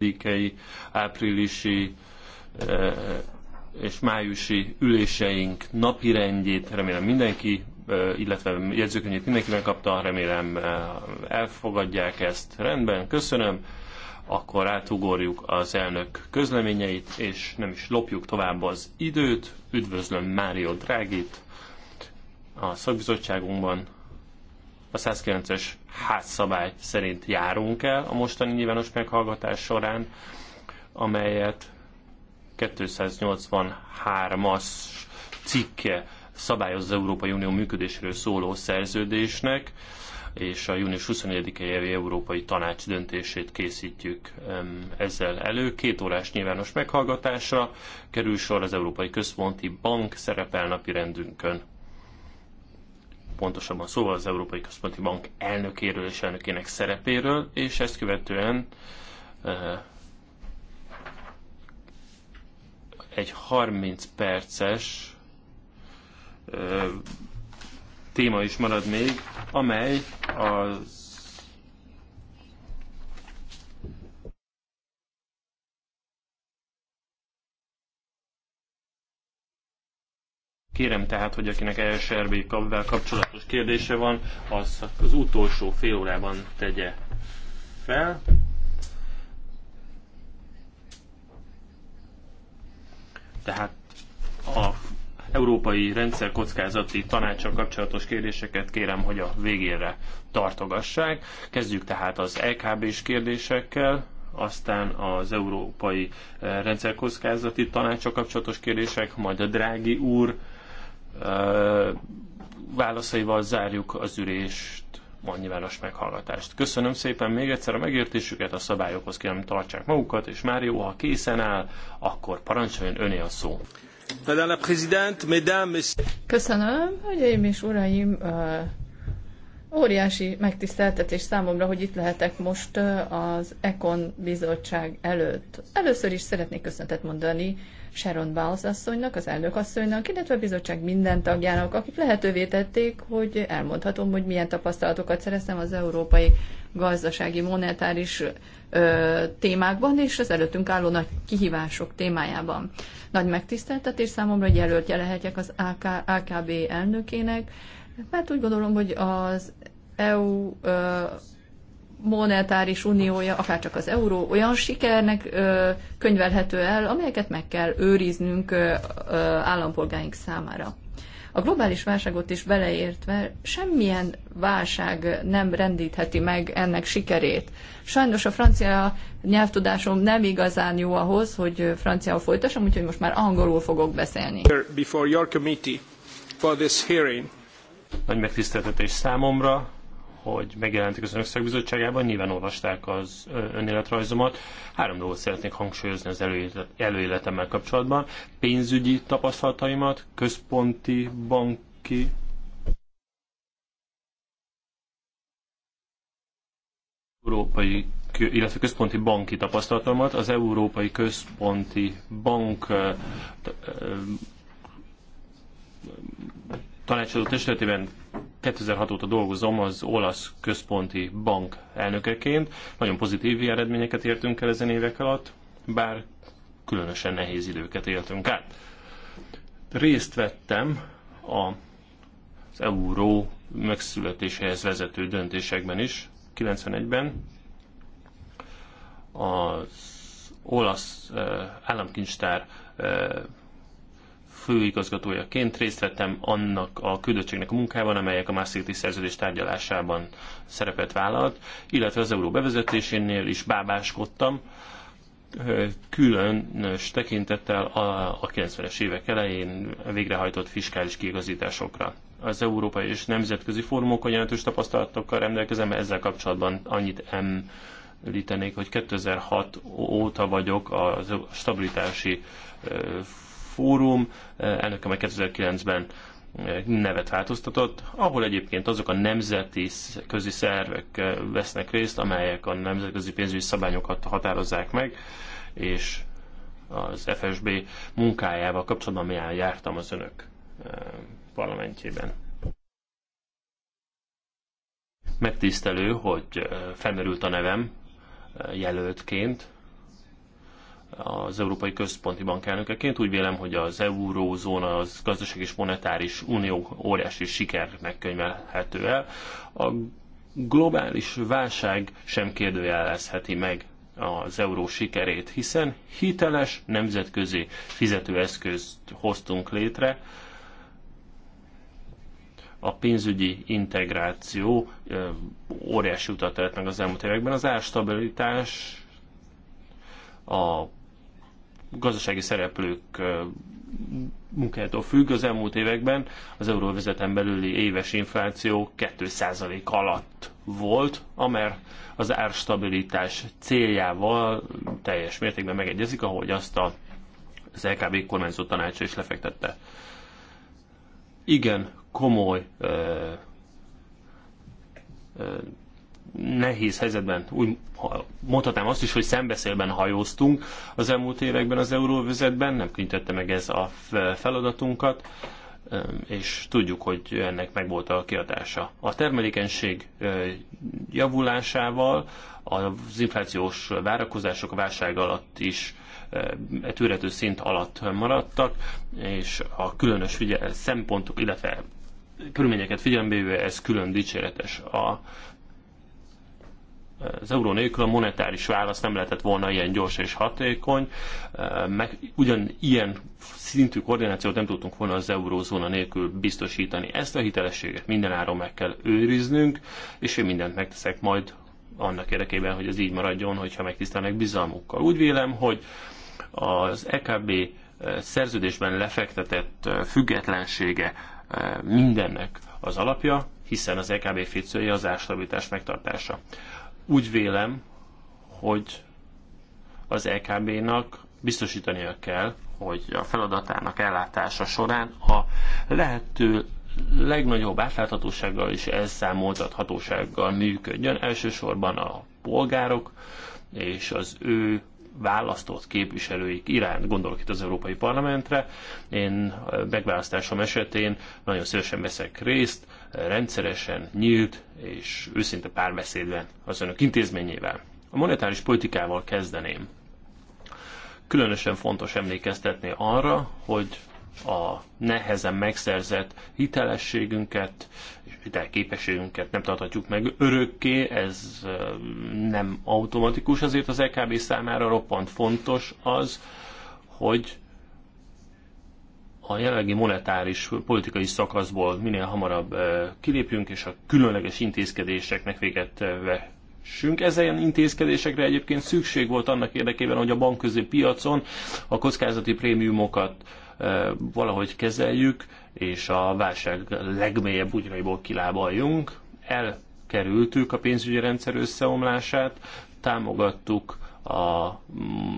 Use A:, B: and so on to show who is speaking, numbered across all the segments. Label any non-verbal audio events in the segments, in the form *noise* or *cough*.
A: 10-i, áprilisi eh, eh, és májusi üléseink napi rendjét, remélem mindenki, eh, illetve jegyzőkönyvét mindenki megkapta, remélem elfogadják ezt. Rendben, köszönöm. Akkor átugorjuk az elnök közleményeit, és nem is lopjuk tovább az időt. Üdvözlöm Mário Drágit a szakbizottságunkban, a 109-es házszabály szerint járunk el a mostani nyilvános meghallgatás során, amelyet 283-as cikke szabályoz az Európai Unió működéséről szóló szerződésnek, és a június 24-i évi Európai Tanács döntését készítjük ezzel elő. Két órás nyilvános meghallgatásra kerül sor az Európai Központi Bank szerepel napi rendünkön pontosabban szóval az Európai Központi Bank elnökéről és elnökének szerepéről, és ezt követően egy 30 perces téma is marad még, amely az Kérem tehát, hogy akinek ESRB kapvel kapcsolatos kérdése van, az az utolsó fél órában tegye fel. Tehát a Európai Rendszer Kockázati Tanácsal kapcsolatos kérdéseket kérem, hogy a végére tartogassák. Kezdjük tehát az LKB-s kérdésekkel, aztán az Európai Rendszer Kockázati Tanácsal kapcsolatos kérdések, majd a Drági úr válaszaival zárjuk az ürést, a nyilvános meghallgatást. Köszönöm szépen még egyszer a megértésüket, a szabályokhoz kérem tartsák magukat, és már jó, ha készen áll, akkor parancsoljon öné a szó.
B: Köszönöm, hölgyeim és uraim, óriási megtiszteltetés számomra, hogy itt lehetek most az Ekon bizottság előtt. Először is szeretnék köszöntet mondani Sharon Bowles asszonynak, az elnök asszonynak, illetve a bizottság minden tagjának, akik lehetővé tették, hogy elmondhatom, hogy milyen tapasztalatokat szereztem az európai gazdasági, monetáris ö, témákban és az előttünk álló nagy kihívások témájában. Nagy megtiszteltetés számomra, hogy jelöltje lehetjek az AK, AKB elnökének, mert úgy gondolom, hogy az EU ö, monetáris uniója, akár csak az euró olyan sikernek könyvelhető el, amelyeket meg kell őriznünk állampolgáink számára. A globális válságot is beleértve semmilyen válság nem rendítheti meg ennek sikerét. Sajnos a francia nyelvtudásom nem igazán jó ahhoz, hogy franciául folytassam, úgyhogy most már angolul fogok beszélni.
A: Before your committee for this hearing. Nagy megtiszteltetés számomra, hogy megjelentek az Önök Szakbizottságában, nyilván olvasták az önéletrajzomat. Három dolgot szeretnék hangsúlyozni az előéletemmel kapcsolatban. Pénzügyi tapasztalataimat, központi banki európai, illetve központi banki tapasztalatomat, az Európai Központi Bank tanácsadó testületében 2006 óta dolgozom az olasz központi bank elnökeként. Nagyon pozitív eredményeket értünk el ezen évek alatt, bár különösen nehéz időket éltünk át. Részt vettem a, az euró megszületéséhez vezető döntésekben is, 91-ben. Az olasz eh, államkincstár eh, főigazgatójaként részt vettem annak a küldöttségnek a munkában, amelyek a Maastrichti szerződés tárgyalásában szerepet vállalt, illetve az euró bevezetésénél is bábáskodtam, különös tekintettel a, a 90-es évek elején végrehajtott fiskális kiigazításokra. Az európai és nemzetközi fórumokon jelentős tapasztalatokkal rendelkezem, ezzel kapcsolatban annyit említenék, hogy 2006 óta vagyok a stabilitási fórum, ennek meg 2009-ben nevet változtatott, ahol egyébként azok a nemzeti közi szervek eh, vesznek részt, amelyek a nemzetközi pénzügyi szabályokat határozzák meg, és az FSB munkájával kapcsolatban, mi jártam az önök eh, parlamentjében. Megtisztelő, hogy eh, felmerült a nevem jelöltként, az Európai Központi Bank elnökeként. Úgy vélem, hogy az eurózóna, az gazdaság és monetáris unió óriási sikernek könyvelhető el. A globális válság sem kérdőjelezheti meg az euró sikerét, hiszen hiteles nemzetközi fizetőeszközt hoztunk létre, a pénzügyi integráció óriási utat tett meg az elmúlt években. Az árstabilitás a gazdasági szereplők munkájától függ. Az elmúlt években az euróvezeten belüli éves infláció 2% alatt volt, amely az árstabilitás céljával teljes mértékben megegyezik, ahogy azt a, az LKB kormányzó tanácsa is lefektette. Igen, komoly ö, ö, nehéz helyzetben, úgy mondhatnám azt is, hogy szembeszélben hajóztunk az elmúlt években az euróvezetben, nem kintette meg ez a feladatunkat, és tudjuk, hogy ennek megvolt a kiadása. A termelékenység javulásával, az inflációs várakozások a válság alatt is e tűrető szint alatt maradtak, és a különös figyel- szempontok, illetve körülményeket figyelembe ez külön dicséretes. A az euró nélkül a monetáris válasz nem lehetett volna ilyen gyors és hatékony, meg ugyan ilyen szintű koordinációt nem tudtunk volna az eurózóna nélkül biztosítani. Ezt a hitelességet mindenáron meg kell őriznünk, és én mindent megteszek majd annak érdekében, hogy ez így maradjon, hogyha megtisztelnek bizalmukkal. Úgy vélem, hogy az EKB szerződésben lefektetett függetlensége mindennek az alapja, hiszen az EKB ficője az árstabilitás megtartása. Úgy vélem, hogy az LKB-nak biztosítania kell, hogy a feladatának ellátása során a lehető legnagyobb átláthatósággal és elszámoltathatósággal működjön, elsősorban a polgárok és az ő választott képviselőik iránt, gondolok itt az Európai Parlamentre. Én megválasztásom esetén nagyon szívesen veszek részt, rendszeresen, nyílt és őszinte párbeszédben az önök intézményével. A monetáris politikával kezdeném. Különösen fontos emlékeztetni arra, hogy a nehezen megszerzett hitelességünket és hitelképességünket nem tarthatjuk meg örökké, ez nem automatikus, azért az EKB számára roppant fontos az, hogy a jelenlegi monetáris politikai szakaszból minél hamarabb kilépjünk, és a különleges intézkedéseknek véget vessünk. Ezen intézkedésekre egyébként szükség volt annak érdekében, hogy a bankközi piacon a kockázati prémiumokat valahogy kezeljük, és a válság legmélyebb ugyanaiból kilábaljunk. Elkerültük a pénzügyi rendszer összeomlását, támogattuk a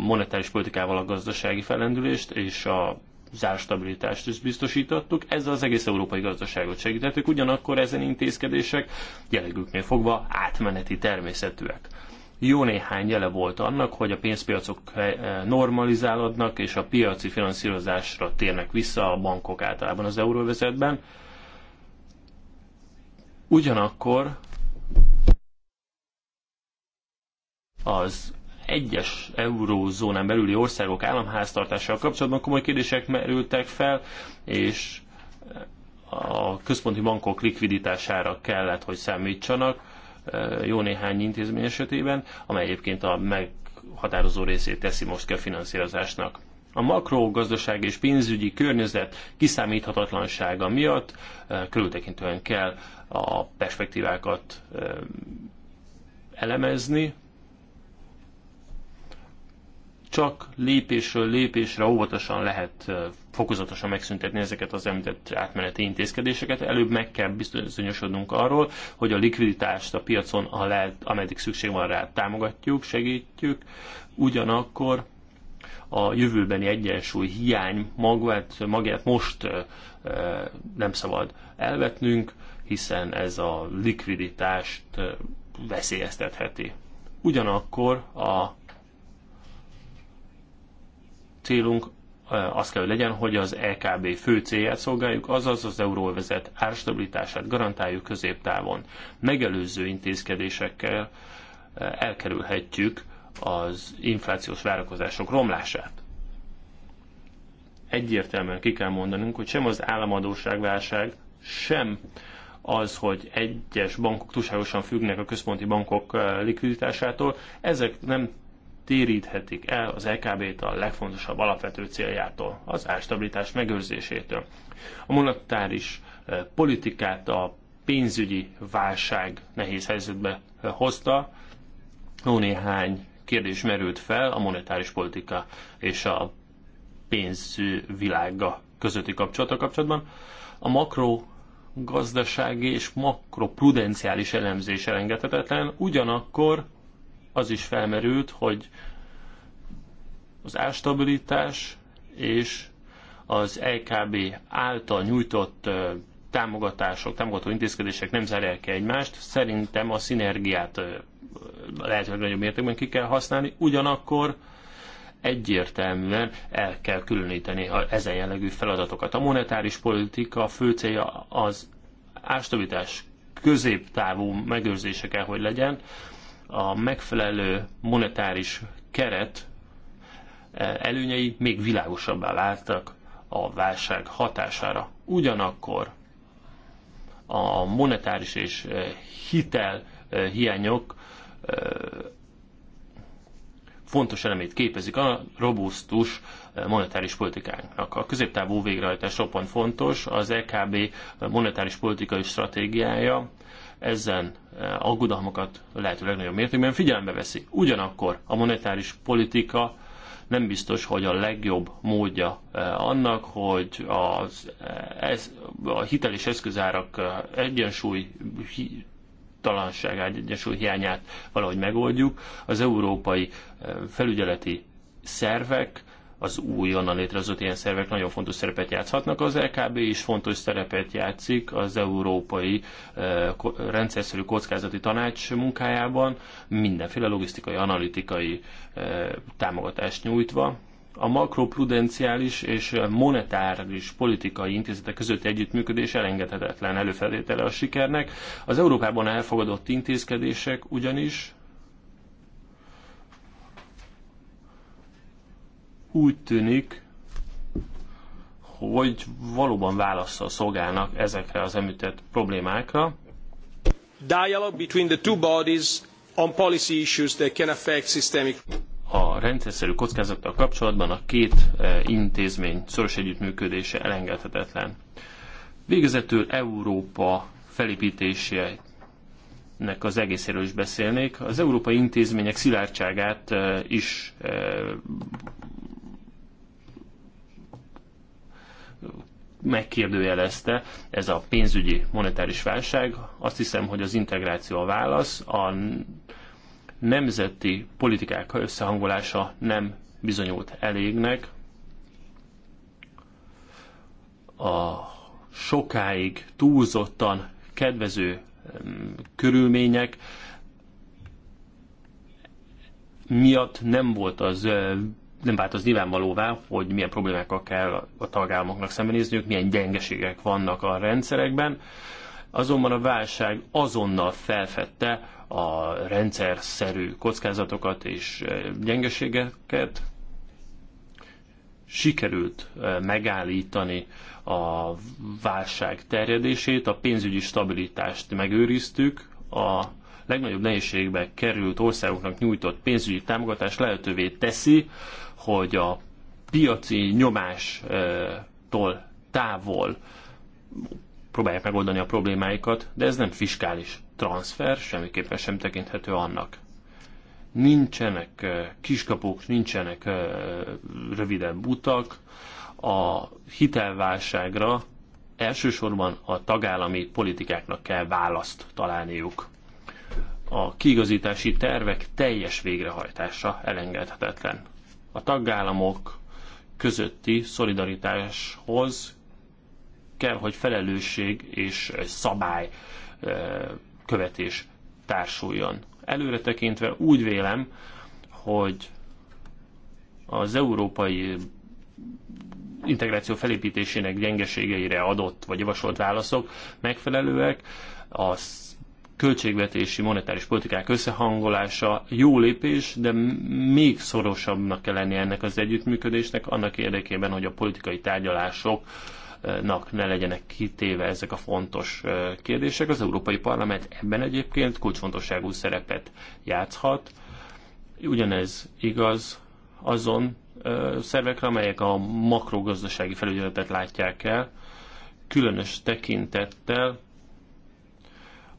A: monetáris politikával a gazdasági felendülést, és a zárstabilitást is biztosítottuk, ezzel az egész európai gazdaságot segítettük, ugyanakkor ezen intézkedések jelegüknél fogva átmeneti természetűek. Jó néhány jele volt annak, hogy a pénzpiacok normalizálódnak, és a piaci finanszírozásra térnek vissza a bankok általában az euróvezetben. Ugyanakkor az egyes eurózónán belüli országok államháztartással kapcsolatban komoly kérdések merültek fel, és a központi bankok likviditására kellett, hogy számítsanak jó néhány intézmény esetében, amely egyébként a meghatározó részét teszi most a finanszírozásnak. A makrogazdaság és pénzügyi környezet kiszámíthatatlansága miatt e, körültekintően kell a perspektívákat e, elemezni, csak lépésről lépésre óvatosan lehet fokozatosan megszüntetni ezeket az említett átmeneti intézkedéseket. Előbb meg kell bizonyosodnunk arról, hogy a likviditást a piacon, ha lehet, ameddig szükség van rá, támogatjuk, segítjük, ugyanakkor a jövőbeni egyensúly hiány magát, magát most nem szabad elvetnünk, hiszen ez a likviditást veszélyeztetheti. Ugyanakkor a célunk az kell, hogy legyen, hogy az EKB fő célját szolgáljuk, azaz az euróvezet árstabilitását garantáljuk középtávon. Megelőző intézkedésekkel elkerülhetjük az inflációs várakozások romlását. Egyértelműen ki kell mondanunk, hogy sem az államadóságválság, sem az, hogy egyes bankok túlságosan függnek a központi bankok likviditásától, ezek nem téríthetik el az LKB-t a legfontosabb alapvető céljától, az árstabilitás megőrzésétől. A monetáris eh, politikát a pénzügyi válság nehéz helyzetbe eh, hozta, jó néhány kérdés merült fel a monetáris politika és a pénzvilága közötti kapcsolata kapcsolatban. A makro gazdasági és makroprudenciális elemzés elengedhetetlen, ugyanakkor az is felmerült, hogy az árstabilitás és az LKB által nyújtott támogatások, támogató intézkedések nem zárják ki egymást. Szerintem a szinergiát hogy nagyobb mértékben ki kell használni, ugyanakkor egyértelműen el kell különíteni a ezen jellegű feladatokat. A monetáris politika fő célja az ástabilitás középtávú megőrzése kell, hogy legyen, a megfelelő monetáris keret e, előnyei még világosabbá láttak a válság hatására. Ugyanakkor a monetáris és e, hitel e, hiányok fontos elemét képezik a robusztus monetáris politikánknak. A középtávú végrehajtás roppant fontos, az EKB monetáris politikai stratégiája ezen eh, aggodalmakat lehető legnagyobb mértékben figyelembe veszi. Ugyanakkor a monetáris politika nem biztos, hogy a legjobb módja eh, annak, hogy az, eh, ez, a hitel és eszközárak egyensúly talanságát, egyensúly hiányát valahogy megoldjuk. Az európai felügyeleti szervek az újonnan létrehozott ilyen szervek nagyon fontos szerepet játszhatnak. Az LKB is fontos szerepet játszik az Európai eh, Rendszerszerű Kockázati Tanács munkájában, mindenféle logisztikai, analitikai eh, támogatást nyújtva. A makroprudenciális és monetáris politikai intézetek közötti együttműködés elengedhetetlen előfeltétele a sikernek. Az Európában elfogadott intézkedések ugyanis úgy tűnik, hogy valóban válaszol szolgálnak ezekre az említett problémákra. Dialogue between the two bodies on policy issues that can affect systemic a rendszerszerű kockázattal kapcsolatban a két e, intézmény szoros együttműködése elengedhetetlen. Végezetül Európa felépítésének az egészéről is beszélnék. Az európai intézmények szilárdságát e, is e, megkérdőjelezte ez a pénzügyi monetáris válság. Azt hiszem, hogy az integráció a válasz, a nemzeti politikák összehangolása nem bizonyult elégnek. A sokáig túlzottan kedvező körülmények miatt nem volt az nem vált az nyilvánvalóvá, hogy milyen problémákkal kell a tagállamoknak szembenézniük, milyen gyengeségek vannak a rendszerekben. Azonban a válság azonnal felfedte a rendszerszerű kockázatokat és eh, gyengeségeket. Sikerült eh, megállítani a válság terjedését, a pénzügyi stabilitást megőriztük, a legnagyobb nehézségbe került országoknak nyújtott pénzügyi támogatás lehetővé teszi, hogy a piaci nyomástól távol próbálják megoldani a problémáikat, de ez nem fiskális transfer, semmiképpen sem tekinthető annak. Nincsenek eh, kiskapuk, nincsenek eh, rövidebb utak, a hitelválságra elsősorban a tagállami politikáknak kell választ találniuk. A kiigazítási tervek teljes végrehajtása elengedhetetlen a tagállamok közötti szolidaritáshoz kell, hogy felelősség és szabály követés társuljon. Előre tekintve úgy vélem, hogy az európai integráció felépítésének gyengeségeire adott vagy javasolt válaszok megfelelőek, költségvetési monetáris politikák összehangolása jó lépés, de még szorosabbnak kell lennie ennek az együttműködésnek, annak érdekében, hogy a politikai tárgyalásoknak ne legyenek kitéve ezek a fontos kérdések. Az Európai Parlament ebben egyébként kulcsfontosságú szerepet játszhat. Ugyanez igaz azon szervekre, amelyek a makrogazdasági felügyeletet látják el, különös tekintettel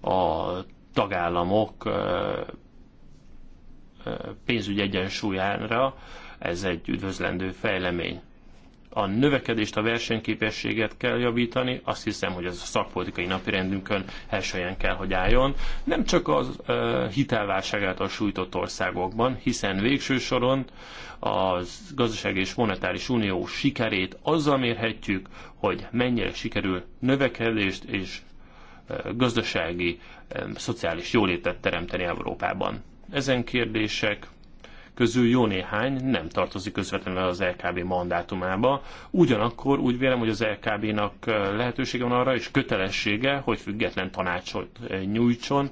A: a tagállamok pénzügyi egyensúlyára, ez egy üdvözlendő fejlemény. A növekedést, a versenyképességet kell javítani, azt hiszem, hogy ez a szakpolitikai napirendünkön elsőjen kell, hogy álljon. Nem csak az hitelválság által sújtott országokban, hiszen végső soron a gazdaság és monetáris unió sikerét azzal mérhetjük, hogy mennyire sikerül növekedést és gazdasági, szociális jólétet teremteni Európában. Ezen kérdések közül jó néhány nem tartozik közvetlenül az LKB mandátumába. Ugyanakkor úgy vélem, hogy az LKB-nak lehetősége van arra, és kötelessége, hogy független tanácsot nyújtson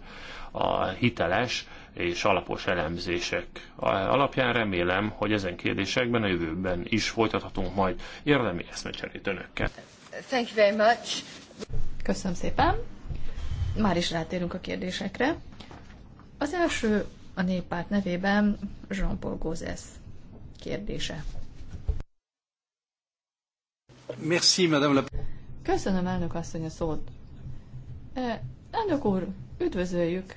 A: a hiteles és alapos elemzések alapján remélem, hogy ezen kérdésekben a jövőben is folytathatunk majd érdemi eszmecserét önökkel.
B: Thank you very much. Köszönöm szépen már is rátérünk a kérdésekre. Az első a néppárt nevében Jean-Paul Gauzès kérdése.
C: Merci, Madame la...
B: Köszönöm, elnök asszony, a szót. E, elnök úr, üdvözöljük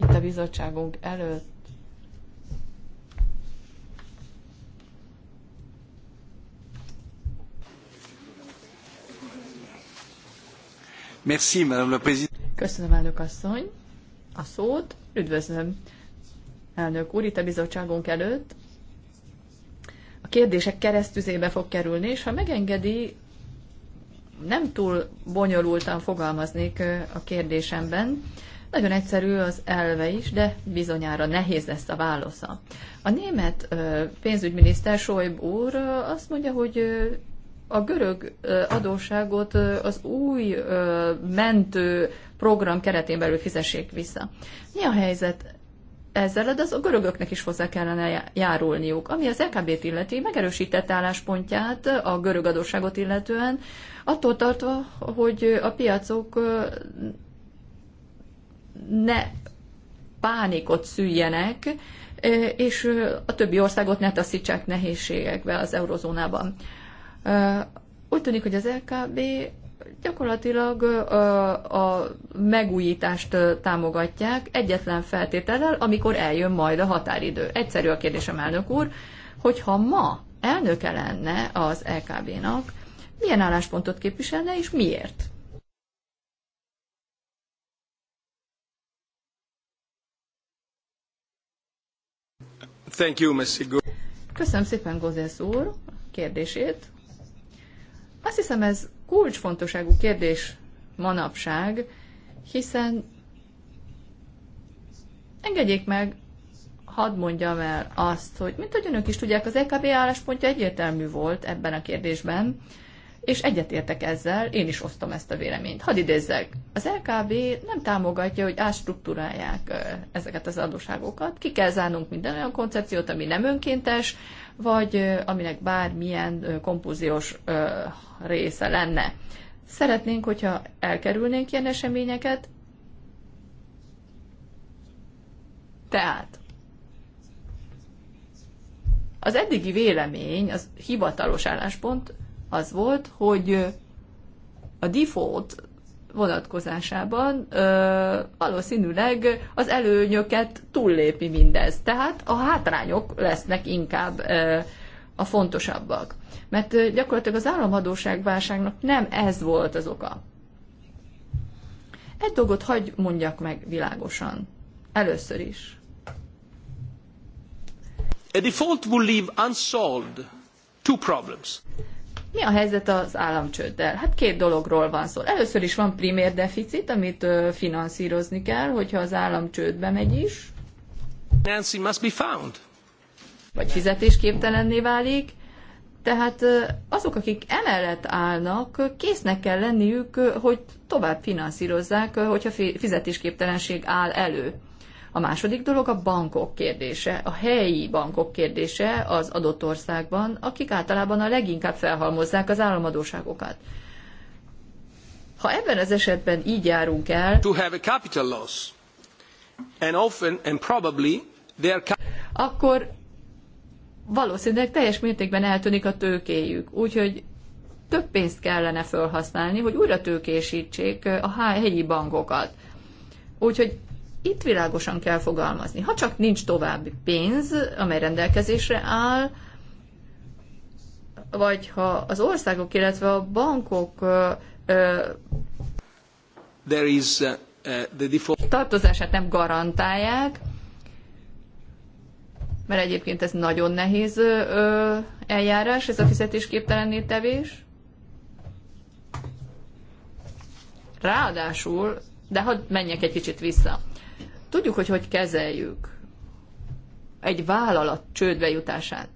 B: itt a bizottságunk előtt.
C: Merci, Madame la Présidente.
B: Köszönöm, elnök asszony, a szót. Üdvözlöm, elnök úr, itt a bizottságunk előtt. A kérdések keresztüzébe fog kerülni, és ha megengedi, nem túl bonyolultan fogalmaznék a kérdésemben. Nagyon egyszerű az elve is, de bizonyára nehéz lesz a válasza. A német pénzügyminiszter Schäuble úr azt mondja, hogy a görög adósságot az új mentő program keretén belül fizessék vissza. Mi a helyzet ezzel, de az a görögöknek is hozzá kellene járulniuk. Ami az LKB-t illeti, megerősített álláspontját a görög adósságot illetően, attól tartva, hogy a piacok ne pánikot szüljenek, és a többi országot ne taszítsák nehézségekbe az eurozónában. Úgy tűnik, hogy az LKB gyakorlatilag a megújítást támogatják egyetlen feltétellel, amikor eljön majd a határidő. Egyszerű a kérdésem, elnök úr, hogyha ma elnöke lenne az LKB-nak, milyen álláspontot képviselne és miért? Thank you, Köszönöm szépen Gozes úr kérdését. Azt hiszem ez kulcsfontosságú kérdés manapság, hiszen engedjék meg, hadd mondjam el azt, hogy mint hogy önök is tudják, az EKB álláspontja egyértelmű volt ebben a kérdésben, és egyetértek ezzel, én is osztom ezt a véleményt. Hadd idézzek, az LKB e nem támogatja, hogy átstruktúrálják ezeket az adóságokat, ki kell zárnunk minden olyan koncepciót, ami nem önkéntes, vagy aminek bármilyen kompúziós része lenne. Szeretnénk, hogyha elkerülnénk ilyen eseményeket, tehát az eddigi vélemény, az hivatalos álláspont az volt, hogy a default vonatkozásában ö, valószínűleg az előnyöket túllépi mindez. Tehát a hátrányok lesznek inkább ö, a fontosabbak. Mert ö, gyakorlatilag az államadóságválságnak nem ez volt az oka. Egy dolgot hagy mondjak meg világosan. Először is.
A: A default will leave unsolved two problems.
B: Mi a helyzet az államcsőddel? Hát két dologról van szó. Először is van primér deficit, amit finanszírozni kell, hogyha az államcsődbe megy is.
A: Nancy must be found.
B: Vagy fizetésképtelenné válik. Tehát azok, akik emellett állnak, késznek kell lenniük, hogy tovább finanszírozzák, hogyha fizetésképtelenség áll elő. A második dolog a bankok kérdése, a helyi bankok kérdése az adott országban, akik általában a leginkább felhalmozzák az államadóságokat. Ha ebben az esetben így járunk el,
A: to have a capital loss, and often and probably their
B: akkor valószínűleg teljes mértékben eltűnik a tőkéjük. Úgyhogy több pénzt kellene felhasználni, hogy újra tőkésítsék a helyi bankokat. Úgyhogy itt világosan kell fogalmazni. Ha csak nincs további pénz, amely rendelkezésre áll, vagy ha az országok, illetve a bankok
A: There is, uh, uh, the default...
B: tartozását nem garantálják, mert egyébként ez nagyon nehéz ö, eljárás, ez a fizetésképtelenné tevés. Ráadásul, de hadd menjek egy kicsit vissza. Tudjuk, hogy hogy kezeljük egy vállalat csődbe jutását.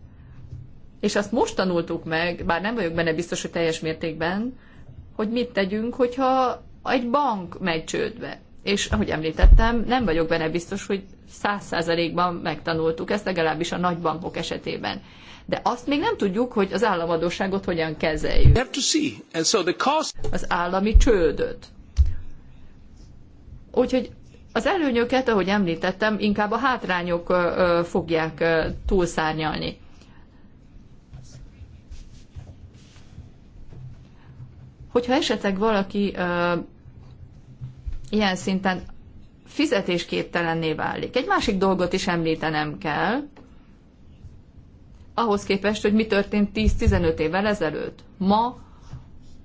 B: És azt most tanultuk meg, bár nem vagyok benne biztos, hogy teljes mértékben, hogy mit tegyünk, hogyha egy bank megy csődbe. És ahogy említettem, nem vagyok benne biztos, hogy száz százalékban megtanultuk ezt, legalábbis a nagy bankok esetében. De azt még nem tudjuk, hogy az államadóságot hogyan kezeljük. Az állami csődöt. Úgyhogy az előnyöket, ahogy említettem, inkább a hátrányok fogják túlszárnyalni. Hogyha esetleg valaki ilyen szinten fizetésképtelenné válik. Egy másik dolgot is említenem kell, ahhoz képest, hogy mi történt 10-15 évvel ezelőtt. Ma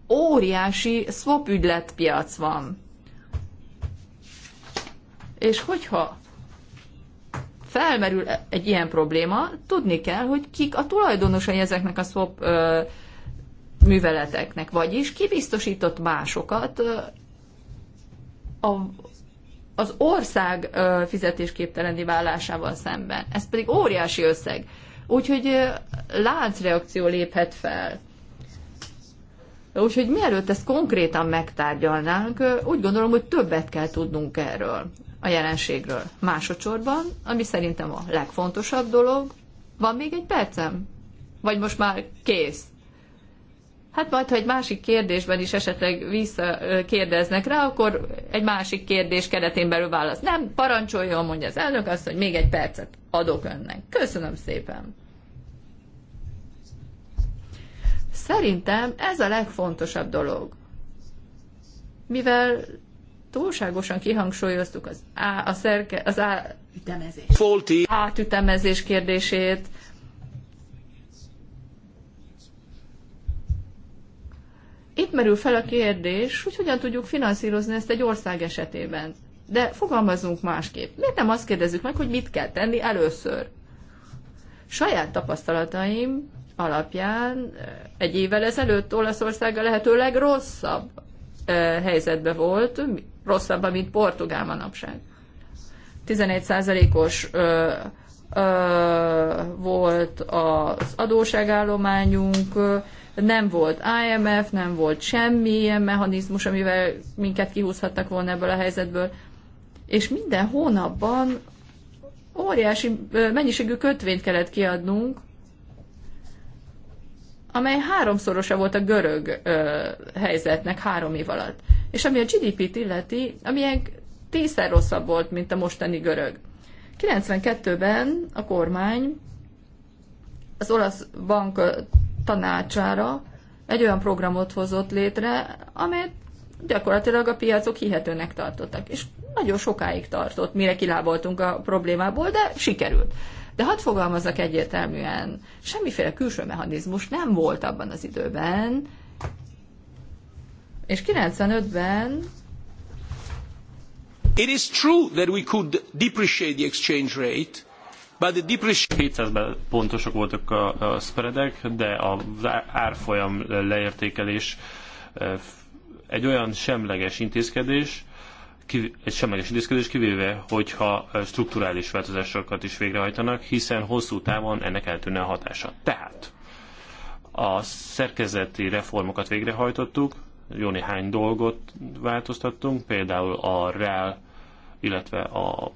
B: óriási swap ügyletpiac van. És hogyha felmerül e- egy ilyen probléma, tudni kell, hogy kik a tulajdonosai ezeknek a szop ö, műveleteknek, vagyis ki biztosított másokat ö, a, az ország ö, fizetésképtelené vállásával szemben. Ez pedig óriási összeg. Úgyhogy láncreakció léphet fel. Úgyhogy mielőtt ezt konkrétan megtárgyalnánk, úgy gondolom, hogy többet kell tudnunk erről a jelenségről. Másodszorban, ami szerintem a legfontosabb dolog, van még egy percem? Vagy most már kész? Hát majd, ha egy másik kérdésben is esetleg visszakérdeznek rá, akkor egy másik kérdés keretén belül válasz. Nem, parancsoljon, mondja az elnök azt, hogy még egy percet adok önnek. Köszönöm szépen. Szerintem ez a legfontosabb dolog. Mivel túlságosan kihangsúlyoztuk az, á, a szerke, az á, ütemezés. Faulty. átütemezés kérdését, Itt merül fel a kérdés, hogy hogyan tudjuk finanszírozni ezt egy ország esetében. De fogalmazunk másképp. Miért nem azt kérdezzük meg, hogy mit kell tenni először? Saját tapasztalataim alapján eh, egy évvel ezelőtt Olaszország a lehető legrosszabb eh, helyzetbe volt, rosszabb, mint Portugál manapság. 11%-os volt az adóságállományunk, nem volt IMF, nem volt semmilyen mechanizmus, amivel minket kihúzhattak volna ebből a helyzetből, és minden hónapban óriási mennyiségű kötvényt kellett kiadnunk, amely háromszorosa volt a görög ö, helyzetnek három év alatt. És ami a GDP-t illeti, amilyen tízszer rosszabb volt, mint a mostani görög. 92-ben a kormány az olasz bank tanácsára egy olyan programot hozott létre, amelyet gyakorlatilag a piacok hihetőnek tartottak. És nagyon sokáig tartott, mire kilábaltunk a problémából, de sikerült. De hadd fogalmazzak egyértelműen, semmiféle külső mechanizmus nem volt abban az időben, és 95-ben
A: It is true that we could depreciate the exchange rate, but the depreciation... 700-ben pontosak voltak a, a spreadek, de az árfolyam leértékelés egy olyan semleges intézkedés, egy semleges intézkedés, kivéve, hogyha strukturális változásokat is végrehajtanak, hiszen hosszú távon ennek eltűnne a hatása. Tehát a szerkezeti reformokat végrehajtottuk, jó néhány dolgot változtattunk, például a reál, illetve a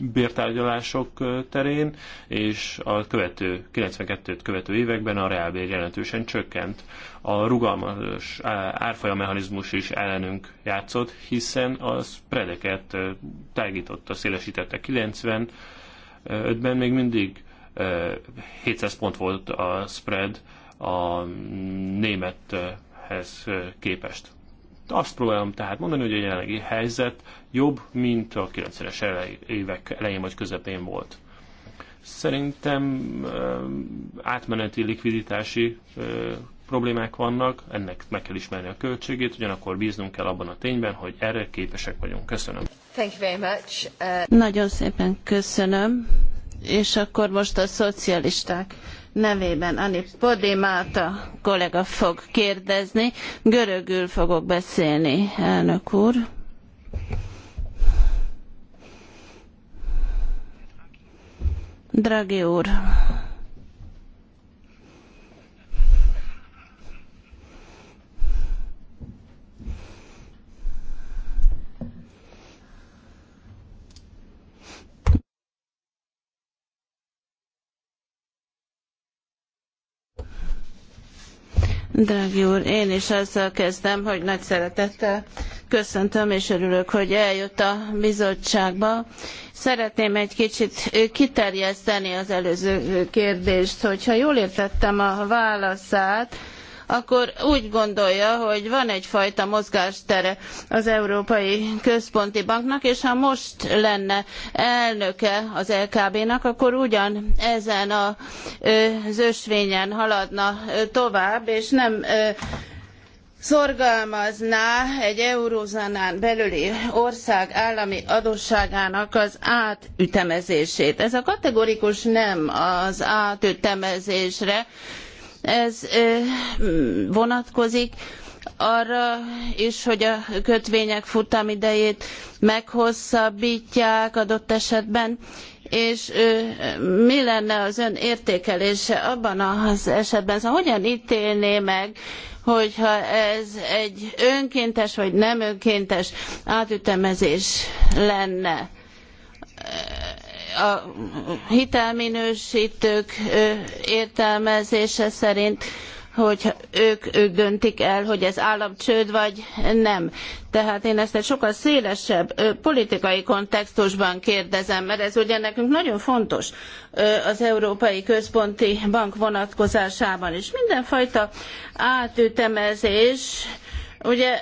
A: bértárgyalások terén, és a követő, 92-t követő években a reálbér jelentősen csökkent. A rugalmas árfolyamechanizmus is ellenünk játszott, hiszen a spreadeket tágította, szélesítette 95-ben még mindig 700 pont volt a spread a némethez képest. Azt próbálom tehát mondani, hogy a jelenlegi helyzet jobb, mint a 90-es évek elején vagy közepén volt. Szerintem átmeneti likviditási problémák vannak, ennek meg kell ismerni a költségét, ugyanakkor bíznunk kell abban a tényben, hogy erre képesek vagyunk. Köszönöm.
B: Thank you very much. Uh...
C: Nagyon szépen köszönöm. És akkor most a szocialisták nevében Ani Podimáta kollega fog kérdezni. Görögül fogok beszélni, elnök úr. Dragi úr, Drági úr, én is azzal kezdem, hogy nagy szeretettel köszöntöm és örülök, hogy eljött a bizottságba. Szeretném egy kicsit kiterjeszteni az előző kérdést, hogyha jól értettem a válaszát, akkor úgy gondolja, hogy van egyfajta mozgástere az Európai Központi Banknak, és ha most lenne elnöke az LKB-nak, akkor ugyan ezen a, az ösvényen haladna tovább, és nem szorgalmazná egy eurózónán belüli ország állami adósságának az átütemezését. Ez a kategorikus nem az átütemezésre ez vonatkozik arra is, hogy a kötvények futamidejét meghosszabbítják adott esetben, és mi lenne az ön értékelése abban az esetben, szóval hogyan ítélné meg, hogyha ez egy önkéntes vagy nem önkéntes átütemezés lenne? a hitelminősítők értelmezése szerint hogy ők, ők döntik el, hogy ez államcsőd vagy nem. Tehát én ezt egy sokkal szélesebb politikai kontextusban kérdezem, mert ez ugye nekünk nagyon fontos az Európai Központi Bank vonatkozásában is. Mindenfajta átütemezés ugye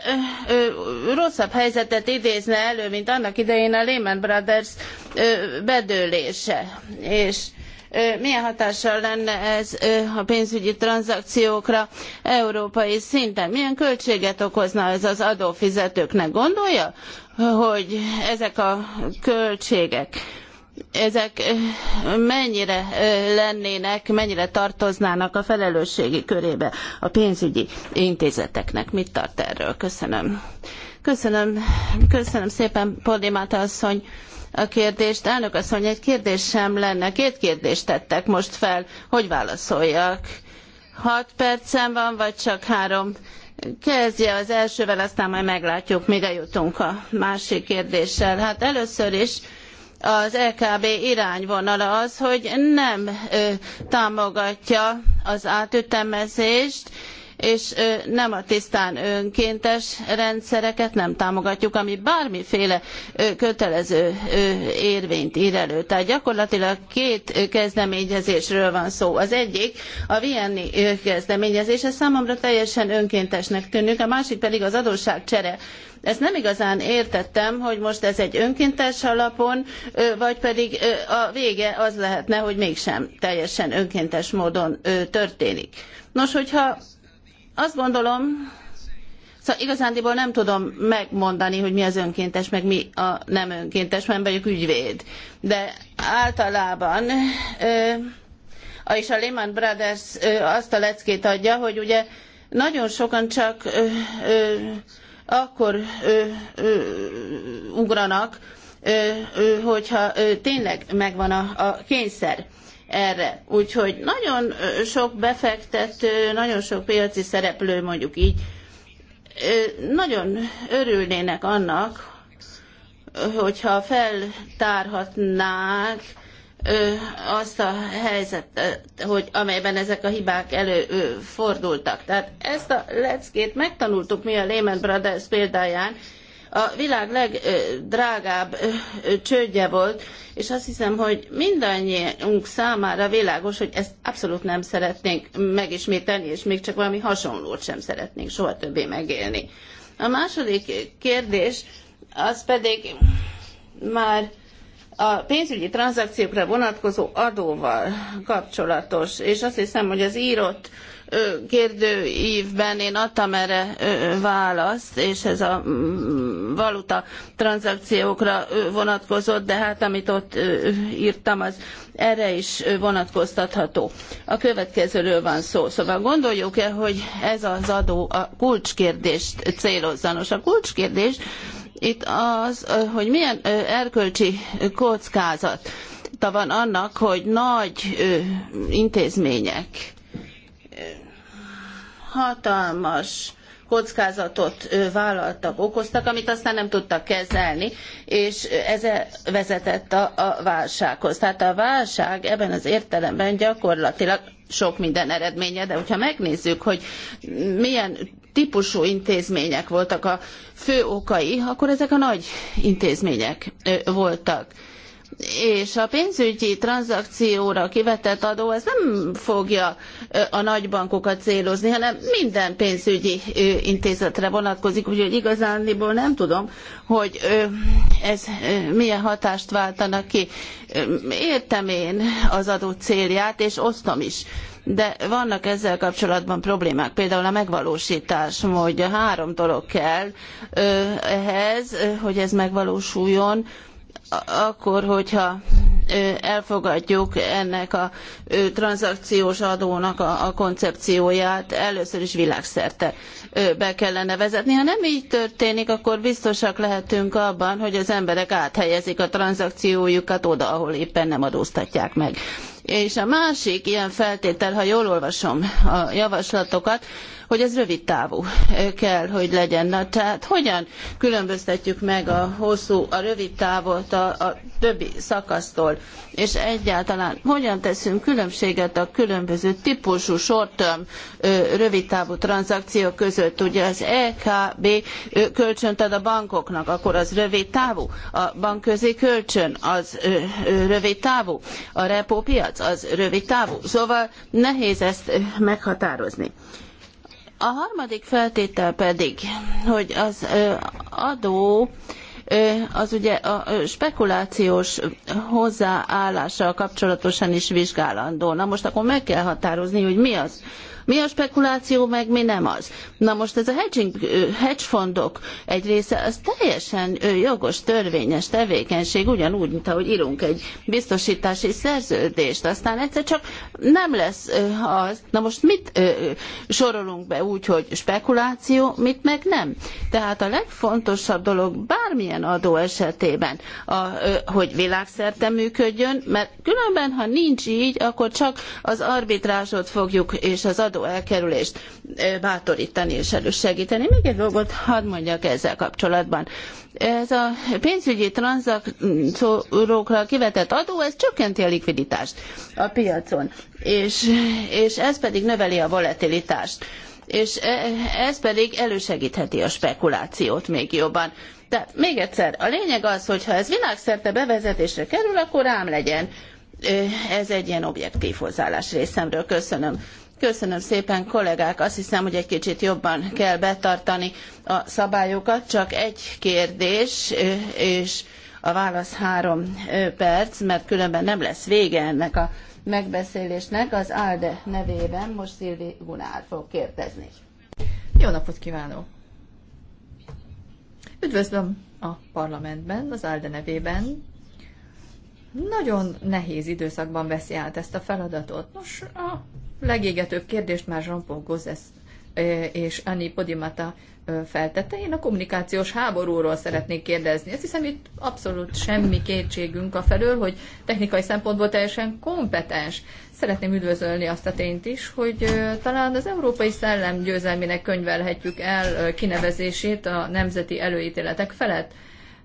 C: rosszabb helyzetet idézne elő, mint annak idején a Lehman Brothers bedőlése. És milyen hatással lenne ez a pénzügyi tranzakciókra európai szinten? Milyen költséget okozna ez az adófizetőknek? Gondolja, hogy ezek a költségek ezek mennyire lennének, mennyire tartoznának a felelősségi körébe a pénzügyi intézeteknek. Mit tart erről? Köszönöm. Köszönöm, köszönöm szépen, Podimata asszony a kérdést. Elnök asszony, egy kérdésem lenne. Két kérdést tettek most fel. Hogy válaszoljak? Hat percem van, vagy csak három? Kezdje az elsővel, aztán majd meglátjuk, mire jutunk a másik kérdéssel. Hát először is az EKb irányvonala az, hogy nem támogatja az átütemezést, és nem a tisztán önkéntes rendszereket nem támogatjuk, ami bármiféle kötelező érvényt ír elő. Tehát gyakorlatilag két kezdeményezésről van szó. Az egyik a Vienni kezdeményezés, ez számomra teljesen önkéntesnek tűnik, a másik pedig az adósságcsere ezt nem igazán értettem, hogy most ez egy önkéntes alapon, vagy pedig a vége az lehetne, hogy mégsem teljesen önkéntes módon történik. Nos, hogyha azt gondolom, Szóval igazándiból nem tudom megmondani, hogy mi az önkéntes, meg mi a nem önkéntes, mert vagyok ügyvéd. De általában, ö, és a Lehman Brothers ö, azt a leckét adja, hogy ugye nagyon sokan csak ö, ö, akkor ö, ö, ugranak, ö, ö, hogyha ö, tényleg megvan a, a kényszer erre. Úgyhogy nagyon sok befektető, nagyon sok piaci szereplő mondjuk így, nagyon örülnének annak, hogyha feltárhatnák azt a helyzetet, hogy amelyben ezek a hibák előfordultak. Tehát ezt a leckét megtanultuk mi a Lehman Brothers példáján, a világ legdrágább csődje volt, és azt hiszem, hogy mindannyiunk számára világos, hogy ezt abszolút nem szeretnénk megismételni, és még csak valami hasonlót sem szeretnénk soha többé megélni. A második kérdés az pedig már a pénzügyi tranzakciókra vonatkozó adóval kapcsolatos, és azt hiszem, hogy az írott kérdőívben én adtam erre választ, és ez a mm, valuta tranzakciókra vonatkozott, de hát amit ott írtam, az erre is vonatkoztatható. A következőről van szó. Szóval gondoljuk-e, hogy ez az adó a kulcskérdést célozza? Nos, a kulcskérdés itt az, hogy milyen erkölcsi kockázat van annak, hogy nagy intézmények hatalmas kockázatot vállaltak, okoztak, amit aztán nem tudtak kezelni, és ez e vezetett a, a válsághoz. Tehát a válság ebben az értelemben gyakorlatilag sok minden eredménye, de hogyha megnézzük, hogy milyen típusú intézmények voltak a fő okai, akkor ezek a nagy intézmények voltak és a pénzügyi tranzakcióra kivetett adó ez nem fogja a nagybankokat célozni, hanem minden pénzügyi intézetre vonatkozik, úgyhogy igazániból nem tudom, hogy ez milyen hatást váltana ki. Értem én az adó célját, és osztom is de vannak ezzel kapcsolatban problémák, például a megvalósítás módja. Három dolog kell ehhez, hogy ez megvalósuljon akkor, hogyha elfogadjuk ennek a tranzakciós adónak a, koncepcióját, először is világszerte be kellene vezetni. Ha nem így történik, akkor biztosak lehetünk abban, hogy az emberek áthelyezik a tranzakciójukat oda, ahol éppen nem adóztatják meg. És a másik ilyen feltétel, ha jól olvasom a javaslatokat, hogy ez rövid távú kell, hogy legyen. Na, tehát hogyan különböztetjük meg a hosszú, a rövid távot a, a többi szakasztól, és egyáltalán hogyan teszünk különbséget a különböző típusú short-term rövidtávú tranzakciók között. Ugye az EKB kölcsönt ad a bankoknak, akkor az rövid távú, a bankközi kölcsön az rövid távú, a repo piac az rövid távú. Szóval nehéz ezt meghatározni. A harmadik feltétel pedig, hogy az adó az ugye a spekulációs hozzáállással kapcsolatosan is vizsgálandó. Na most akkor meg kell határozni, hogy mi az, mi a spekuláció, meg mi nem az. Na most ez a hedging, hedge fondok egy része, az teljesen jogos, törvényes tevékenység, ugyanúgy, mint ahogy írunk egy biztosítási szerződést, aztán egyszer csak nem lesz az. Na most mit sorolunk be úgy, hogy spekuláció, mit meg nem? Tehát a legfontosabb dolog bármilyen adó esetében, a, hogy világszerte működjön, mert különben, ha nincs így, akkor csak az arbitrázsot fogjuk és az adó adó elkerülést bátorítani és elősegíteni. Még egy dolgot hadd mondjak ezzel kapcsolatban. Ez a pénzügyi tranzakciókra kivetett adó, ez csökkenti a likviditást a piacon, és, és ez pedig növeli a volatilitást és e, ez pedig elősegítheti a spekulációt még jobban. Tehát még egyszer, a lényeg az, hogy ha ez világszerte bevezetésre kerül, akkor ám legyen. Ez egy ilyen objektív hozzáállás részemről. Köszönöm. Köszönöm szépen, kollégák. Azt hiszem, hogy egy kicsit jobban kell betartani a szabályokat. Csak egy kérdés, és a válasz három perc, mert különben nem lesz vége ennek a megbeszélésnek. Az ALDE nevében most Szilvi Gunár fog kérdezni.
B: Jó napot kívánok! Üdvözlöm a parlamentben, az ALDE nevében. Nagyon nehéz időszakban veszi át ezt a feladatot. Nos, a legégetőbb kérdést már Jean-Paul Gozes és Anni Podimata feltette. Én a kommunikációs háborúról szeretnék kérdezni. Ezt hiszem itt abszolút semmi kétségünk a felől, hogy technikai szempontból teljesen kompetens. Szeretném üdvözölni azt a tényt is, hogy talán az európai szellem győzelmének könyvelhetjük el kinevezését a nemzeti előítéletek felett.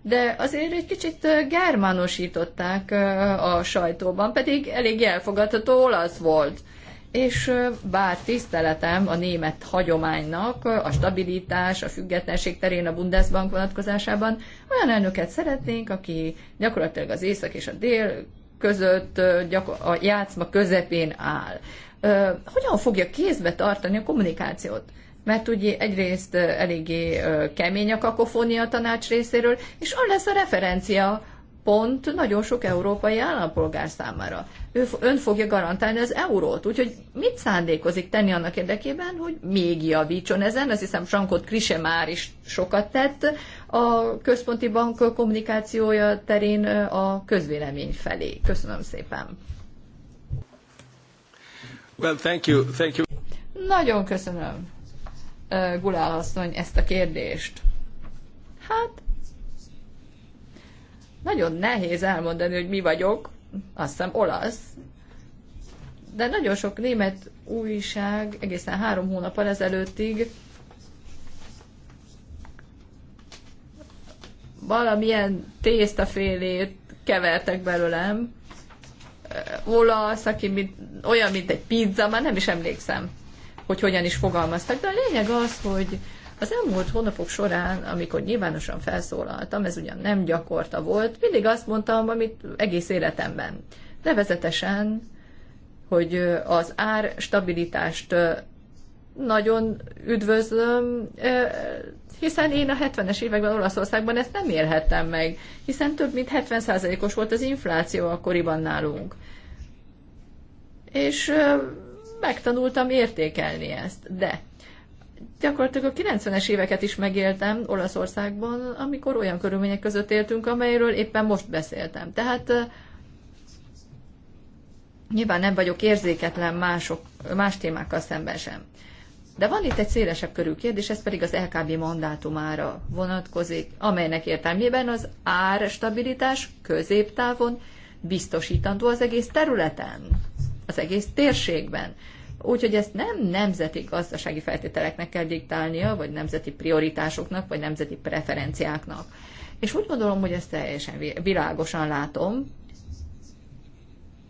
B: De azért egy kicsit germánosították a sajtóban, pedig elég elfogadható olasz volt és bár tiszteletem a német hagyománynak, a stabilitás, a függetlenség terén a Bundesbank vonatkozásában, olyan elnöket szeretnénk, aki gyakorlatilag az észak és a dél között a játszma közepén áll. Hogyan fogja kézbe tartani a kommunikációt? Mert ugye egyrészt eléggé kemény a kakofónia a tanács részéről, és az lesz a referencia pont nagyon sok európai állampolgár számára. Ő, ön fogja garantálni az eurót, úgyhogy mit szándékozik tenni annak érdekében, hogy még javítson ezen? Azt hiszem, Frankot Krise már is sokat tett a központi bank kommunikációja terén a közvélemény felé. Köszönöm szépen. Well, thank you. Thank you. Nagyon köszönöm, Gulál asszony, ezt a kérdést. Hát, nagyon nehéz elmondani, hogy mi vagyok, azt hiszem olasz, de nagyon sok német újság egészen három hónappal ezelőttig valamilyen tésztafélét kevertek belőlem, olasz, aki mint, olyan, mint egy pizza, már nem is emlékszem, hogy hogyan is fogalmaztak, de a lényeg az, hogy az elmúlt hónapok során, amikor nyilvánosan felszólaltam, ez ugyan nem gyakorta volt, mindig azt mondtam, amit egész életemben. Nevezetesen, hogy az ár stabilitást nagyon üdvözlöm, hiszen én a 70-es években Olaszországban ezt nem élhettem meg, hiszen több mint 70%-os volt az infláció akkoriban nálunk. És megtanultam értékelni ezt. De gyakorlatilag a 90-es éveket is megéltem Olaszországban, amikor olyan körülmények között éltünk, amelyről éppen most beszéltem. Tehát nyilván nem vagyok érzéketlen mások, más témákkal szemben sem. De van itt egy szélesebb körű kérdés, ez pedig az LKB mandátumára vonatkozik, amelynek értelmében az árstabilitás középtávon biztosítandó az egész területen, az egész térségben. Úgyhogy ezt nem nemzeti gazdasági feltételeknek kell diktálnia, vagy nemzeti prioritásoknak, vagy nemzeti preferenciáknak. És úgy gondolom, hogy ezt teljesen világosan látom.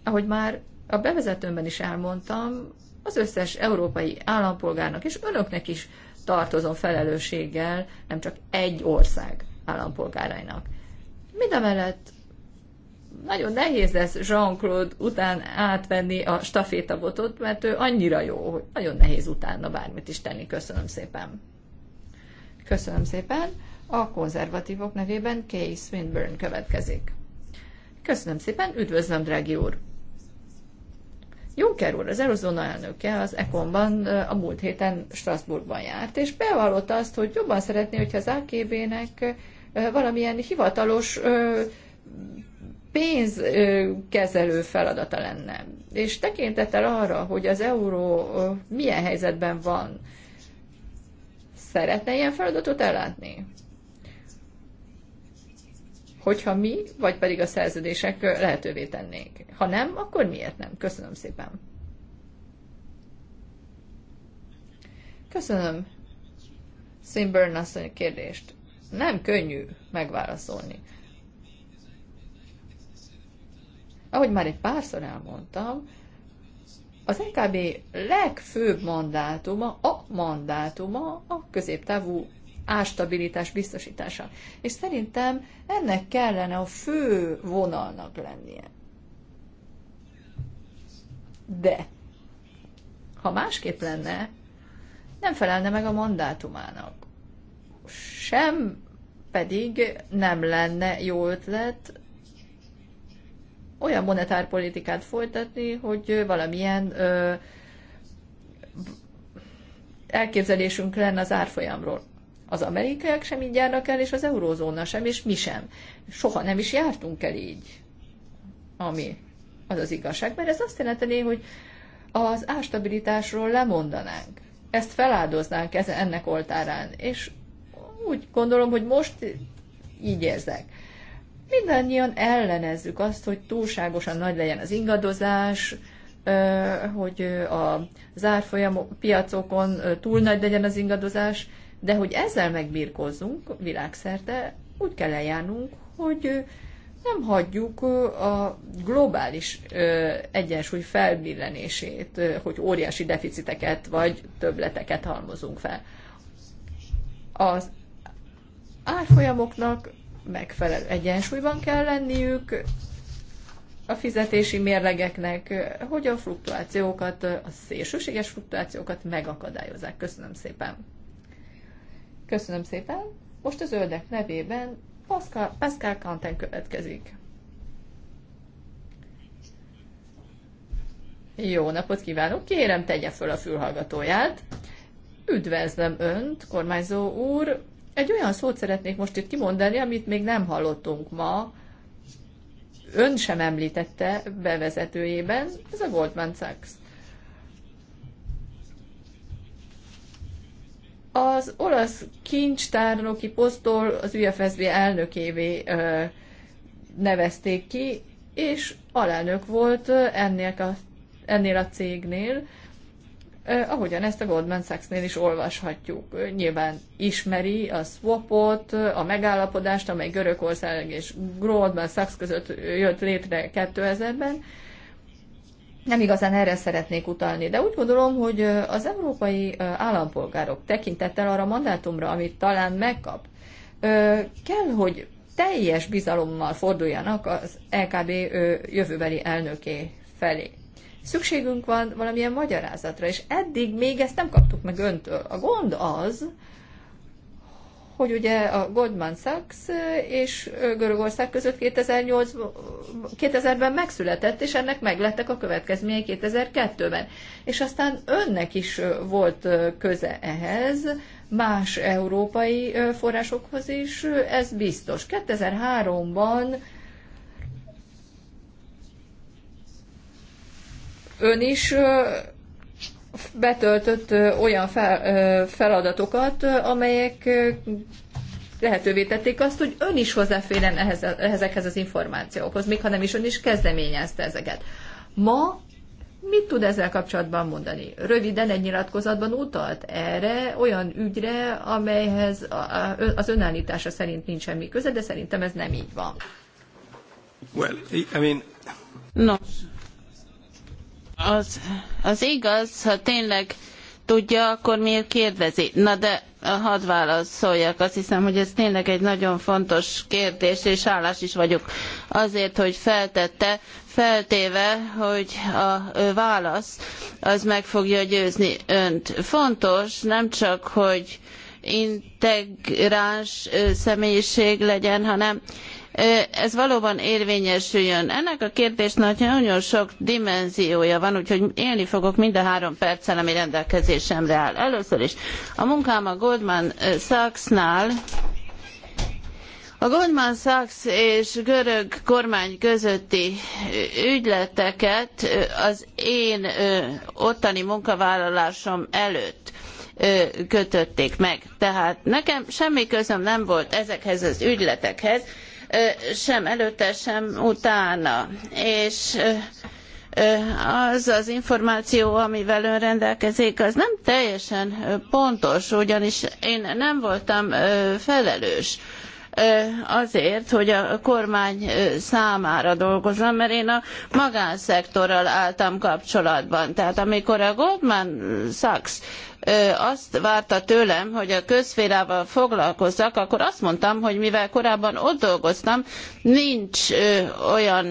B: Ahogy már a bevezetőmben is elmondtam, az összes európai állampolgárnak és önöknek is tartozom felelősséggel, nem csak egy ország állampolgárainak. Mindemellett nagyon nehéz lesz Jean-Claude után átvenni a stafétabotot, mert ő annyira jó, hogy nagyon nehéz utána bármit is tenni. Köszönöm szépen. Köszönöm szépen. A konzervatívok nevében Kay Swinburne következik. Köszönöm szépen, üdvözlöm, drági úr! Juncker úr, az Eurozóna elnöke az Ekonban a múlt héten Strasbourgban járt, és bevallotta azt, hogy jobban szeretné, hogyha az AKB-nek valamilyen hivatalos pénzkezelő feladata lenne. És tekintettel arra, hogy az euró milyen helyzetben van, szeretne ilyen feladatot ellátni? Hogyha mi, vagy pedig a szerződések lehetővé tennék. Ha nem, akkor miért nem? Köszönöm szépen. Köszönöm Swinburne asszony kérdést. Nem könnyű megválaszolni. Ahogy már egy párszor elmondtam, az NKB legfőbb mandátuma, a mandátuma a középtávú ástabilitás biztosítása. És szerintem ennek kellene a fő vonalnak lennie. De ha másképp lenne, nem felelne meg a mandátumának. Sem pedig nem lenne jó ötlet olyan monetárpolitikát folytatni, hogy valamilyen ö, elképzelésünk lenne az árfolyamról. Az amerikaiak sem így járnak el, és az eurózóna sem, és mi sem. Soha nem is jártunk el így, ami az az igazság, mert ez azt jelenteni, hogy az ástabilitásról lemondanánk. Ezt feláldoznánk ennek oltárán, és úgy gondolom, hogy most így érzek mindannyian ellenezzük azt, hogy túlságosan nagy legyen az ingadozás, hogy a zárfolyam piacokon túl nagy legyen az ingadozás, de hogy ezzel megbírkozzunk világszerte, úgy kell eljárnunk, hogy nem hagyjuk a globális egyensúly felbillenését, hogy óriási deficiteket vagy többleteket halmozunk fel. Az árfolyamoknak megfelelő egyensúlyban kell lenniük a fizetési mérlegeknek, hogy a fluktuációkat, a szélsőséges fluktuációkat megakadályozzák. Köszönöm szépen! Köszönöm szépen! Most az öldek nevében Pascal, Pascal Kanten következik. Jó napot kívánok! Kérem, tegye föl a fülhallgatóját. Üdvözlöm Önt, kormányzó úr! Egy olyan szót szeretnék most itt kimondani, amit még nem hallottunk ma, ön sem említette bevezetőjében, ez a Goldman Sachs. Az olasz kincstárnoki posztól az UFSB elnökévé ö, nevezték ki, és alelnök volt ennél a, ennél a cégnél, ahogyan ezt a Goldman Sachs-nél is olvashatjuk. Nyilván ismeri a swapot, a megállapodást, amely Görögország és Goldman Sachs között jött létre 2000-ben. Nem igazán erre szeretnék utalni, de úgy gondolom, hogy az európai állampolgárok tekintettel arra a mandátumra, amit talán megkap, kell, hogy teljes bizalommal forduljanak az LKB e jövőbeli elnöké felé Szükségünk van valamilyen magyarázatra, és eddig még ezt nem kaptuk meg öntől. A gond az, hogy ugye a Goldman Sachs és Görögország között 2008, 2000-ben megszületett, és ennek meglettek a következményei 2002-ben. És aztán önnek is volt köze ehhez, más európai forrásokhoz is, ez biztos. 2003-ban Ön is betöltött olyan feladatokat, amelyek lehetővé tették azt, hogy ön is hozzáférjen ehhez, ezekhez az információkhoz, még ha nem is ön is kezdeményezte ezeket. Ma mit tud ezzel kapcsolatban mondani? Röviden egy nyilatkozatban utalt erre olyan ügyre, amelyhez az önállítása szerint nincs semmi köze, de szerintem ez nem így van. Well, I mean... Nos,
C: az, az igaz, ha tényleg tudja, akkor miért kérdezi? Na de eh, hadd válaszoljak, azt hiszem, hogy ez tényleg egy nagyon fontos kérdés, és hálás is vagyok azért, hogy feltette, feltéve, hogy a válasz az meg fogja győzni önt. Fontos nem csak, hogy integráns személyiség legyen, hanem ez valóban érvényesüljön. Ennek a kérdésnek nagyon sok dimenziója van, úgyhogy élni fogok mind a három perccel, ami rendelkezésemre áll. Először is a munkám a Goldman Sachs-nál. a Goldman Sachs és görög kormány közötti ügyleteket az én ottani munkavállalásom előtt kötötték meg. Tehát nekem semmi közöm nem volt ezekhez az ügyletekhez, sem előtte, sem utána. És az az információ, amivel ön rendelkezik, az nem teljesen pontos, ugyanis én nem voltam felelős azért, hogy a kormány számára dolgozzam, mert én a magánszektorral álltam kapcsolatban. Tehát amikor a Goldman Sachs azt várta tőlem, hogy a közférával foglalkozzak, akkor azt mondtam, hogy mivel korábban ott dolgoztam, nincs olyan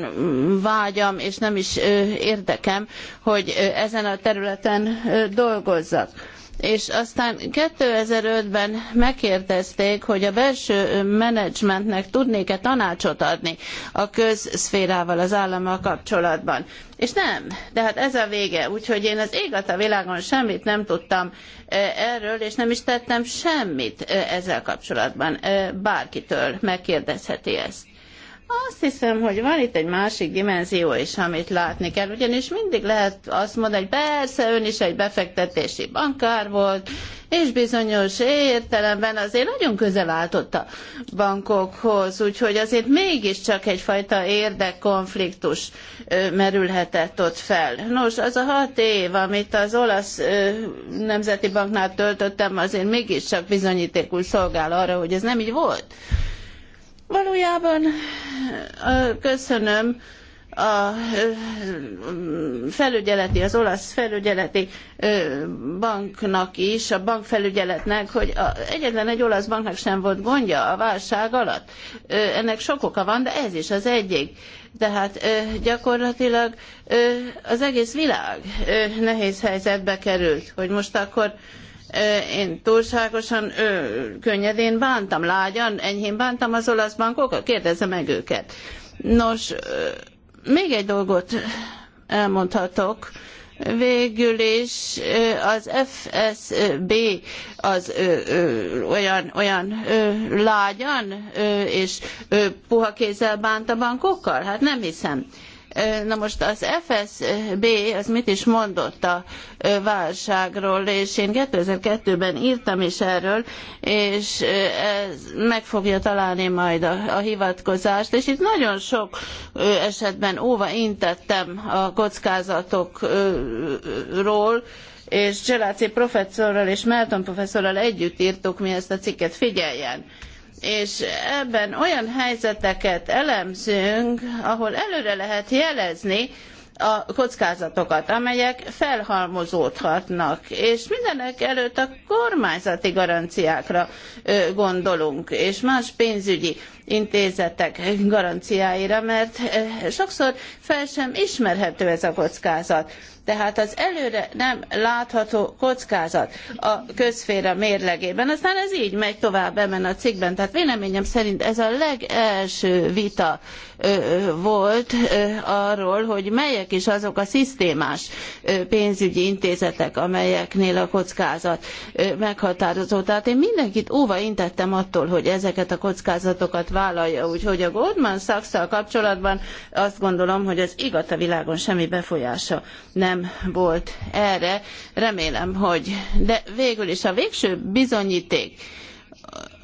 C: vágyam, és nem is érdekem, hogy ezen a területen dolgozzak és aztán 2005-ben megkérdezték, hogy a belső menedzsmentnek tudnék-e tanácsot adni a közszférával, az állammal kapcsolatban. És nem, de hát ez a vége, úgyhogy én az ég a világon semmit nem tudtam e, erről, és nem is tettem semmit e, ezzel kapcsolatban. E, bárkitől megkérdezheti ezt. Azt hiszem, hogy van itt egy másik dimenzió is, amit látni kell, ugyanis mindig lehet azt mondani, hogy persze ön is egy befektetési bankár volt, és bizonyos értelemben azért nagyon közel álltott a bankokhoz, úgyhogy azért mégiscsak egyfajta érdekkonfliktus merülhetett ott fel. Nos, az a hat év, amit az olasz nemzeti banknál töltöttem, azért mégiscsak bizonyítékul szolgál arra, hogy ez nem így volt. Valójában köszönöm a felügyeleti, az olasz felügyeleti banknak is, a bankfelügyeletnek, hogy egyetlen egy olasz banknak sem volt gondja a válság alatt. Ennek sok oka van, de ez is az egyik. Tehát gyakorlatilag az egész világ nehéz helyzetbe került, hogy most akkor én túlságosan ö, könnyedén bántam, lágyan, enyhén bántam az olasz bankokat, kérdezze meg őket. Nos, ö, még egy dolgot elmondhatok. Végül is az FSB az ö, ö, olyan, olyan ö, lágyan és puha kézzel bánt a bankokkal? Hát nem hiszem. Na most az FSB az mit is mondott a válságról, és én 2002-ben írtam is erről, és ez meg fogja találni majd a, a hivatkozást, és itt nagyon sok esetben óva intettem a kockázatokról, és Cseláci professzorral és Melton professzorral együtt írtuk mi ezt a cikket, figyeljen! és ebben olyan helyzeteket elemzünk, ahol előre lehet jelezni, a kockázatokat, amelyek felhalmozódhatnak, és mindenek előtt a kormányzati garanciákra gondolunk, és más pénzügyi intézetek garanciáira, mert sokszor fel sem ismerhető ez a kockázat. Tehát az előre nem látható kockázat a közféra mérlegében. Aztán ez így megy tovább ebben a cikkben. Tehát véleményem szerint ez a legelső vita volt arról, hogy melyek is azok a szisztémás pénzügyi intézetek, amelyeknél a kockázat meghatározó. Tehát én mindenkit óva intettem attól, hogy ezeket a kockázatokat vállalja, úgyhogy a Goldman sachs kapcsolatban azt gondolom, hogy az igat a világon semmi befolyása nem volt erre. Remélem, hogy de végül is a végső bizonyíték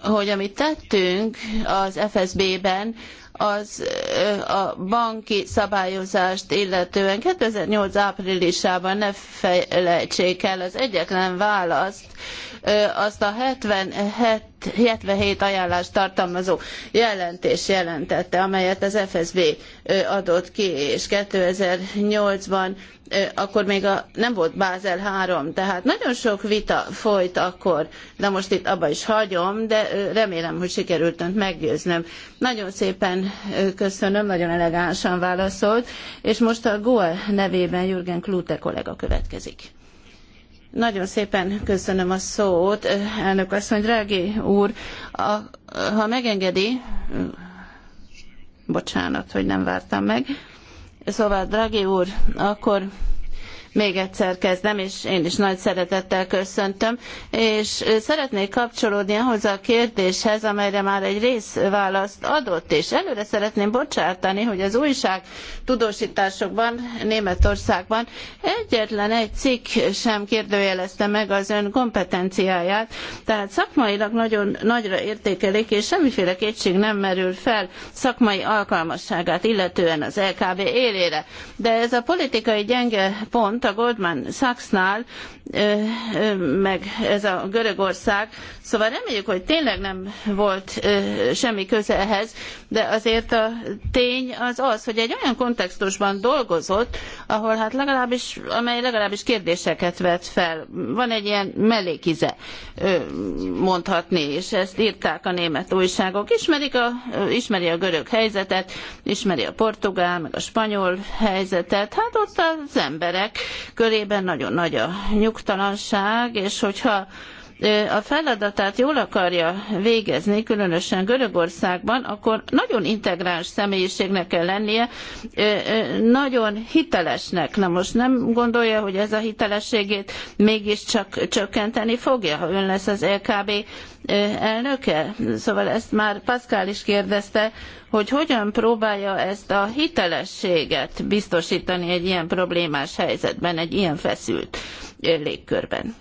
C: hogy amit tettünk az FSB-ben, az a banki szabályozást illetően 2008 áprilisában ne felejtsék el az egyetlen választ, azt a 77 77 ajánlást tartalmazó jelentés jelentette, amelyet az FSB adott ki, és 2008-ban akkor még a, nem volt Bázel 3, tehát nagyon sok vita folyt akkor, de most itt abba is hagyom, de remélem, hogy sikerült önt meggyőznöm. Nagyon szépen köszönöm, nagyon elegánsan válaszolt, és most a GOL nevében Jürgen Klute kollega következik. Nagyon szépen köszönöm a szót, elnök asszony, drági úr, a, ha megengedi, bocsánat, hogy nem vártam meg, Szóval, Draghi úr, akkor még egyszer kezdem, és én is nagy szeretettel köszöntöm, és szeretnék kapcsolódni ahhoz a kérdéshez, amelyre már egy részválaszt adott, és előre szeretném bocsátani, hogy az újság tudósításokban Németországban egyetlen egy cikk sem kérdőjelezte meg az ön kompetenciáját, tehát szakmailag nagyon nagyra értékelik, és semmiféle kétség nem merül fel szakmai alkalmasságát, illetően az LKB élére. De ez a politikai gyenge pont, a Goldman Sachsnál, meg ez a Görögország, szóval reméljük, hogy tényleg nem volt semmi köze ehhez, de azért a tény az az, hogy egy olyan kontextusban dolgozott, ahol hát legalábbis, amely legalábbis kérdéseket vet fel. Van egy ilyen melékize, mondhatni, és ezt írták a német újságok. Ismerik a, ismeri a görög helyzetet, ismeri a portugál, meg a spanyol helyzetet, hát ott az emberek körében nagyon nagy a nyugtalanság, és hogyha a feladatát jól akarja végezni, különösen Görögországban, akkor nagyon integráns személyiségnek kell lennie, nagyon hitelesnek. Na most nem gondolja, hogy ez a hitelességét mégiscsak csökkenteni fogja, ha ön lesz az LKB elnöke? Szóval ezt már Pascal is kérdezte, hogy hogyan próbálja ezt a hitelességet biztosítani egy ilyen problémás helyzetben, egy ilyen feszült légkörben.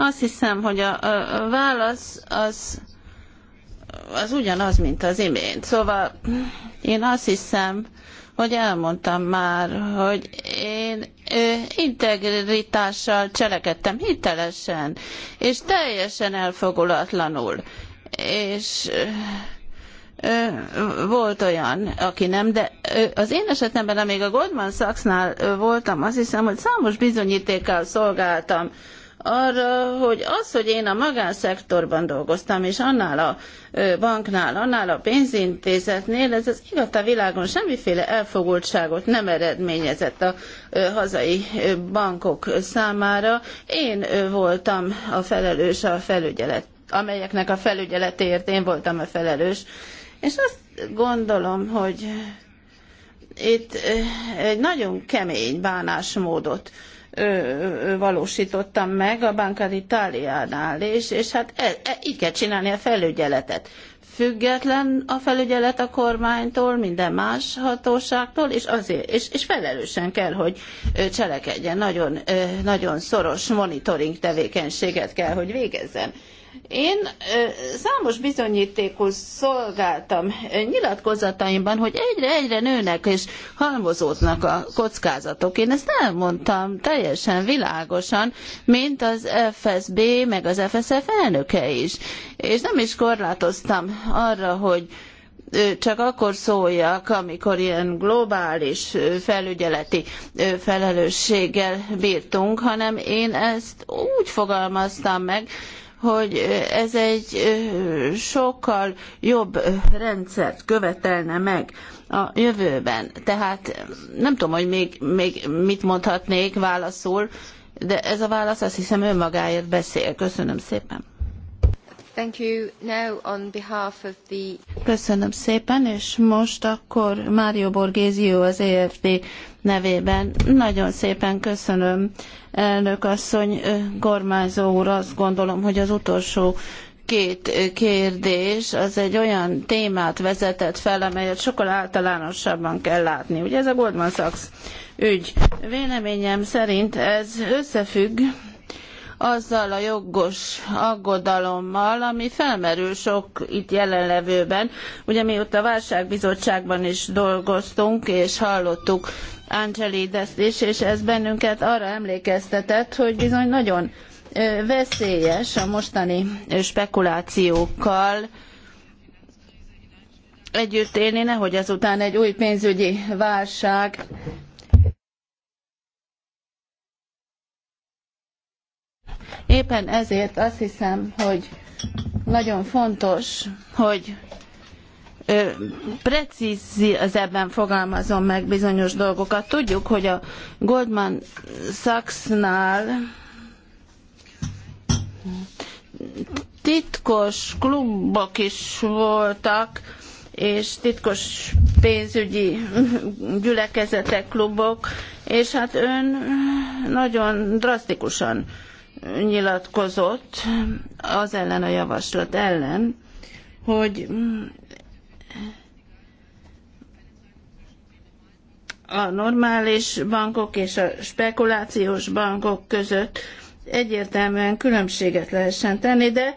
C: Azt hiszem, hogy a, a válasz az, az ugyanaz, mint az imént. Szóval én azt hiszem, hogy elmondtam már, hogy én integritással cselekedtem, hitelesen, és teljesen elfogulatlanul. És volt olyan, aki nem, de az én esetemben, amíg a Goldman Sachsnál voltam, azt hiszem, hogy számos bizonyítékkal szolgáltam arra, hogy az, hogy én a magánszektorban dolgoztam, és annál a banknál, annál a pénzintézetnél, ez az igaz a világon semmiféle elfogultságot nem eredményezett a hazai bankok számára. Én voltam a felelős a felügyelet, amelyeknek a felügyeletért én voltam a felelős. És azt gondolom, hogy itt egy nagyon kemény bánásmódot valósítottam meg a Banca d'Italia-nál, és, és hát e, e, így kell csinálni a felügyeletet. Független a felügyelet a kormánytól, minden más hatóságtól, és azért, és, és felelősen kell, hogy cselekedjen. Nagyon, nagyon szoros monitoring tevékenységet kell, hogy végezzen én számos bizonyítékhoz szolgáltam nyilatkozataimban, hogy egyre-egyre nőnek és halmozódnak a kockázatok. Én ezt elmondtam teljesen világosan, mint az FSB, meg az FSF elnöke is. És nem is korlátoztam arra, hogy csak akkor szóljak, amikor ilyen globális felügyeleti felelősséggel bírtunk, hanem én ezt úgy fogalmaztam meg, hogy ez egy sokkal jobb rendszert követelne meg a jövőben. Tehát nem tudom, hogy még, még mit mondhatnék válaszul, de ez a válasz azt hiszem önmagáért beszél. Köszönöm szépen. Köszönöm szépen, és most akkor Mário Borgézió az EFD nevében. Nagyon szépen köszönöm, elnök asszony, kormányzó úr, azt gondolom, hogy az utolsó két kérdés, az egy olyan témát vezetett fel, amelyet sokkal általánosabban kell látni. Ugye ez a Goldman Sachs ügy. Véleményem szerint ez összefügg azzal a jogos aggodalommal, ami felmerül sok itt jelenlevőben. Ugye mióta a válságbizottságban is dolgoztunk, és hallottuk Angelidest is, és ez bennünket arra emlékeztetett, hogy bizony nagyon veszélyes a mostani spekulációkkal, együtt élni, nehogy azután egy új pénzügyi válság Éppen ezért azt hiszem, hogy nagyon fontos, hogy precízebben fogalmazom meg bizonyos dolgokat. Tudjuk, hogy a Goldman Sachs-nál titkos klubok is voltak, és titkos pénzügyi gyülekezetek, klubok, és hát ön nagyon drasztikusan nyilatkozott az ellen a javaslat ellen, hogy a normális bankok és a spekulációs bankok között egyértelműen különbséget lehessen tenni, de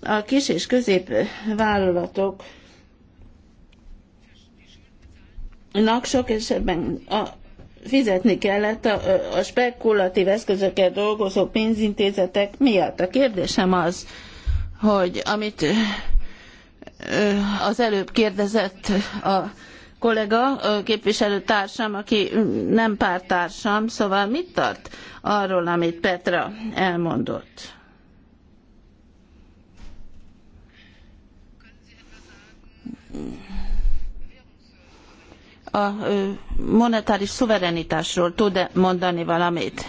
C: a kis és középvállalatok nak sok esetben a fizetni kellett a, a spekulatív eszközökkel dolgozó pénzintézetek miatt. A kérdésem az, hogy amit az előbb kérdezett a kollega, a képviselőtársam, aki nem pártársam, szóval mit tart arról, amit Petra elmondott? Mm a monetáris szuverenitásról tud-e mondani valamit?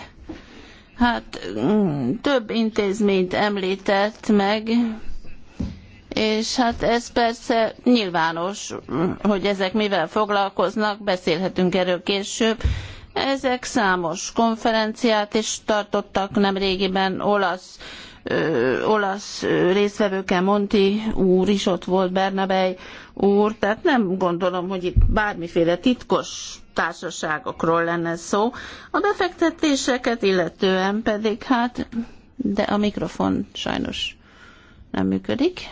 C: Hát mm, több intézményt említett meg, és hát ez persze nyilvános, hogy ezek mivel foglalkoznak, beszélhetünk erről később. Ezek számos konferenciát is tartottak nemrégiben, olasz, ö, olasz részvevőkkel Monti úr is ott volt, Bernabei úr, tehát nem gondolom, hogy itt bármiféle titkos társaságokról lenne szó. A befektetéseket illetően pedig hát, de a mikrofon sajnos nem működik.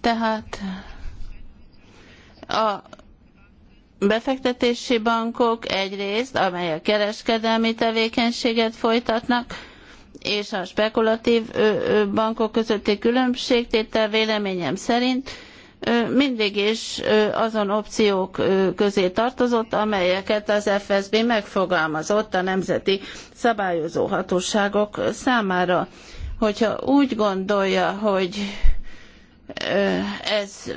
C: Tehát a befektetési bankok egyrészt, amelyek kereskedelmi tevékenységet folytatnak, és a spekulatív bankok közötti különbségtétel véleményem szerint mindig is azon opciók közé tartozott, amelyeket az FSB megfogalmazott a nemzeti szabályozó hatóságok számára. Hogyha úgy gondolja, hogy ez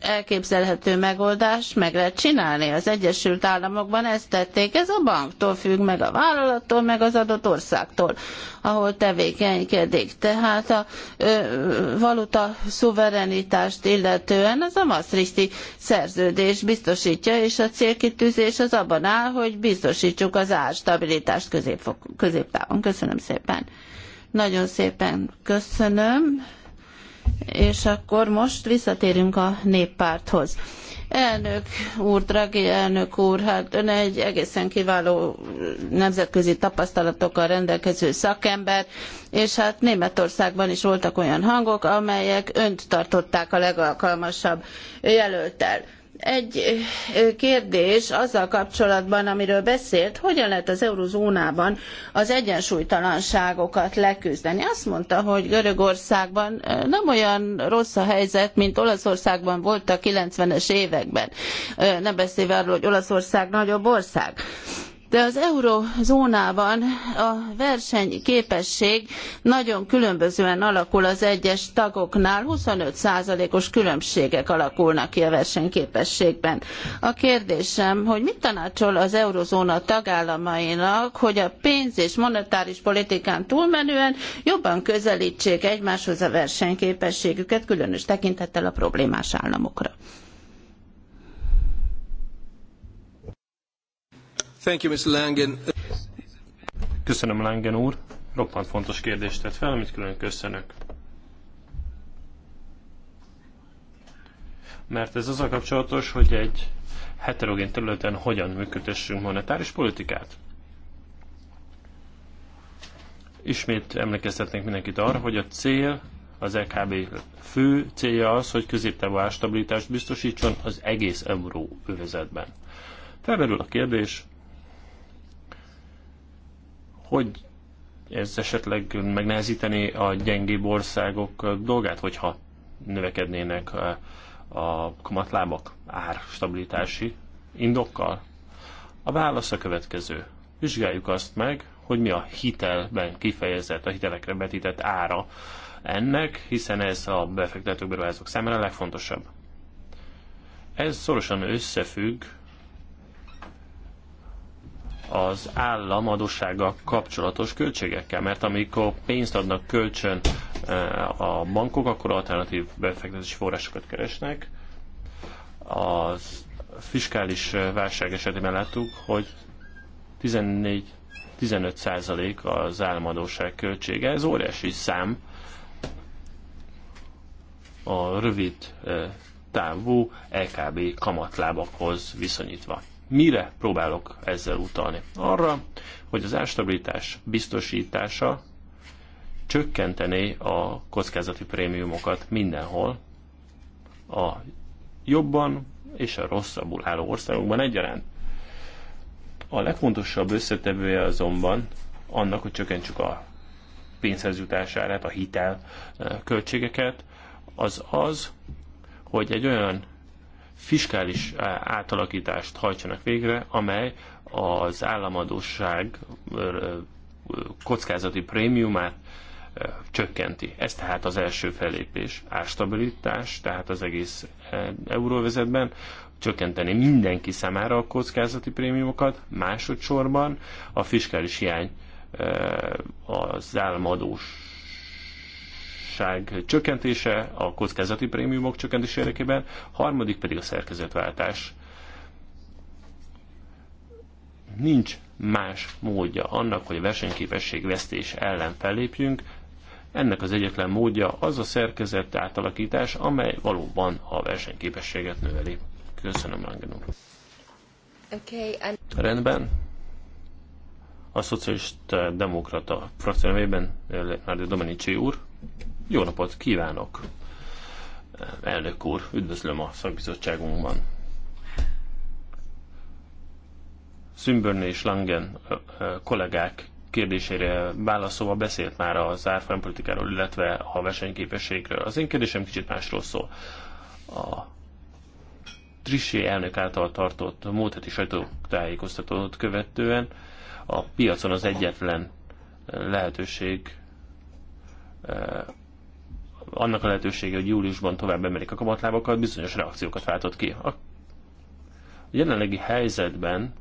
C: elképzelhető megoldást meg lehet csinálni. Az Egyesült Államokban ezt tették, ez a banktól függ, meg a vállalattól, meg az adott országtól, ahol tevékenykedik. Tehát a ö, valuta szuverenitást illetően az a Maastrichti szerződés biztosítja, és a célkitűzés az abban áll, hogy biztosítsuk az árstabilitást középtávon. Köszönöm szépen. Nagyon szépen köszönöm. És akkor most visszatérünk a néppárthoz. Elnök úr, drági elnök úr, hát ön egy egészen kiváló nemzetközi tapasztalatokkal rendelkező szakember, és hát Németországban is voltak olyan hangok, amelyek önt tartották a legalkalmasabb jelöltel egy kérdés azzal kapcsolatban, amiről beszélt, hogyan lehet az eurozónában az egyensúlytalanságokat leküzdeni. Azt mondta, hogy Görögországban nem olyan rossz a helyzet, mint Olaszországban volt a 90-es években. Nem beszélve arról, hogy Olaszország nagyobb ország de az eurózónában a versenyképesség nagyon különbözően alakul az egyes tagoknál, 25%-os különbségek alakulnak ki a versenyképességben. A kérdésem, hogy mit tanácsol az eurózóna tagállamainak, hogy a pénz és monetáris politikán túlmenően jobban közelítsék egymáshoz a versenyképességüket, különös tekintettel a problémás
A: államokra. Köszönöm, Langen úr. Roppant fontos kérdést tett fel, amit külön köszönök. Mert ez az a kapcsolatos, hogy egy heterogén területen hogyan működtessünk monetáris politikát. Ismét emlékeztetnék mindenkit arra, hogy a cél az EKB fő célja az, hogy középtávú árstabilitást biztosítson az egész euró övezetben. Felmerül a kérdés, hogy ez esetleg megnehezíteni a gyengébb országok dolgát, hogyha növekednének a kamatlábak árstabilitási indokkal? A válasz a következő. Vizsgáljuk azt meg, hogy mi a hitelben kifejezett, a hitelekre betített ára ennek, hiszen ez a befektetők beruházók számára a legfontosabb. Ez szorosan összefügg az állam adóssága kapcsolatos költségekkel, mert amikor pénzt adnak kölcsön eh, a bankok, akkor alternatív befektetési forrásokat keresnek. Az fiskális eh, válság esetében láttuk, hogy 14-15 százalék az államadóság költsége. Ez óriási szám a rövid eh, távú LKB kamatlábakhoz viszonyítva. Mire próbálok ezzel utalni? Arra, hogy az árstabilitás biztosítása csökkentené a kockázati prémiumokat mindenhol, a jobban és a rosszabbul álló országokban egyaránt. A legfontosabb összetevője azonban annak, hogy csökkentsük a pénzhez jutását, a hitel eh, költségeket, az az, hogy egy olyan fiskális átalakítást hajtsanak végre, amely az államadóság kockázati prémiumát csökkenti. Ez tehát az első fellépés, árstabilitás, tehát az egész euróvezetben, csökkenteni mindenki számára a kockázati prémiumokat, másodszorban a fiskális hiány az államadós átláthatóság csökkentése a kockázati prémiumok csökkentés érdekében, harmadik pedig a szerkezetváltás. Nincs más módja annak, hogy a versenyképesség vesztés ellen fellépjünk, ennek az egyetlen módja az a szerkezett átalakítás, amely valóban a versenyképességet növeli. Köszönöm, Langen úr.
B: Okay, and...
A: Rendben. A szocialista demokrata frakció nevében eh, Leonardo Domenici úr. Jó napot kívánok, elnök úr, üdvözlöm a szakbizottságunkban. Szümbörne és Langen kollégák kérdésére válaszolva beszélt már az árfolyampolitikáról, illetve a versenyképességről. Az én kérdésem kicsit másról szól. A Trissé elnök által tartott múlt heti sajtótájékoztatót követően a piacon az egyetlen lehetőség annak a lehetősége, hogy júliusban tovább emelik a kamatlábakat, bizonyos reakciókat váltott ki. A jelenlegi helyzetben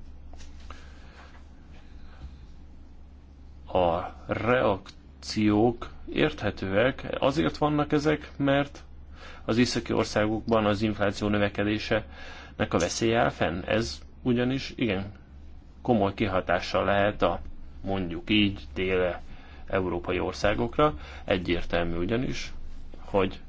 A: a reakciók érthetőek, azért vannak ezek, mert az északi országokban az infláció növekedése nek a veszély áll fenn. Ez ugyanis igen komoly kihatással lehet a mondjuk így déle európai országokra, egyértelmű ugyanis, hogy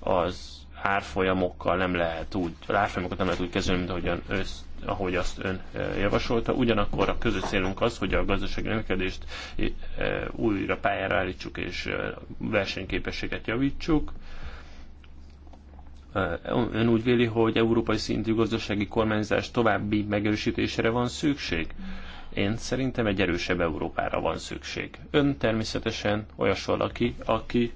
A: az árfolyamokkal nem lehet úgy, az árfolyamokat nem lehet úgy kezelni, mint ahogyan össz, ahogy azt ön javasolta. Ugyanakkor a közös célunk az, hogy a gazdasági növekedést újra pályára állítsuk és versenyképességet javítsuk. Ön úgy véli, hogy európai szintű gazdasági kormányzás további megerősítésére van szükség? Mm én szerintem egy erősebb Európára van szükség. Ön természetesen olyas valaki, aki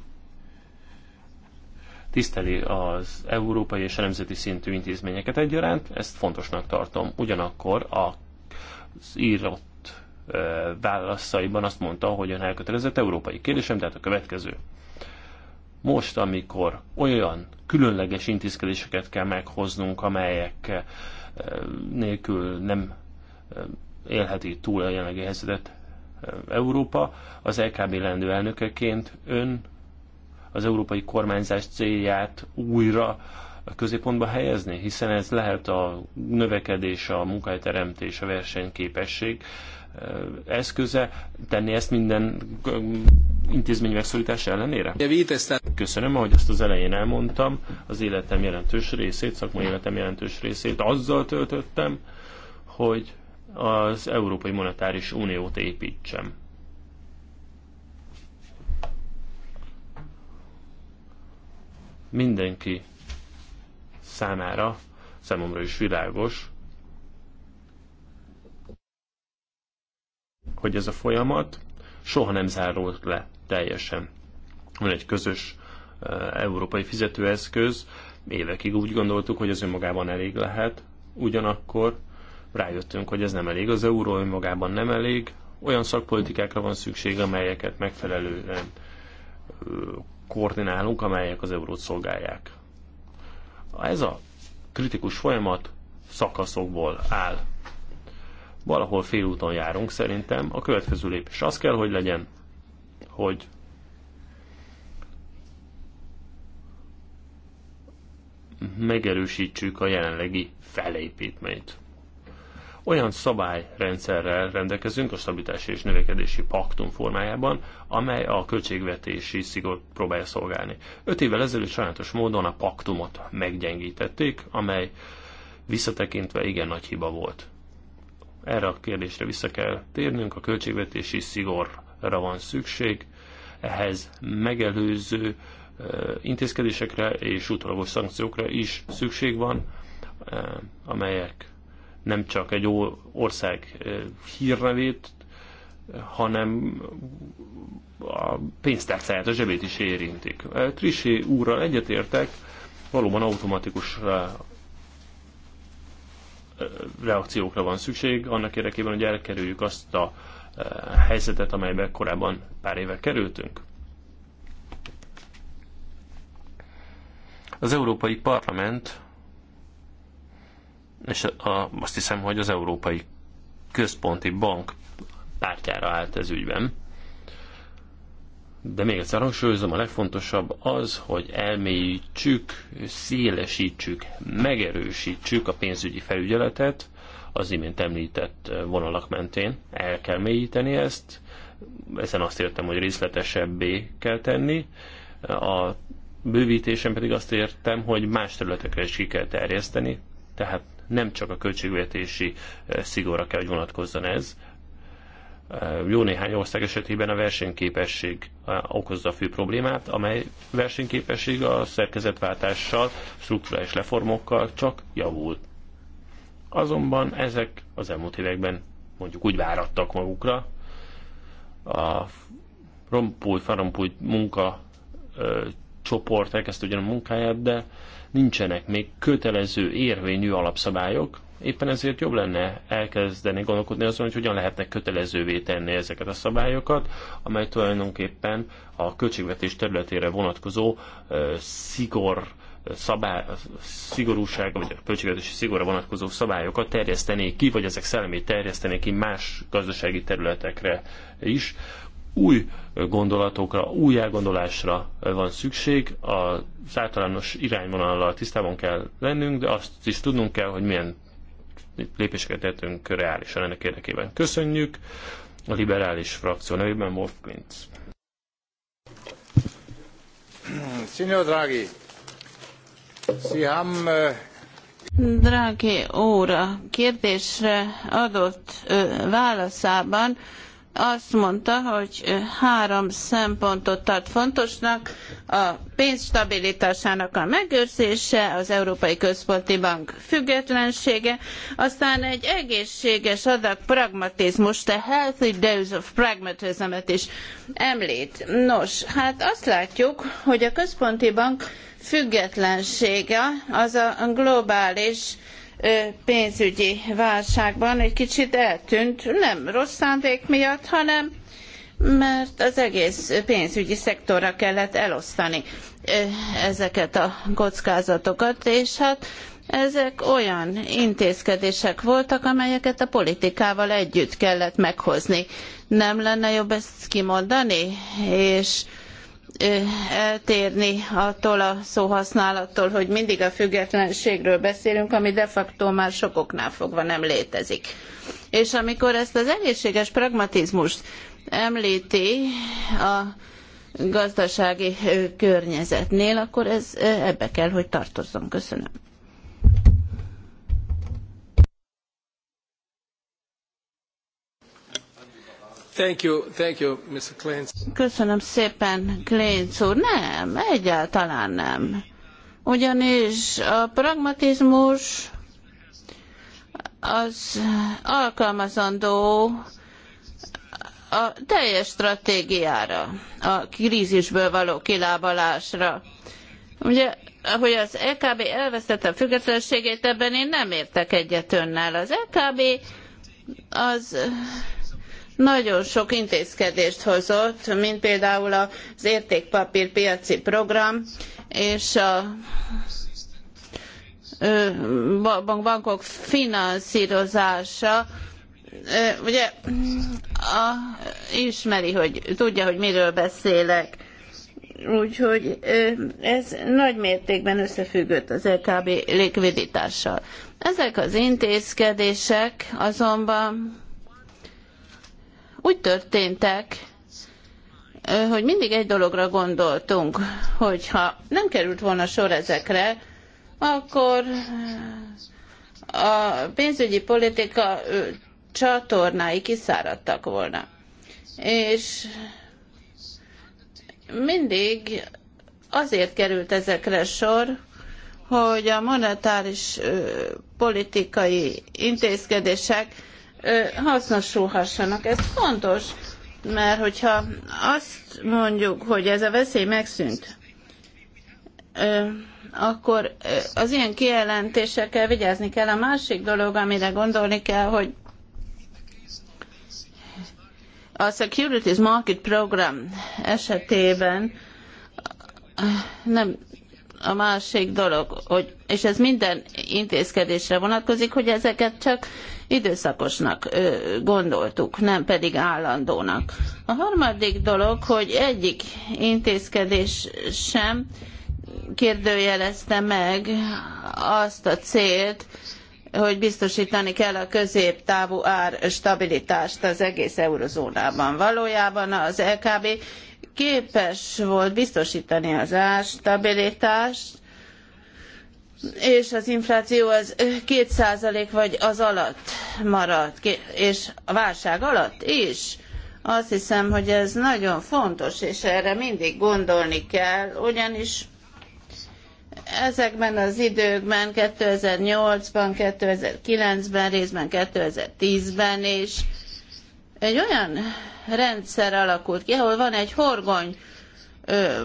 A: tiszteli az európai és a nemzeti szintű intézményeket egyaránt, ezt fontosnak tartom. Ugyanakkor az írott válaszaiban azt mondta, hogy ön elkötelezett európai kérdésem, tehát a következő. Most, amikor olyan különleges intézkedéseket kell meghoznunk, amelyek nélkül nem élheti túl a jelenlegi helyzetet Európa. Az LKB lendő elnökeként ön az európai kormányzás célját újra a középpontba helyezni, hiszen ez lehet a növekedés, a munkahelyteremtés, a versenyképesség eszköze. Tenni ezt minden intézmény megszorítása ellenére? Köszönöm, ahogy azt az elején elmondtam, az életem jelentős részét, szakmai életem jelentős részét azzal töltöttem, hogy az Európai Monetáris Uniót építsem. Mindenki számára, számomra is világos, hogy ez a folyamat soha nem zárult le teljesen. Van egy közös e, európai fizetőeszköz, évekig úgy gondoltuk, hogy ez önmagában elég lehet, ugyanakkor rájöttünk, hogy ez nem elég. Az euró önmagában nem elég, olyan szakpolitikákra van szükség, amelyeket megfelelően eh, koordinálunk, amelyek az eurót szolgálják. Ez a kritikus folyamat szakaszokból áll. Valahol félúton járunk szerintem. A következő lépés az kell, hogy legyen, hogy megerősítsük a jelenlegi felépítményt olyan szabályrendszerrel rendelkezünk a stabilitási és növekedési paktum formájában, amely a költségvetési szigor próbálja szolgálni. Öt évvel ezelőtt sajnálatos módon a paktumot meggyengítették, amely visszatekintve igen nagy hiba volt. Erre a kérdésre vissza kell térnünk, a költségvetési szigorra van szükség, ehhez megelőző intézkedésekre és utolagos szankciókra is szükség van, amelyek nem csak egy ország hírnevét, hanem a pénztárcáját, a zsebét is érintik. Trisé úrral egyetértek, valóban automatikus reakciókra van szükség, annak érdekében, hogy elkerüljük azt a helyzetet, amelybe korábban pár éve kerültünk. Az Európai Parlament és a, azt hiszem, hogy az Európai Központi Bank pártjára állt ez ügyben. De még egyszer hangsúlyozom, a legfontosabb az, hogy elmélyítsük, szélesítsük, megerősítsük a pénzügyi felügyeletet, az imént említett vonalak mentén. El kell mélyíteni ezt, ezen azt értem, hogy részletesebbé kell tenni. A bővítésen pedig azt értem, hogy más területekre is ki kell terjeszteni, tehát nem csak a költségvetési eh, szigorra kell, hogy vonatkozzon ez. Eh, jó néhány ország esetében a versenyképesség eh, okozza a fő problémát, amely versenyképesség a szerkezetváltással, struktúrális reformokkal csak javult.
B: Azonban
A: ezek az elmúlt években mondjuk úgy várattak magukra. A rompult, farompult munka ö, csoport elkezdte ugyan a munkáját, de nincsenek még kötelező érvényű alapszabályok, éppen ezért jobb lenne elkezdeni gondolkodni azon, hogy hogyan lehetne kötelezővé tenni ezeket a szabályokat, amely tulajdonképpen a költségvetés területére vonatkozó ö, szigor szabály, szigorúság, vagy a költségvetési szigorra vonatkozó szabályokat terjesztenék ki, vagy ezek szellemét terjesztenék ki más gazdasági területekre is új gondolatokra, új elgondolásra van szükség, az általános irányvonallal tisztában kell lennünk, de azt is tudnunk kell, hogy milyen lépéseket tettünk reálisan ennek érdekében. Köszönjük a liberális frakció nevében, Wolf Klintz. Signor Draghi, Sie Ham. Äh,
C: Drági úr, a kérdésre adott ö, válaszában azt mondta, hogy három szempontot tart fontosnak, a pénz stabilitásának a megőrzése, az Európai Központi Bank függetlensége, aztán egy egészséges adag pragmatizmus, a healthy dose of pragmatism is említ. Nos, hát azt látjuk, hogy a Központi Bank függetlensége az a globális pénzügyi válságban egy kicsit eltűnt, nem rossz szándék miatt, hanem mert az egész pénzügyi szektorra kellett elosztani ezeket a kockázatokat, és hát ezek olyan intézkedések voltak, amelyeket a politikával együtt kellett meghozni. Nem lenne jobb ezt kimondani? És eltérni attól a szóhasználattól, hogy mindig a függetlenségről beszélünk, ami de facto már sok oknál fogva nem létezik. És amikor ezt az egészséges pragmatizmust említi a gazdasági környezetnél, akkor ez ebbe kell, hogy tartozzon. Köszönöm. Köszönöm szépen, Klénc úr. Nem, egyáltalán nem. Ugyanis a pragmatizmus az alkalmazandó a teljes stratégiára, a krízisből való kilábalásra. Ugye, ahogy az EKB elvesztette a függetlenségét, ebben én nem értek egyet önnel. Az EKB az nagyon sok intézkedést hozott, mint például az értékpapírpiaci program és a bankok finanszírozása, ugye a, ismeri, hogy tudja, hogy miről beszélek. Úgyhogy ez nagy mértékben összefüggött az LKB likviditással. Ezek az intézkedések azonban úgy történtek, hogy mindig egy dologra gondoltunk, hogy ha nem került volna sor ezekre, akkor a pénzügyi politika csatornái kiszáradtak volna. És mindig azért került ezekre sor, hogy a monetáris politikai intézkedések hasznosulhassanak. Ez fontos, mert hogyha azt mondjuk, hogy ez a veszély megszűnt, akkor az ilyen kijelentésekkel vigyázni kell. A másik dolog, amire gondolni kell, hogy a Securities Market Program esetében nem a másik dolog, hogy, és ez minden intézkedésre vonatkozik, hogy ezeket csak időszakosnak gondoltuk, nem pedig állandónak. A harmadik dolog, hogy egyik intézkedés sem kérdőjelezte meg azt a célt, hogy biztosítani kell a középtávú árstabilitást az egész eurozónában. Valójában az LKB képes volt biztosítani az árstabilitást, és az infláció az 2% vagy az alatt marad, és a válság alatt is. Azt hiszem, hogy ez nagyon fontos, és erre mindig gondolni kell, ugyanis ezekben az időkben, 2008-ban, 2009-ben, részben 2010-ben is egy olyan rendszer alakult ki, ahol van egy horgony ö,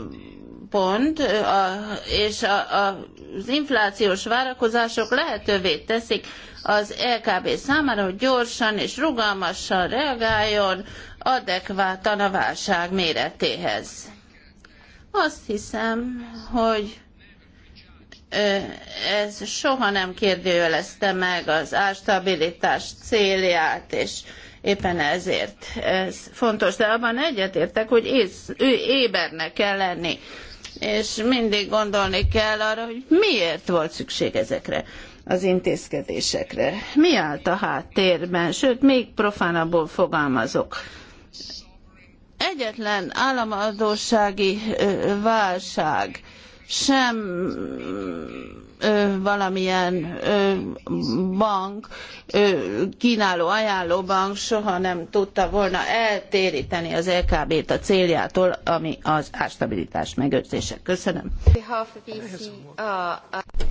C: pont, a, és a, a, az inflációs várakozások lehetővé teszik az LKB számára, hogy gyorsan és rugalmasan reagáljon adekvátan a válság méretéhez. Azt hiszem, hogy ez soha nem kérdőjelezte meg az ástabilitás célját, és éppen ezért ez fontos. De abban egyetértek, hogy ész, ő ébernek kell lenni és mindig gondolni kell arra, hogy miért volt szükség ezekre az intézkedésekre. Mi állt a háttérben, sőt, még profánabbul fogalmazok. Egyetlen államadósági válság sem valamilyen bank, kínáló ajánló bank soha nem tudta volna eltéríteni az LKB-t a céljától, ami az ástabilitás megőrzése. Köszönöm.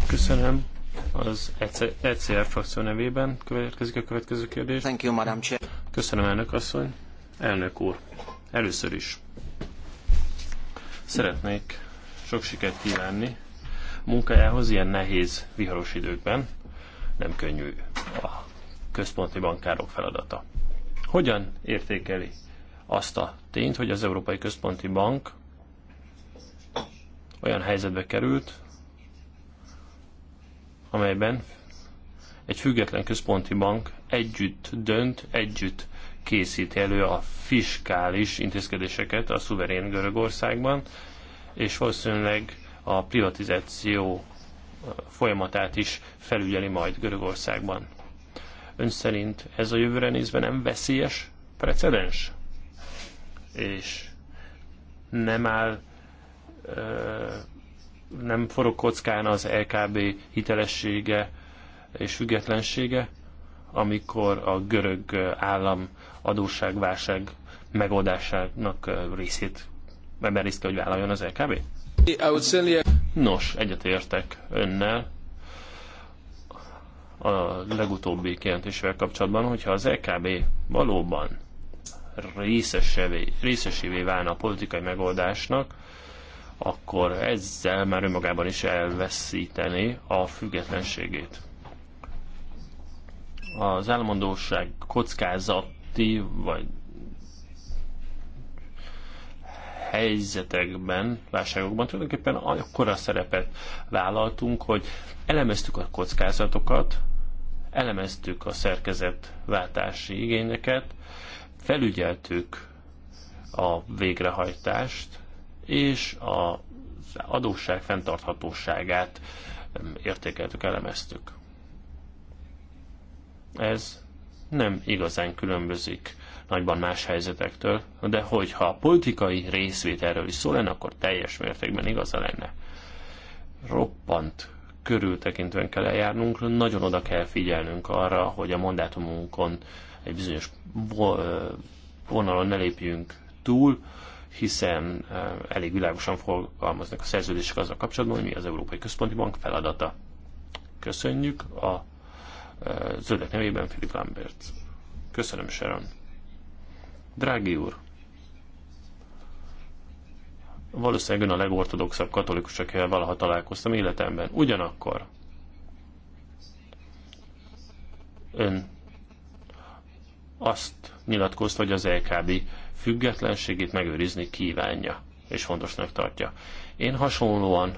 A: Köszönöm. Az ECR e frakció nevében következik a következő kérdés. Thank you, Madam Chair. Köszönöm, elnök asszony. Elnök úr, először is szeretnék sok sikert kívánni munkájához ilyen nehéz, viharos időkben nem könnyű a központi bankárok feladata. Hogyan értékeli azt a tényt, hogy az Európai Központi Bank olyan helyzetbe került, amelyben egy független központi bank együtt dönt, együtt készít elő a fiskális intézkedéseket a szuverén Görögországban, és valószínűleg a privatizáció folyamatát is felügyeli majd Görögországban. Ön szerint ez a jövőre nézve nem veszélyes precedens? És nem áll, nem forog kockán az LKB hitelessége és függetlensége, amikor a görög állam adósságválság megoldásának részét ebben részt kell, hogy vállaljon az LKB? Nos, egyetértek önnel a legutóbbi kijelentésével kapcsolatban, hogyha az EKB valóban részesévé, válna a politikai megoldásnak, akkor ezzel már önmagában is elveszítené a függetlenségét. Az állandóság kockázati vagy helyzetekben, válságokban tulajdonképpen akkora szerepet vállaltunk, hogy elemeztük a kockázatokat, elemeztük a szerkezetváltási igényeket, felügyeltük a végrehajtást, és az adósság fenntarthatóságát értékeltük, elemeztük. Ez nem igazán különbözik nagyban más helyzetektől, de hogyha a politikai részvételről is szó lenne, akkor teljes mértékben igaza lenne. Roppant körültekintően kell eljárnunk, nagyon oda kell figyelnünk arra, hogy a mandátumunkon egy bizonyos vonalon ne lépjünk túl, hiszen elég világosan fogalmaznak a szerződések azzal kapcsolatban, hogy mi az Európai Központi Bank feladata. Köszönjük a zöldek nevében Filip Lambert. Köszönöm, Sharon. Drági úr, valószínűleg ön a legortodoxabb katolikus, akivel valaha találkoztam életemben. Ugyanakkor ön azt nyilatkozta, hogy az LKB függetlenségét megőrizni kívánja, és fontosnak tartja. Én hasonlóan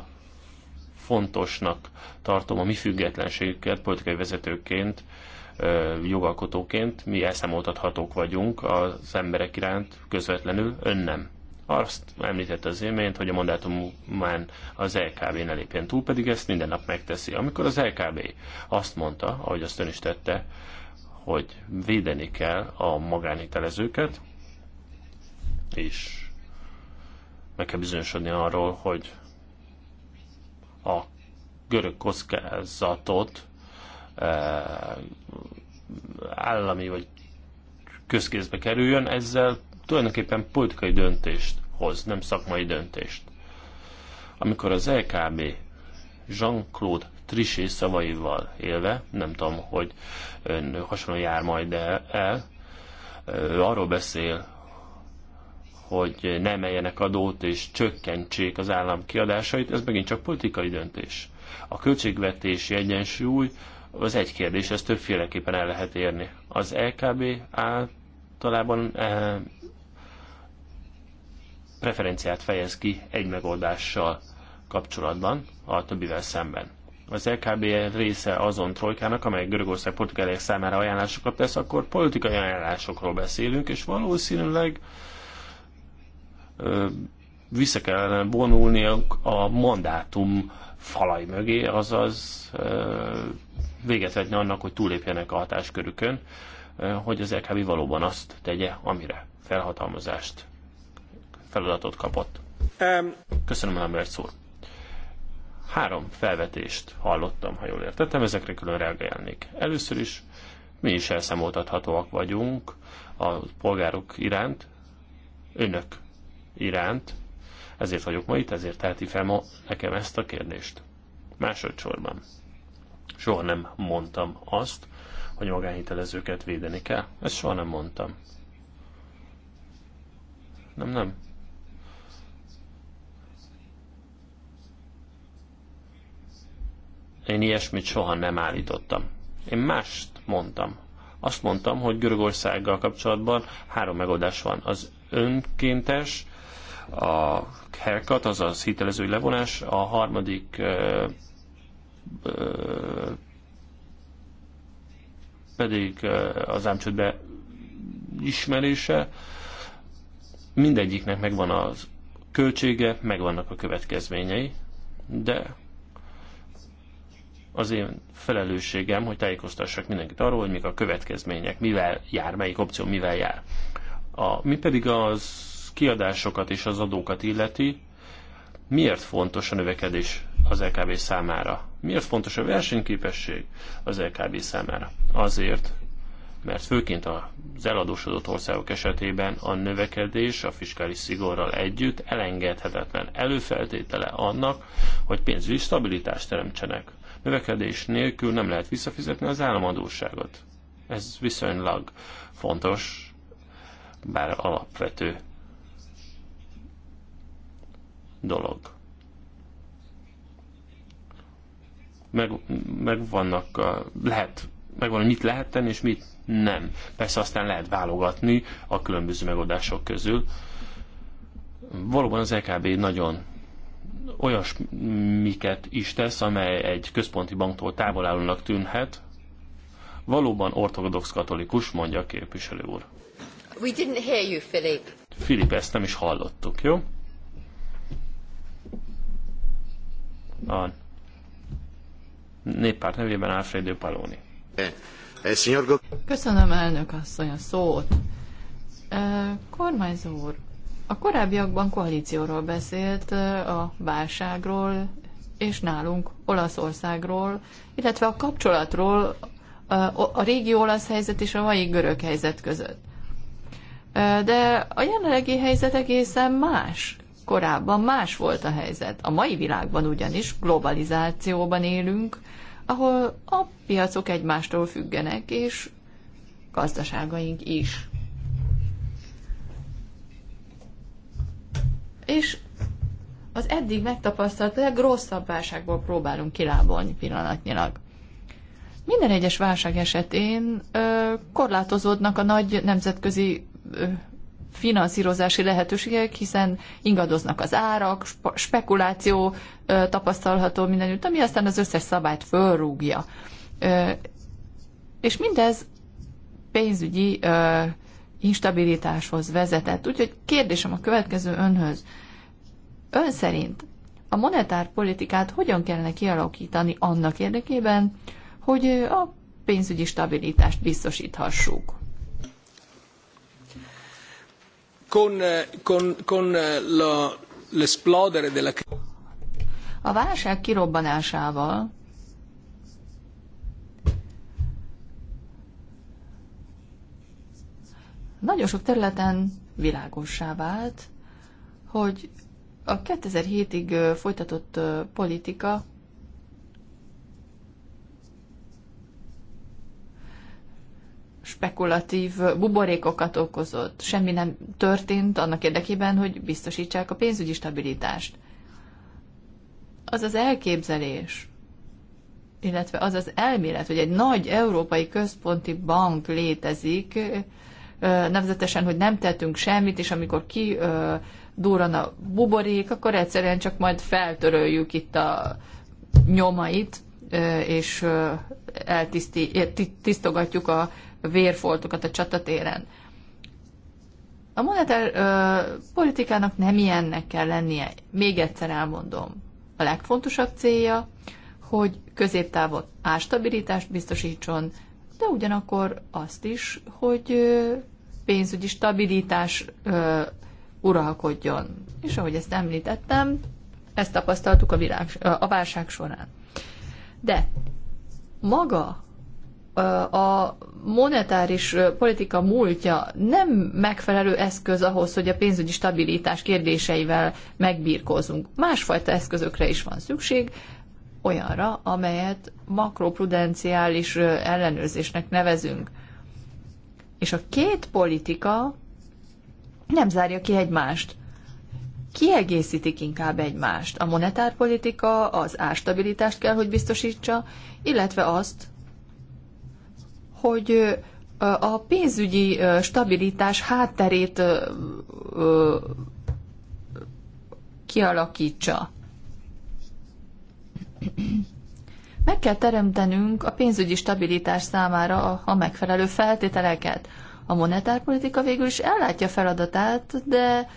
A: fontosnak tartom a mi függetlenségüket politikai vezetőként, jogalkotóként mi elszámoltathatók vagyunk az emberek iránt közvetlenül, ön nem. Azt említette az élményt, hogy a mandátumán az LKB ne lépjen túl, pedig ezt minden nap megteszi. Amikor az LKB azt mondta, ahogy azt ön is tette, hogy védeni kell a magánhitelezőket, és meg kell bizonyosodni arról, hogy a görög kockázatot Eh, állami vagy közkézbe kerüljön, ezzel tulajdonképpen politikai döntést hoz, nem szakmai döntést. Amikor az LKB Jean-Claude Trichet szavaival élve, nem tudom, hogy ön hasonló jár majd el, ő arról beszél, hogy ne emeljenek adót és csökkentsék az állam kiadásait, ez megint csak politikai döntés. A költségvetési egyensúly az egy kérdés, ezt többféleképpen el lehet érni. Az LKB e általában eh, preferenciát fejez ki egy megoldással kapcsolatban a többivel szemben. Az LKB e része azon trojkának, amely Görögország politikai számára ajánlásokat tesz, akkor politikai ajánlásokról beszélünk, és valószínűleg e, vissza kellene vonulniuk a mandátum falai mögé, azaz véget vetni annak, hogy túlépjenek a hatáskörükön, hogy az LKB valóban azt tegye, amire felhatalmazást, feladatot kapott. Um. Köszönöm, Lambert szó. Három felvetést hallottam, ha jól értettem, ezekre külön reagálnék. Először is mi is elszámoltathatóak vagyunk a polgárok iránt, önök iránt, ezért vagyok ma itt, ezért teheti fel ma nekem ezt a kérdést. Másodszorban. Soha nem mondtam azt, hogy magánhitelezőket védeni kell. Ezt soha nem mondtam. Nem, nem. Én ilyesmit soha nem állítottam. Én mást mondtam. Azt mondtam, hogy Görögországgal kapcsolatban három megoldás van. Az önkéntes, a haircut, azaz hitelezői levonás, a harmadik pedig az ámcsődbe ismerése. Mindegyiknek megvan az költsége, megvannak a következményei, de az én felelősségem, hogy tájékoztassak mindenkit arról, hogy mik a következmények, mivel jár, melyik opció mivel jár. A, mi pedig az kiadásokat és az adókat illeti, miért fontos a növekedés az LKB számára? Miért fontos a versenyképesség az LKB számára? Azért, mert főként az eladósodott országok esetében a növekedés a fiskális szigorral együtt elengedhetetlen előfeltétele annak, hogy pénzügyi stabilitást teremtsenek. Növekedés nélkül nem lehet visszafizetni az államadóságot. Ez viszonylag fontos, bár alapvető dolog. Meg, meg vannak, lehet, megvan, hogy mit lehet tenni, és mit nem. Persze aztán lehet válogatni a különböző megoldások közül. Valóban az EKB nagyon olyasmiket is tesz, amely egy központi banktól távolállónak tűnhet. Valóban ortodox katolikus, mondja a képviselő úr.
B: We didn't hear you, Philip.
A: Philip, ezt nem is hallottuk, jó? a néppárt nevében Alfredo Paloni. Eh,
B: Köszönöm elnök asszony a szót. Eh, kormányzó úr, a korábbiakban koalícióról beszélt, eh, a válságról, és nálunk Olaszországról, illetve a kapcsolatról a régi olasz helyzet és a mai görög helyzet között. De a jelenlegi helyzet egészen más korábban más volt a helyzet. A mai világban ugyanis globalizációban élünk, ahol a piacok egymástól függenek, és gazdaságaink is. És az eddig megtapasztalt legrosszabb válságból próbálunk kilábolni pillanatnyilag. Minden egyes válság esetén ö, korlátozódnak a nagy nemzetközi ö, finanszírozási lehetőségek, hiszen ingadoznak az árak, spekuláció tapasztalható mindenütt, ami aztán az összes szabályt fölrúgja. És mindez pénzügyi instabilitáshoz vezetett. Úgyhogy kérdésem a következő önhöz. Ön szerint a monetárpolitikát hogyan kellene kialakítani annak érdekében, hogy a pénzügyi stabilitást biztosíthassuk?
A: Eh, eh,
B: a válság kirobbanásával nagyon sok területen világossá vált, hogy a 2007-ig folytatott politika spekulatív buborékokat okozott. Semmi nem történt annak érdekében, hogy biztosítsák a pénzügyi stabilitást. Az az elképzelés, illetve az az elmélet, hogy egy nagy európai központi bank létezik, nevezetesen, hogy nem tettünk semmit, és amikor ki durran a buborék, akkor egyszerűen csak majd feltöröljük itt a nyomait, és eltisztogatjuk a vérfoltokat a csatatéren. A monetár ö, politikának nem ilyennek kell lennie. Még egyszer elmondom. A legfontosabb célja, hogy középtávon ástabilitást biztosítson, de ugyanakkor azt is, hogy ö, pénzügyi stabilitás ö, uralkodjon. És ahogy ezt említettem, ezt tapasztaltuk a, világ, a válság során. De maga a monetáris politika múltja nem megfelelő eszköz ahhoz, hogy a pénzügyi stabilitás kérdéseivel megbírkozunk. Másfajta eszközökre is van szükség, olyanra, amelyet makroprudenciális ellenőrzésnek nevezünk. És a két politika nem zárja ki egymást. Kiegészítik inkább egymást. A monetárpolitika az árstabilitást kell, hogy biztosítsa, illetve azt, hogy a pénzügyi stabilitás hátterét kialakítsa. Meg kell teremtenünk a pénzügyi stabilitás számára a, megfelelő feltételeket. A monetárpolitika végül is ellátja feladatát, de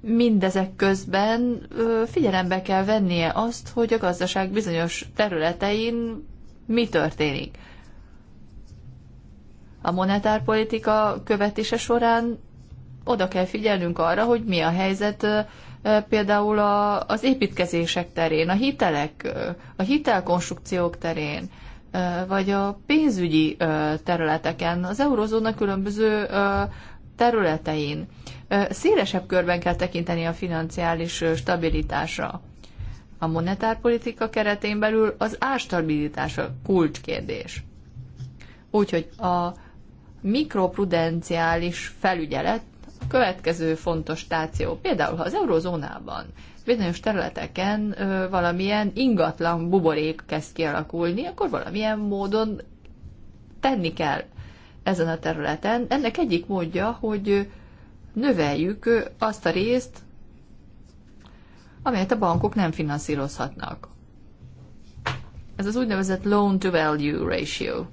B: mindezek közben figyelembe kell vennie azt, hogy a gazdaság bizonyos területein mi történik a monetárpolitika követése során oda kell figyelnünk arra, hogy mi a helyzet például a, az építkezések terén, a hitelek, a hitelkonstrukciók terén, vagy a pénzügyi területeken, az eurozóna különböző területein. Szélesebb körben kell tekinteni a financiális stabilitásra. A monetárpolitika keretén belül az árstabilitás a kulcskérdés. Úgyhogy a mikroprudenciális felügyelet a következő fontos stáció. Például, ha az eurozónában bizonyos területeken ö, valamilyen ingatlan buborék kezd kialakulni, akkor valamilyen módon tenni kell ezen a területen. Ennek egyik módja, hogy növeljük azt a részt, amelyet a bankok nem finanszírozhatnak. Ez az úgynevezett loan to value ratio.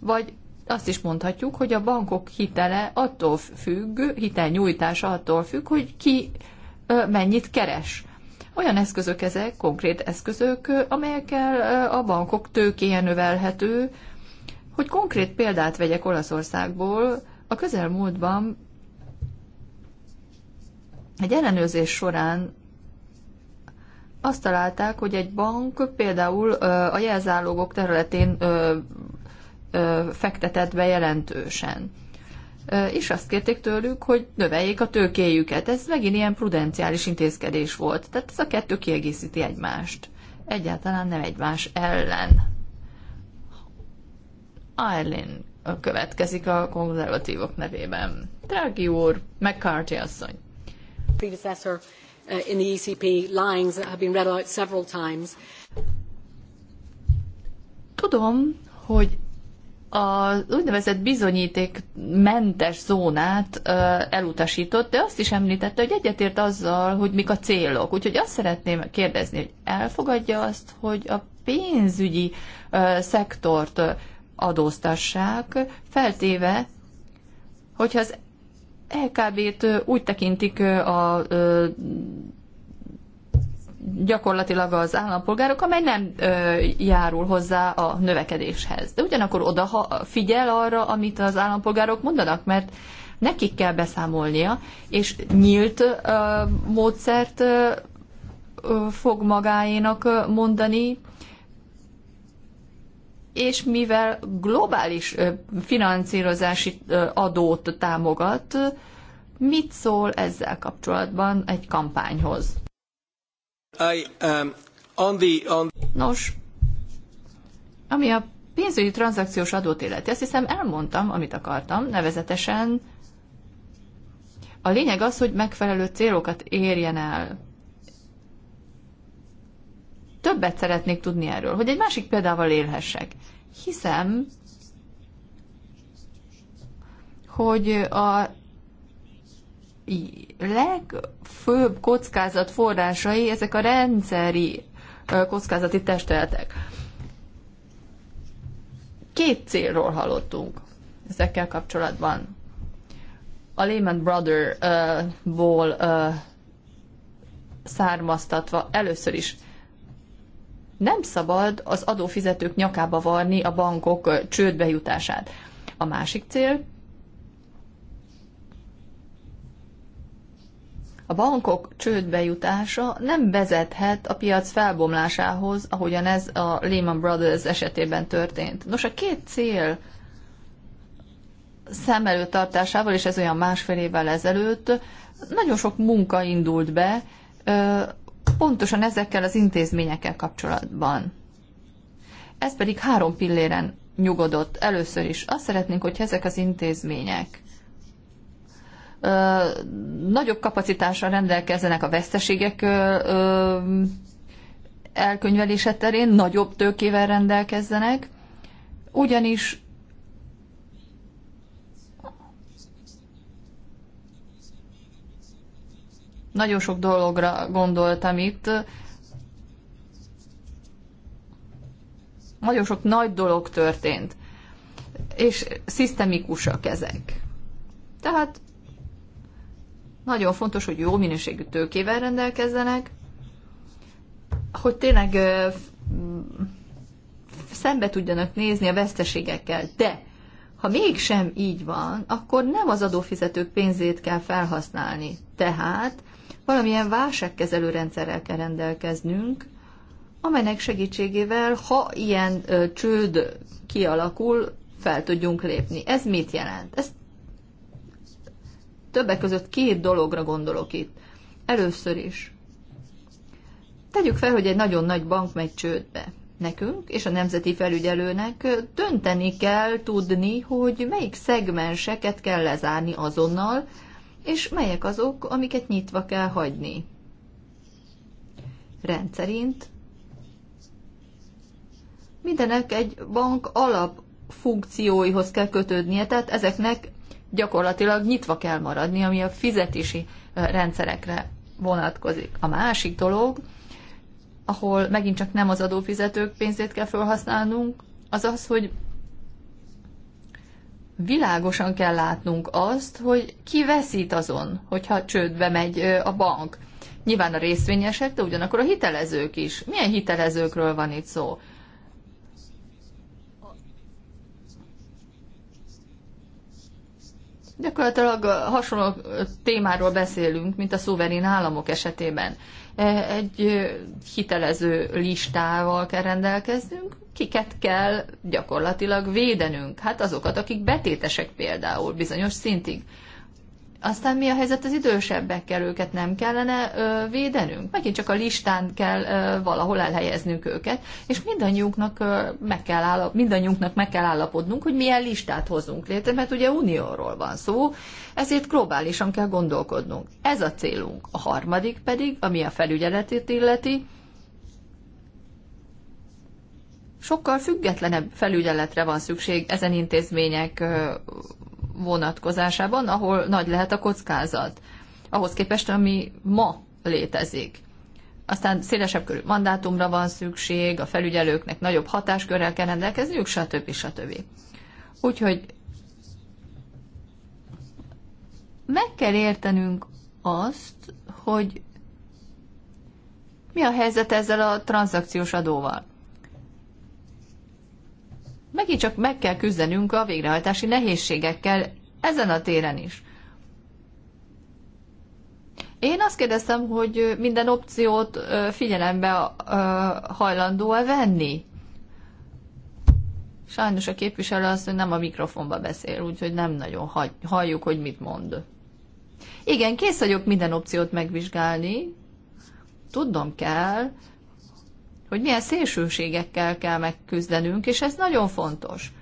B: Vagy azt is mondhatjuk, hogy a bankok hitele attól függ, hitelnyújtása attól függ, hogy ki mennyit keres. Olyan eszközök ezek, konkrét eszközök, amelyekkel a bankok tőkéje növelhető. Hogy konkrét példát vegyek Olaszországból, a közelmúltban egy ellenőrzés során azt találták, hogy egy bank például a jelzálogok területén fektetett be jelentősen. És azt kérték tőlük, hogy növeljék a tőkéjüket. Ez megint ilyen prudenciális intézkedés volt. Tehát ez a kettő kiegészíti egymást. Egyáltalán nem egymás ellen. Eileen következik a konzervatívok nevében. Drági úr, McCarthy asszony.
A: Predecessor uh, in the ECP lines that have been read out several times.
B: Tudom, hogy az úgynevezett bizonyítékmentes zónát elutasított, de azt is említette, hogy egyetért azzal, hogy mik a célok. Úgyhogy azt szeretném kérdezni, hogy elfogadja azt, hogy a pénzügyi szektort adóztassák, feltéve, hogyha az LKB-t e úgy tekintik a gyakorlatilag az állampolgárok, amely nem járul hozzá a növekedéshez. De ugyanakkor oda figyel arra, amit az állampolgárok mondanak, mert nekik kell beszámolnia, és nyílt módszert fog magáénak mondani, és mivel globális finanszírozási adót támogat, mit szól ezzel kapcsolatban egy kampányhoz? Um, Nos, ami a pénzügyi tranzakciós adót illeti, azt hiszem elmondtam, amit akartam, nevezetesen a lényeg az, hogy megfelelő célokat érjen el. Többet szeretnék tudni erről, hogy egy másik példával élhessek. Hiszem, hogy a legfőbb kockázat forrásai ezek a rendszeri kockázati testületek. Két célról hallottunk ezekkel kapcsolatban. A Lehman Brothers-ból származtatva először is nem szabad az adófizetők nyakába varni a bankok csődbe jutását. A másik cél A bankok csődbe jutása nem vezethet a piac felbomlásához, ahogyan ez a Lehman Brothers esetében történt. Nos, a két cél szem előtt és ez olyan másfél évvel ezelőtt, nagyon sok munka indult be, pontosan ezekkel az intézményekkel kapcsolatban. Ez pedig három pilléren nyugodott. Először is azt szeretnénk, hogy ezek az intézmények nagyobb kapacitásra rendelkezzenek a veszteségek elkönyvelése terén, nagyobb tőkével rendelkezzenek, ugyanis nagyon sok dologra gondoltam itt, nagyon sok nagy dolog történt, és szisztemikusak ezek. Tehát nagyon fontos, hogy jó minőségű tőkével rendelkezzenek, hogy tényleg szembe tudjanak nézni a veszteségekkel. De ha mégsem így van, akkor nem az adófizetők pénzét kell felhasználni. Tehát valamilyen válságkezelő rendszerrel kell rendelkeznünk, amelynek segítségével, ha ilyen ö, csőd kialakul, fel tudjunk lépni. Ez mit jelent? Ez Többek között két dologra gondolok itt. Először is. Tegyük fel, hogy egy nagyon nagy bank megy csődbe. Nekünk és a nemzeti felügyelőnek dönteni kell tudni, hogy melyik szegmenseket kell lezárni azonnal, és melyek azok, amiket nyitva kell hagyni. Rendszerint mindenek egy bank alap funkcióihoz kell kötődnie, tehát ezeknek gyakorlatilag nyitva kell maradni, ami a fizetési rendszerekre vonatkozik. A másik dolog, ahol megint csak nem az adófizetők pénzét kell felhasználnunk, az az, hogy világosan kell látnunk azt, hogy ki veszít azon, hogyha csődbe megy a bank. Nyilván a részvényesek, de ugyanakkor a hitelezők is. Milyen hitelezőkről van itt szó? Gyakorlatilag hasonló témáról beszélünk, mint a szuverén államok esetében. E, egy hitelező listával kell rendelkeznünk, kiket kell gyakorlatilag védenünk. Hát azokat, akik betétesek például bizonyos szintig. Aztán mi a helyzet az idősebbekkel? Őket nem kellene ö, védenünk? Megint csak a listán kell ö, valahol elhelyeznünk őket, és mindannyiunknak, ö, meg kell állap, mindannyiunknak meg kell állapodnunk, hogy milyen listát hozunk létre, mert ugye unióról van szó, ezért globálisan kell gondolkodnunk. Ez a célunk. A harmadik pedig, ami a felügyeletét illeti, sokkal függetlenebb felügyeletre van szükség ezen intézmények vonatkozásában, ahol nagy lehet a kockázat, ahhoz képest, ami ma létezik. Aztán szélesebb körű mandátumra van szükség, a felügyelőknek nagyobb hatáskörrel kell rendelkezniük, stb. stb. Úgyhogy meg kell értenünk azt, hogy mi a helyzet ezzel a tranzakciós adóval megint csak meg kell küzdenünk a végrehajtási nehézségekkel ezen a téren is. Én azt kérdeztem, hogy minden opciót figyelembe hajlandó-e venni? Sajnos a képviselő azt, hogy nem a mikrofonba beszél, úgyhogy nem nagyon halljuk, hogy mit mond. Igen, kész vagyok minden opciót megvizsgálni. Tudnom kell, hogy milyen szélsőségekkel kell megküzdenünk, és ez nagyon fontos.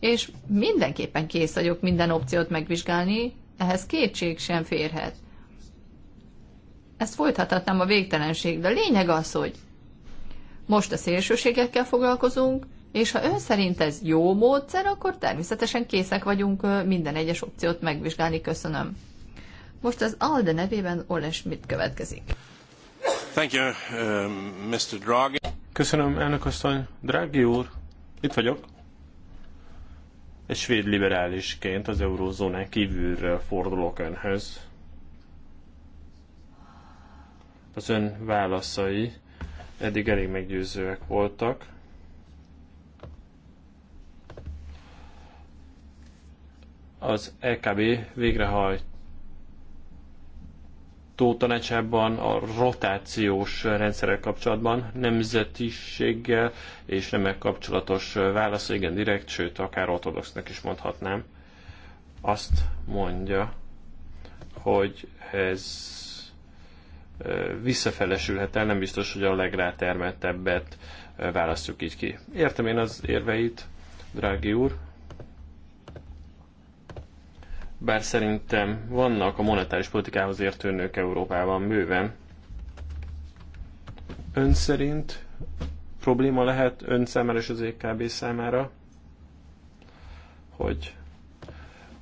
B: És mindenképpen kész vagyok minden opciót megvizsgálni, ehhez kétség sem férhet. Ezt folytathatnám a végtelenség, de a lényeg az, hogy most a szélsőségekkel foglalkozunk, és ha ön szerint ez jó módszer, akkor természetesen készek vagyunk minden egyes opciót megvizsgálni. Köszönöm. Most az ALDE nevében Ole Schmidt következik.
A: Um, Köszönöm, elnök asszony. Draghi úr, itt vagyok. Egy svéd liberálisként az eurózónán kívülről fordulok önhöz. Az ön válaszai eddig elég meggyőzőek voltak. az EKB végrehajt NATO tanácsában a rotációs rendszerek kapcsolatban nemzetiséggel és nemek kapcsolatos válasz, igen, direkt, sőt, akár ortodoxnak is mondhatnám. Azt mondja, hogy ez visszafelesülhet el, nem biztos, hogy a legrátermettebbet választjuk így ki. Értem én az érveit, drági úr, bár szerintem vannak a monetáris politikához értő nők Európában bőven. Ön szerint probléma lehet ön számára és az EKB számára, hogy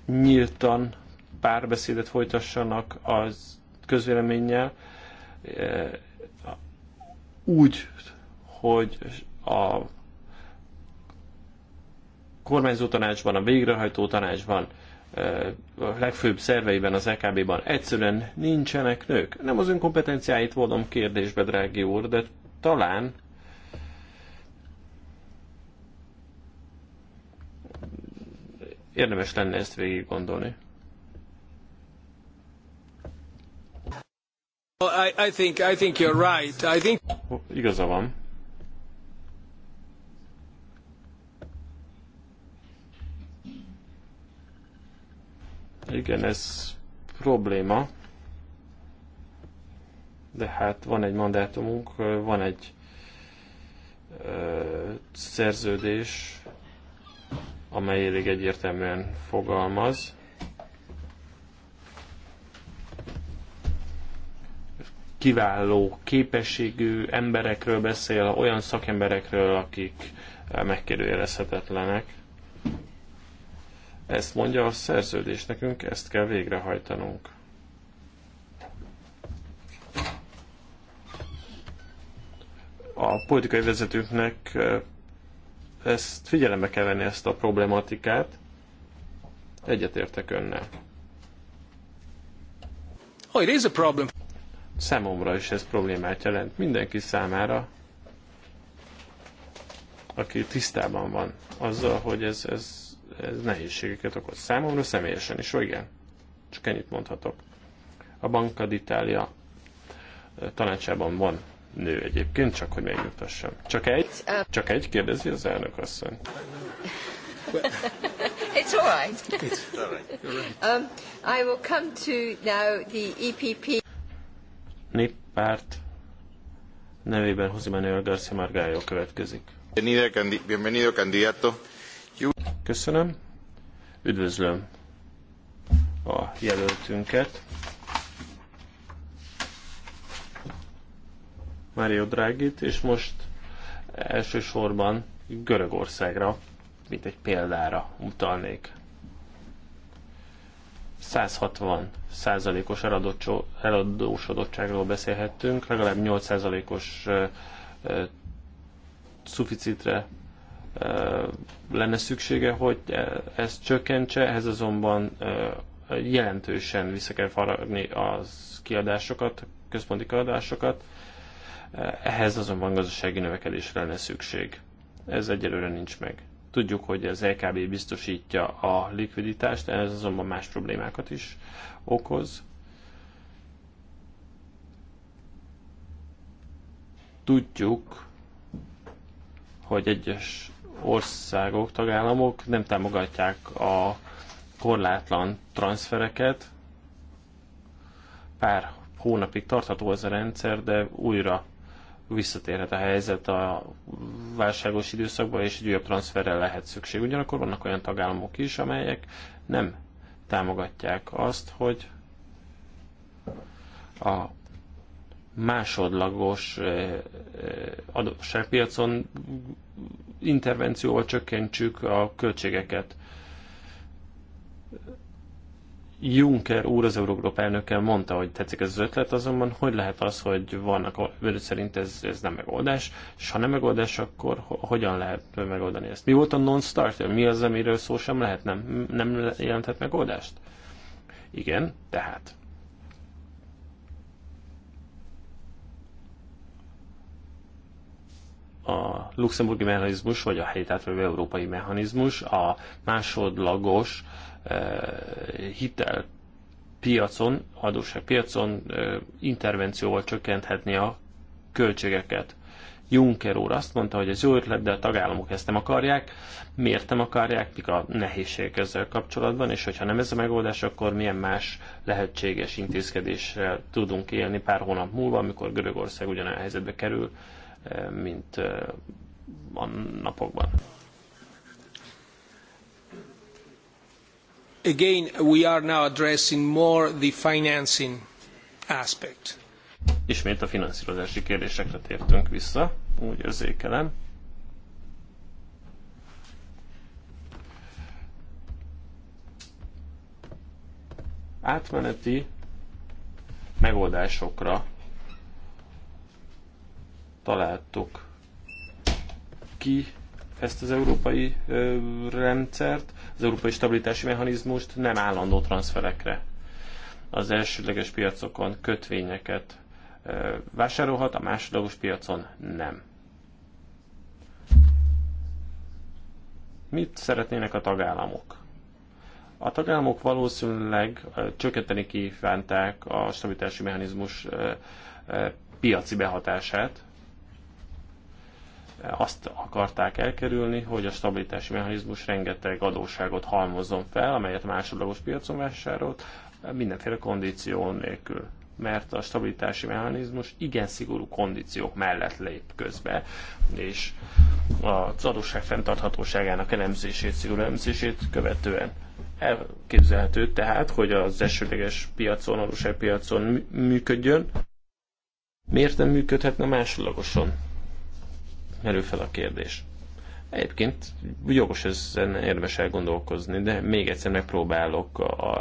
A: nyíltan párbeszédet folytassanak az közvéleménnyel, eh, úgy, hogy a kormányzó tanácsban, a végrehajtó tanácsban a legfőbb szerveiben az EKB-ban egyszerűen nincsenek nők. Nem az önkompetenciáit vonom kérdésbe, drági úr, de talán érdemes lenne ezt végig gondolni.
B: I, I think, I think you're right. I think...
A: Igaza van. Igen, ez probléma, de hát van egy mandátumunk, van egy ö, szerződés, amely elég egyértelműen fogalmaz. Kiváló képességű emberekről beszél, olyan szakemberekről, akik megkérdőjelezhetetlenek. Ezt mondja a szerződés nekünk, ezt kell végrehajtanunk. A politikai vezetőknek ezt figyelembe kell venni ezt a problematikát. Egyetértek önnel. Oh, it is a problem. Számomra is ez problémát jelent. Mindenki számára, aki tisztában van azzal, hogy ez, ez ez nehézségeket okoz számomra személyesen is, igen. Csak ennyit mondhatok. A Banca d'Italia tanácsában van nő egyébként, csak hogy megnyugtassam. Csak egy? Csak egy kérdezi az elnök asszony.
B: *laughs* It's all right. Um, I will come to now the EPP.
A: Néppárt nevében José Manuel García Margallo következik. Bienvenido, bienvenido candidato. Köszönöm. Üdvözlöm a jelöltünket. Mário Drágit, és most elsősorban Görögországra, mint egy példára utalnék. 160 százalékos eladósodottságról beszélhettünk, legalább 8 százalékos szuficitre lenne szüksége, hogy e, ezt csökkentse, ehhez azonban e, jelentősen vissza kell faragni az kiadásokat, központi kiadásokat, e, ehhez azonban gazdasági növekedésre lenne szükség. Ez egyelőre nincs meg. Tudjuk, hogy az LKB biztosítja a likviditást, ez azonban más problémákat is okoz. Tudjuk, hogy egyes országok, tagállamok nem támogatják a korlátlan transfereket. Pár hónapig tartható ez a rendszer, de újra visszatérhet a helyzet a válságos időszakban, és egy újabb transferre lehet szükség. Ugyanakkor vannak olyan tagállamok is, amelyek nem támogatják azt, hogy a másodlagos eh, eh, adósságpiacon intervencióval csökkentsük a költségeket. Juncker úr, az Eurogrup elnöke mondta, hogy tetszik ez az ötlet, azonban hogy lehet az, hogy vannak, ő szerint ez, ez nem megoldás, és ha nem megoldás, akkor hogyan lehet megoldani ezt? Mi volt a non-starter? Mi az, amiről szó sem lehet? Nem, nem jelenthet megoldást? Igen, tehát a luxemburgi mechanizmus, vagy a helyét átvevő európai mechanizmus a másodlagos eh, hitel piacon, adósságpiacon eh, intervencióval csökkenthetni a költségeket. Juncker úr azt mondta, hogy ez jó ötlet, de a tagállamok ezt nem akarják. Miért nem akarják? Mik a nehézségek ezzel kapcsolatban? És hogyha nem ez a megoldás, akkor milyen más lehetséges intézkedéssel tudunk élni pár hónap múlva, amikor Görögország ugyanolyan helyzetbe kerül, mint a napokban. Again, we are now addressing more the financing aspect. Ismét a finanszírozási kérdésekre tértünk vissza, úgy érzékelem. Átmeneti megoldásokra találtuk ki ezt az európai ö, rendszert, az európai stabilitási mechanizmust nem állandó transferekre. Az elsődleges piacokon kötvényeket ö, vásárolhat, a másodlagos piacon nem. Mit szeretnének a tagállamok? A tagállamok valószínűleg csökkenteni kívánták a stabilitási mechanizmus ö, piaci behatását, azt akarták elkerülni, hogy a stabilitási mechanizmus rengeteg adósságot halmozzon fel, amelyet másodlagos piacon vásárolt, mindenféle kondíció nélkül mert a stabilitási mechanizmus igen szigorú kondíciók mellett lép közbe, és az adósság fenntarthatóságának elemzését, szigorú elemzését követően elképzelhető tehát, hogy az esőleges piacon, adósságpiacon működjön. Miért nem működhetne másodlagosan? merül fel a kérdés. Egyébként jogos ezen érdemes elgondolkozni, de még egyszer megpróbálok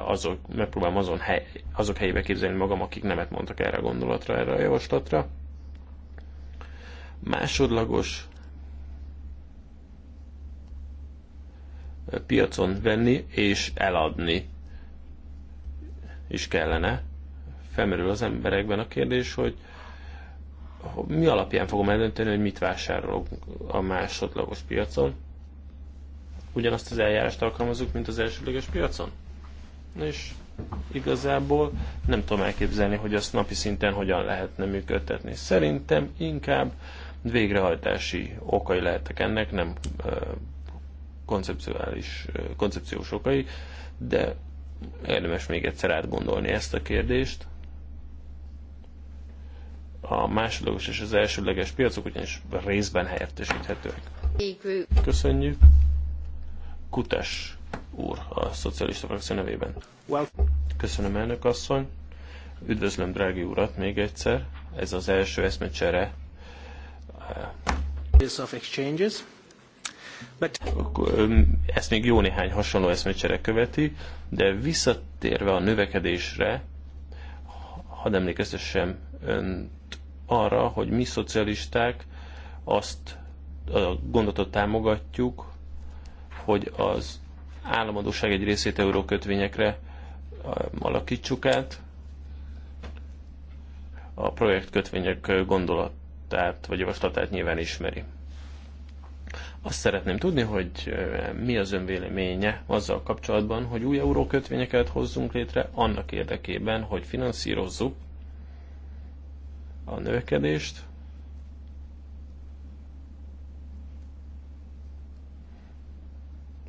A: azok, megpróbálom azon hely, azok helyébe képzelni magam, akik nemet mondtak erre a gondolatra, erre a javaslatra. Másodlagos piacon venni és eladni is kellene. Felmerül az emberekben a kérdés, hogy mi alapján fogom eldönteni, hogy mit vásárolok a másodlagos piacon? Ugyanazt az eljárást alkalmazunk, mint az elsődleges piacon? És igazából nem tudom elképzelni, hogy azt napi szinten hogyan lehetne működtetni. Szerintem inkább végrehajtási okai lehetek ennek, nem koncepcionális, koncepciós okai, de érdemes még egyszer átgondolni ezt a kérdést a másodlagos és az elsőleges piacok ugyanis részben helyettesíthetőek. Köszönjük. Kutas úr a szocialista frakció nevében. Köszönöm elnök asszony. Üdvözlöm drági urat még egyszer. Ez az első eszmecsere. Eh, of exchanges. But... Ezt még jó néhány hasonló eszmecsere követi, de visszatérve a növekedésre, hadd emlékeztessem ön arra, hogy mi szocialisták azt a gondotot támogatjuk, hogy az államadóság egy részét eurókötvényekre um, alakítsuk át. A projektkötvények gondolatát vagy javaslatát nyilván ismeri. Azt szeretném tudni, hogy um, mi az ön véleménye azzal kapcsolatban, hogy új eurókötvényeket hozzunk létre annak érdekében, hogy finanszírozzuk a növekedést.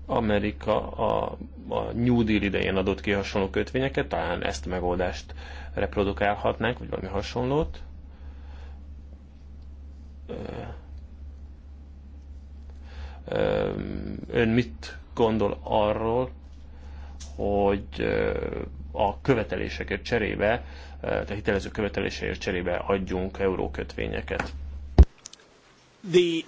A: Amerika a, a New Deal idején adott ki hasonló kötvényeket, talán ezt a megoldást reprodukálhatnánk, vagy valami hasonlót. Ön mit gondol arról, hogy a követeléseket cserébe a eh, hitelező követeléseért cserébe adjunk eurókötvényeket. Uh,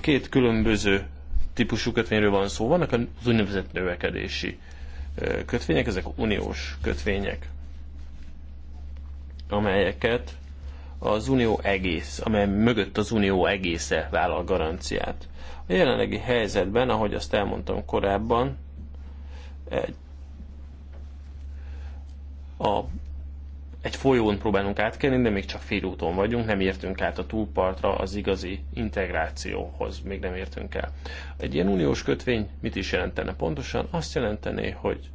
A: Két különböző típusú kötvényről van szó. Vannak az úgynevezett növekedési eh, kötvények, ezek uniós kötvények, amelyeket az unió egész, amely mögött az unió egésze vállal garanciát. A jelenlegi helyzetben, ahogy azt elmondtam korábban, egy a, egy folyón próbálunk átkelni, de még csak félúton vagyunk, nem értünk át a túlpartra az igazi integrációhoz, még nem értünk el. Egy ilyen uniós kötvény mit is jelentene pontosan? Azt jelentené, hogy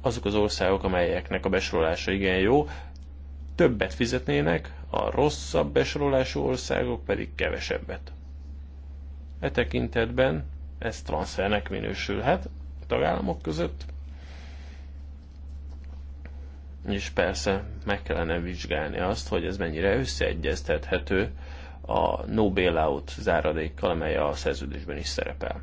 A: azok az országok, amelyeknek a besorolása igen jó, többet fizetnének, a rosszabb besorolású országok pedig kevesebbet. E tekintetben ez transfernek minősülhet a tagállamok között, és persze meg kellene vizsgálni azt, hogy ez mennyire összeegyeztethető a no bailout záradékkal, amely a szerződésben is szerepel.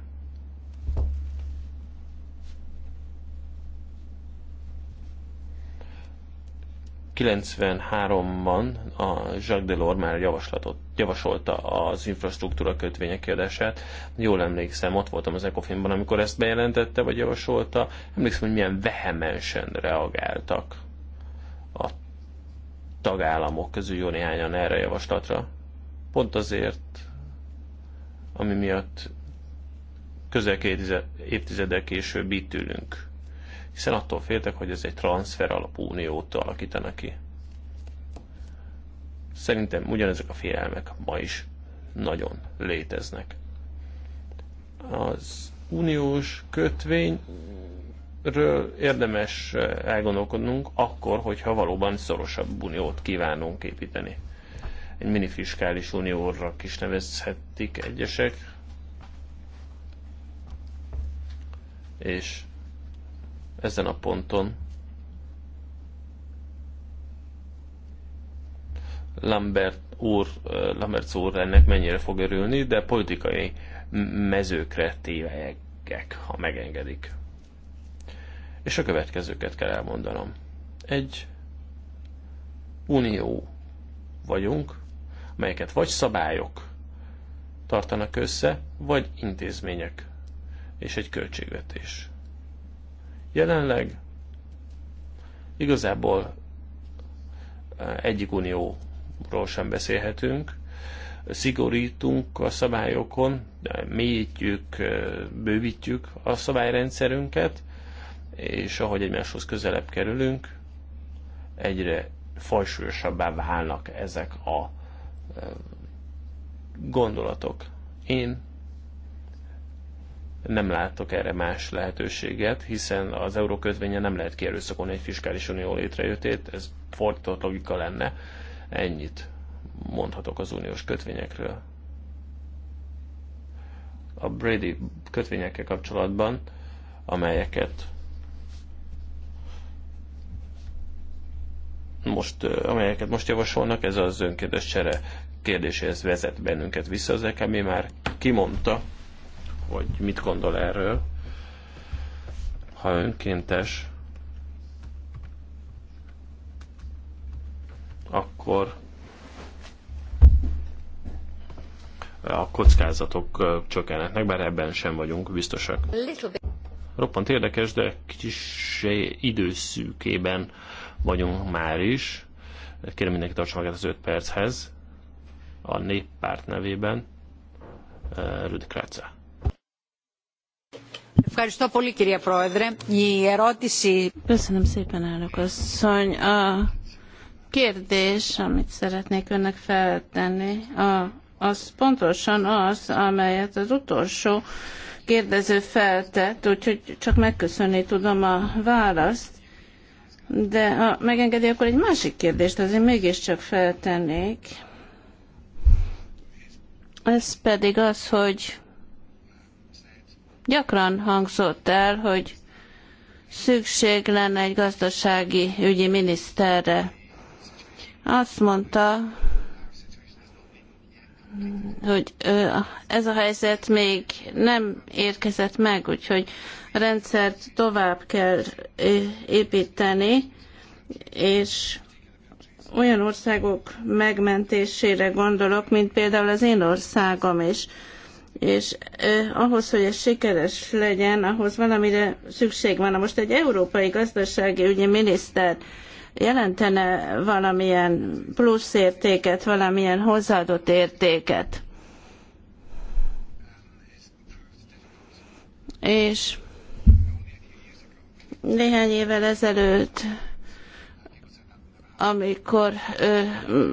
A: ban a Jacques Delors már javaslatot, javasolta az infrastruktúra kötvények kiadását. Jól emlékszem, ott voltam az Ecofinban, amikor ezt bejelentette, vagy javasolta. Emlékszem, hogy milyen vehemensen reagáltak tagállamok közül jó néhányan erre javaslatra. Pont azért, ami miatt közel két évtizedek később itt ülünk. Hiszen attól féltek, hogy ez egy transfer alapú uniót alakítanak ki. Szerintem ugyanezek a félelmek ma is nagyon léteznek. Az uniós kötvény ről érdemes eh, elgondolkodnunk akkor, hogyha valóban szorosabb uniót kívánunk építeni. Egy minifiskális unióra is nevezhetik egyesek, és ezen a ponton Lambert úr, eh, Lambert úr ennek mennyire fog örülni, de politikai mezőkre tévelyek, ha megengedik és a következőket kell elmondanom. Egy unió vagyunk, melyeket vagy szabályok tartanak össze, vagy intézmények és egy költségvetés. Jelenleg igazából eh, egyik unióról sem beszélhetünk, szigorítunk a szabályokon, mélyítjük, eh, bővítjük a szabályrendszerünket, és ahogy egymáshoz közelebb kerülünk, egyre fajsúlyosabbá válnak ezek a gondolatok. Én nem látok erre más lehetőséget, hiszen az eurókötvénye nem lehet kierőszakolni egy fiskális unió létrejöttét, ez fordított logika lenne. Ennyit mondhatok az uniós kötvényekről. A Brady kötvényekkel kapcsolatban, amelyeket most, amelyeket most javasolnak, ez az önkéntes csere kérdéséhez vezet bennünket vissza. Az EKB már kimondta, hogy mit gondol erről. Ha önkéntes, akkor a kockázatok csökkenhetnek, bár ebben sem vagyunk biztosak. Roppant érdekes, de kicsi időszűkében vagyunk már is. Kérem mindenki tartsa magát az 5 perchez. A néppárt nevében eh, Rudi Krácsa.
C: Köszönöm szépen, elnök asszony. A kérdés, amit szeretnék önnek feltenni, a, az pontosan az, amelyet az utolsó kérdező feltett, úgyhogy csak megköszönni tudom a választ de ha megengedi, akkor egy másik kérdést azért mégiscsak feltennék. Ez pedig az, hogy gyakran hangzott el, hogy szükség lenne egy gazdasági ügyi miniszterre. Azt mondta hogy ez a helyzet még nem érkezett meg, úgyhogy a rendszert tovább kell építeni, és olyan országok megmentésére gondolok, mint például az én országom is. És eh, ahhoz, hogy ez sikeres legyen, ahhoz valamire szükség van. most egy európai gazdasági ügyi miniszter eh, jelentene valamilyen plusz értéket, valamilyen hozzáadott értéket. És néhány évvel ezelőtt amikor ö,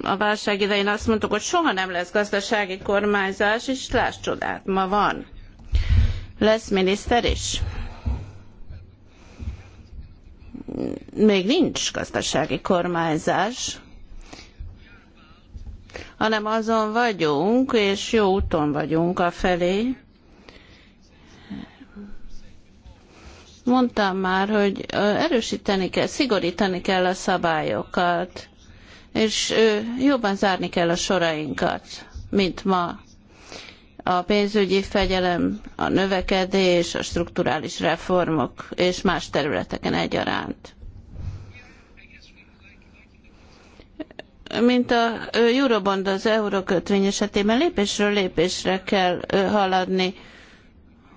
C: a válság idején azt mondtuk, hogy soha nem lesz gazdasági kormányzás, és láss csodát, ma van. Lesz miniszter is. még nincs gazdasági kormányzás, hanem azon vagyunk, és jó úton vagyunk a felé. Mondtam már, hogy erősíteni kell, szigorítani kell a szabályokat, és jobban zárni kell a sorainkat, mint ma. A pénzügyi fegyelem, a növekedés, a strukturális reformok és más területeken egyaránt. mint a Eurobond az eurókötvény esetében lépésről lépésre kell haladni.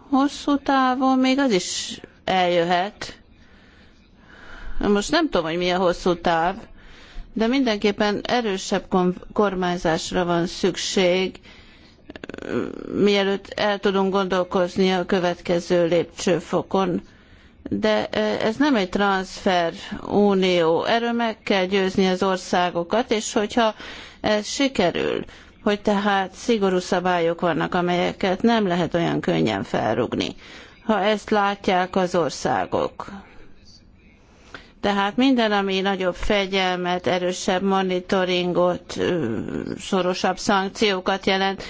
C: Hosszú távon még az is eljöhet. Most nem tudom, hogy mi a hosszú táv, de mindenképpen erősebb kormányzásra van szükség, mielőtt el tudunk gondolkozni a következő lépcsőfokon de ez nem egy transfer unió. Erről meg kell győzni az országokat, és hogyha ez sikerül, hogy tehát szigorú szabályok vannak, amelyeket nem lehet olyan könnyen felrugni, ha ezt látják az országok. Tehát minden, ami nagyobb fegyelmet, erősebb monitoringot, szorosabb szankciókat jelent,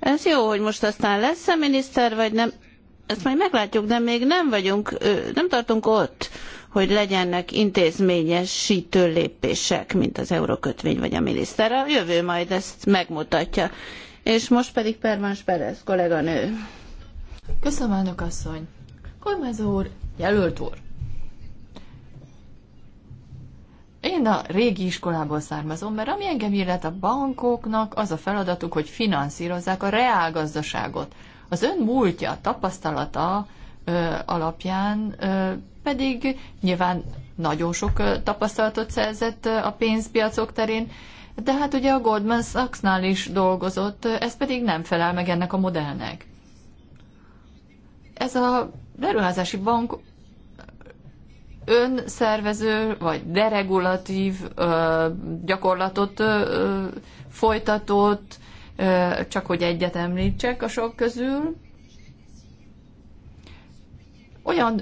C: ez jó, hogy most aztán lesz-e miniszter, vagy nem, ezt majd meglátjuk, de még nem vagyunk, nem tartunk ott, hogy legyenek intézményesítő lépések, mint az eurókötvény vagy a miniszter. A jövő majd ezt megmutatja. És most pedig Permans Perez, kolléganő. Köszönöm, elnök
B: asszony. Kormányzó úr, jelölt úr. Én a régi iskolából származom, mert ami engem illet a bankoknak, az a feladatuk, hogy finanszírozzák a reálgazdaságot. Az ön múltja, tapasztalata ö, alapján ö, pedig nyilván nagyon sok ö, tapasztalatot szerzett ö, a pénzpiacok terén, de hát ugye a Goldman Sachsnál is dolgozott, ö, ez pedig nem felel meg ennek a modellnek. Ez a beruházási bank önszervező vagy deregulatív ö, gyakorlatot ö, folytatott, csak hogy egyet említsek a sok közül. Olyan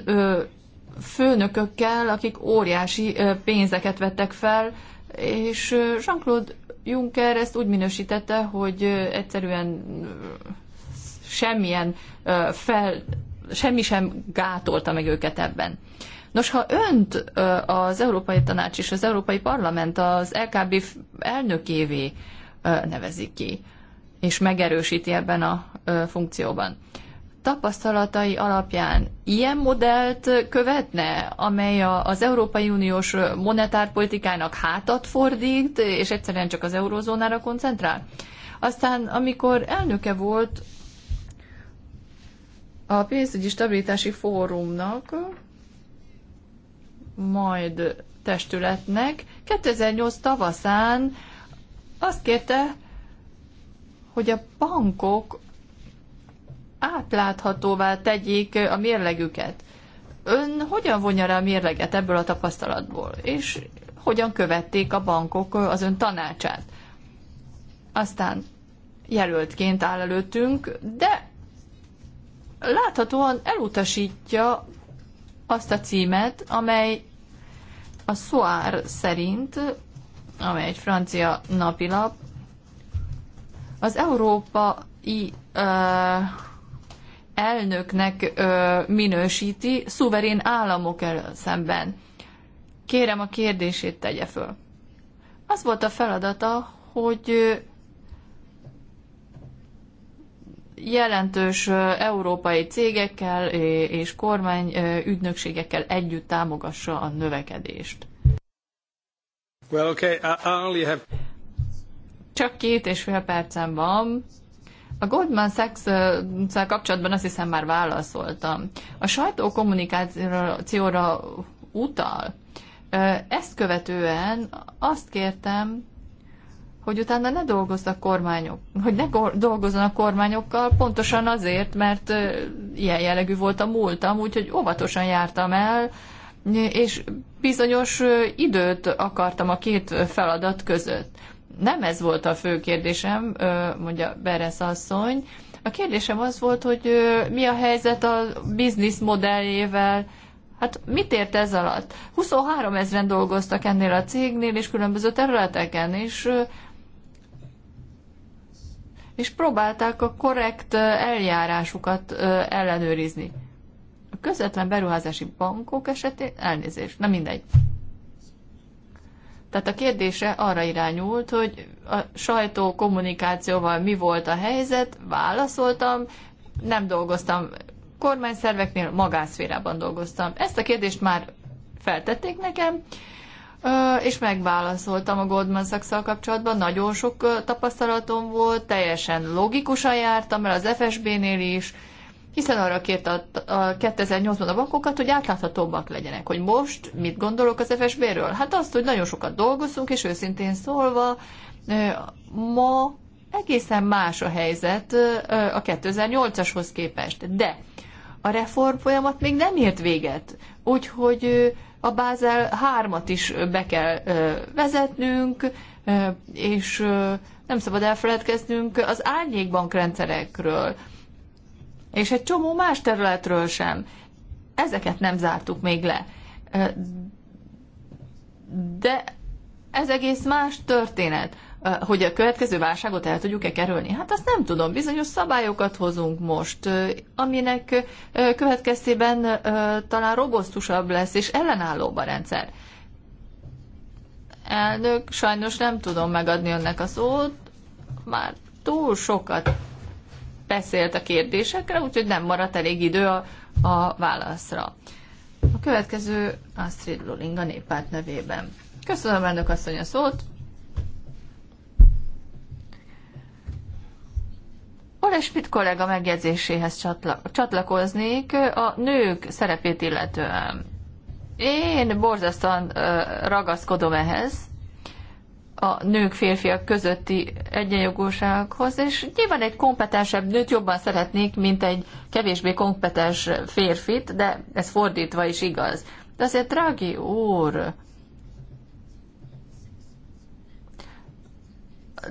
B: főnökökkel, akik óriási pénzeket vettek fel, és Jean-Claude Juncker ezt úgy minősítette, hogy egyszerűen semmilyen fel, semmi sem gátolta meg őket ebben. Nos, ha önt az Európai Tanács és az Európai Parlament az LKB elnökévé nevezik ki, és megerősíti ebben a funkcióban. Tapasztalatai alapján ilyen modellt követne, amely az Európai Uniós monetárpolitikának hátat fordít, és egyszerűen csak az eurozónára koncentrál? Aztán, amikor elnöke volt a pénzügyi stabilitási fórumnak, majd testületnek, 2008 tavaszán azt kérte, hogy a bankok átláthatóvá tegyék a mérlegüket. Ön hogyan vonja rá a mérleget ebből a tapasztalatból, és hogyan követték a bankok az ön tanácsát? Aztán jelöltként áll előttünk, de láthatóan elutasítja azt a címet, amely a Soir szerint, amely egy francia napilap, az európai elnöknek minősíti szuverén államok elől szemben. Kérem a kérdését tegye föl. Az volt a feladata, hogy jelentős európai cégekkel és kormány ügynökségekkel együtt támogassa a növekedést.
C: Well, okay. I only have
B: csak két és fél percem van. A Goldman sachs kapcsolatban azt hiszem már válaszoltam. A sajtó kommunikációra utal. Ezt követően azt kértem, hogy utána ne dolgozzanak kormányok, hogy ne dolgozzanak kormányokkal, pontosan azért, mert ilyen jellegű volt a múltam, úgyhogy óvatosan jártam el, és bizonyos időt akartam a két feladat között nem ez volt a fő kérdésem, mondja Beres asszony. A kérdésem az volt, hogy mi a helyzet a biznisz modelljével, Hát mit ért ez alatt? 23 ezeren dolgoztak ennél a cégnél, és különböző területeken, és, és próbálták a korrekt eljárásukat ellenőrizni. A közvetlen beruházási bankok esetén elnézést, nem mindegy. Tehát a kérdése arra irányult, hogy a sajtó kommunikációval mi volt a helyzet, válaszoltam, nem dolgoztam kormányszerveknél, magánszférában dolgoztam. Ezt a kérdést már feltették nekem, és megválaszoltam a Goldman sachs kapcsolatban. Nagyon sok tapasztalatom volt, teljesen logikusan jártam mert az FSB-nél is, hiszen arra kérte a 2008-ban a bankokat, hogy átláthatóbbak legyenek. Hogy most mit gondolok az FSB-ről? Hát azt, hogy nagyon sokat dolgozunk, és őszintén szólva, ma egészen más a helyzet a 2008-ashoz képest. De a reform folyamat még nem ért véget, úgyhogy a Bázel 3-at is be kell vezetnünk, és nem szabad elfeledkeznünk az árnyékbankrendszerekről. rendszerekről és egy csomó más területről sem. Ezeket nem zártuk még le. De ez egész más történet. Hogy a következő válságot el tudjuk-e kerülni? Hát azt nem tudom. Bizonyos szabályokat hozunk most, aminek következtében talán robosztusabb lesz és ellenállóbb a rendszer. Elnök, sajnos nem tudom megadni önnek a szót, már túl sokat beszélt a kérdésekre, úgyhogy nem maradt elég idő a, a válaszra. A következő Astrid Luling a néppárt nevében. Köszönöm elnök asszony a szót. Olesmit kollega megjegyzéséhez csatla- csatlakoznék a nők szerepét illetően. Én borzasztóan ragaszkodom ehhez, a nők férfiak közötti egyenjogúsághoz, és nyilván egy kompetensebb nőt jobban szeretnék, mint egy kevésbé kompetens férfit, de ez fordítva is igaz. De azért, drági úr,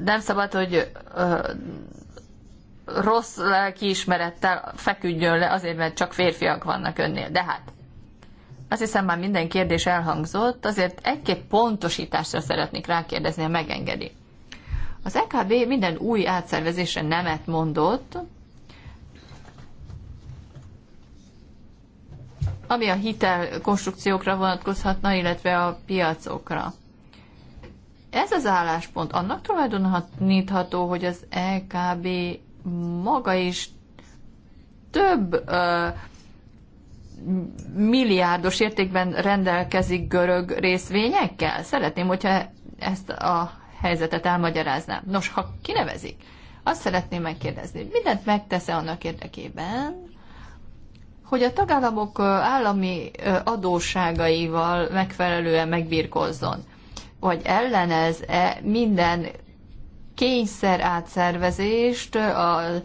B: nem szabad, hogy ö, rossz lelkiismerettel feküdjön le azért, mert csak férfiak vannak önnél. De hát azt hiszem már minden kérdés elhangzott, azért egy-két pontosításra szeretnék rákérdezni, ha megengedi. Az EKB minden új átszervezésre nemet mondott, ami a hitel konstrukciókra vonatkozhatna, illetve a piacokra. Ez az álláspont annak tulajdonítható, hogy az EKB maga is több uh, milliárdos értékben rendelkezik görög részvényekkel? Szeretném, hogyha ezt a helyzetet elmagyaráznám. Nos, ha kinevezik, azt szeretném megkérdezni, hogy mindent megtesz-e annak érdekében, hogy a tagállamok állami adósságaival megfelelően megbírkozzon, vagy ellenez-e minden kényszer átszervezést az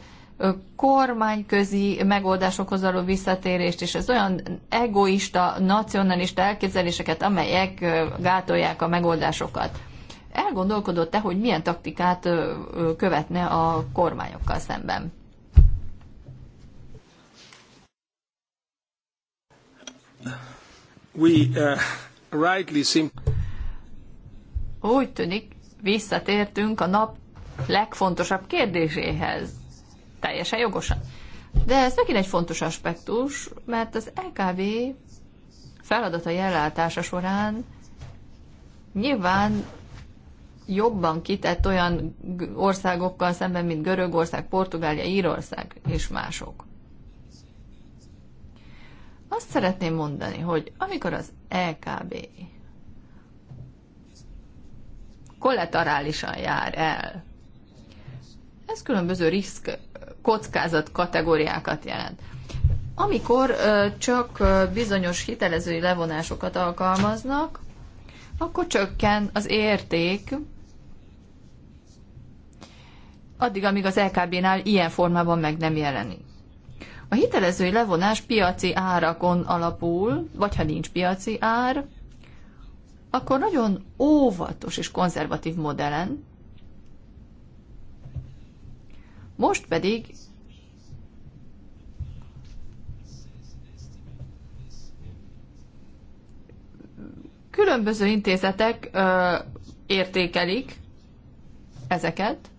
B: kormányközi megoldásokhoz való visszatérést, és ez olyan egoista, nacionalista elképzeléseket, amelyek gátolják a megoldásokat. Elgondolkodott-e, hogy milyen taktikát követne a kormányokkal szemben?
A: We, uh, rightly seem.
B: Úgy tűnik, visszatértünk a nap legfontosabb kérdéséhez teljesen jogosan. De ez megint egy fontos aspektus, mert az LKV feladata jelenlátása során nyilván jobban kitett olyan országokkal szemben, mint Görögország, Portugália, Írország és mások. Azt szeretném mondani, hogy amikor az LKB kollaterálisan jár el, ez különböző risk kockázat kategóriákat jelent. Amikor csak bizonyos hitelezői levonásokat alkalmaznak, akkor csökken az érték, addig, amíg az LKB-nál ilyen formában meg nem jelenik. A hitelezői levonás piaci árakon alapul, vagy ha nincs piaci ár, akkor nagyon óvatos és konzervatív modellen Most pedig különböző intézetek ö, értékelik ezeket,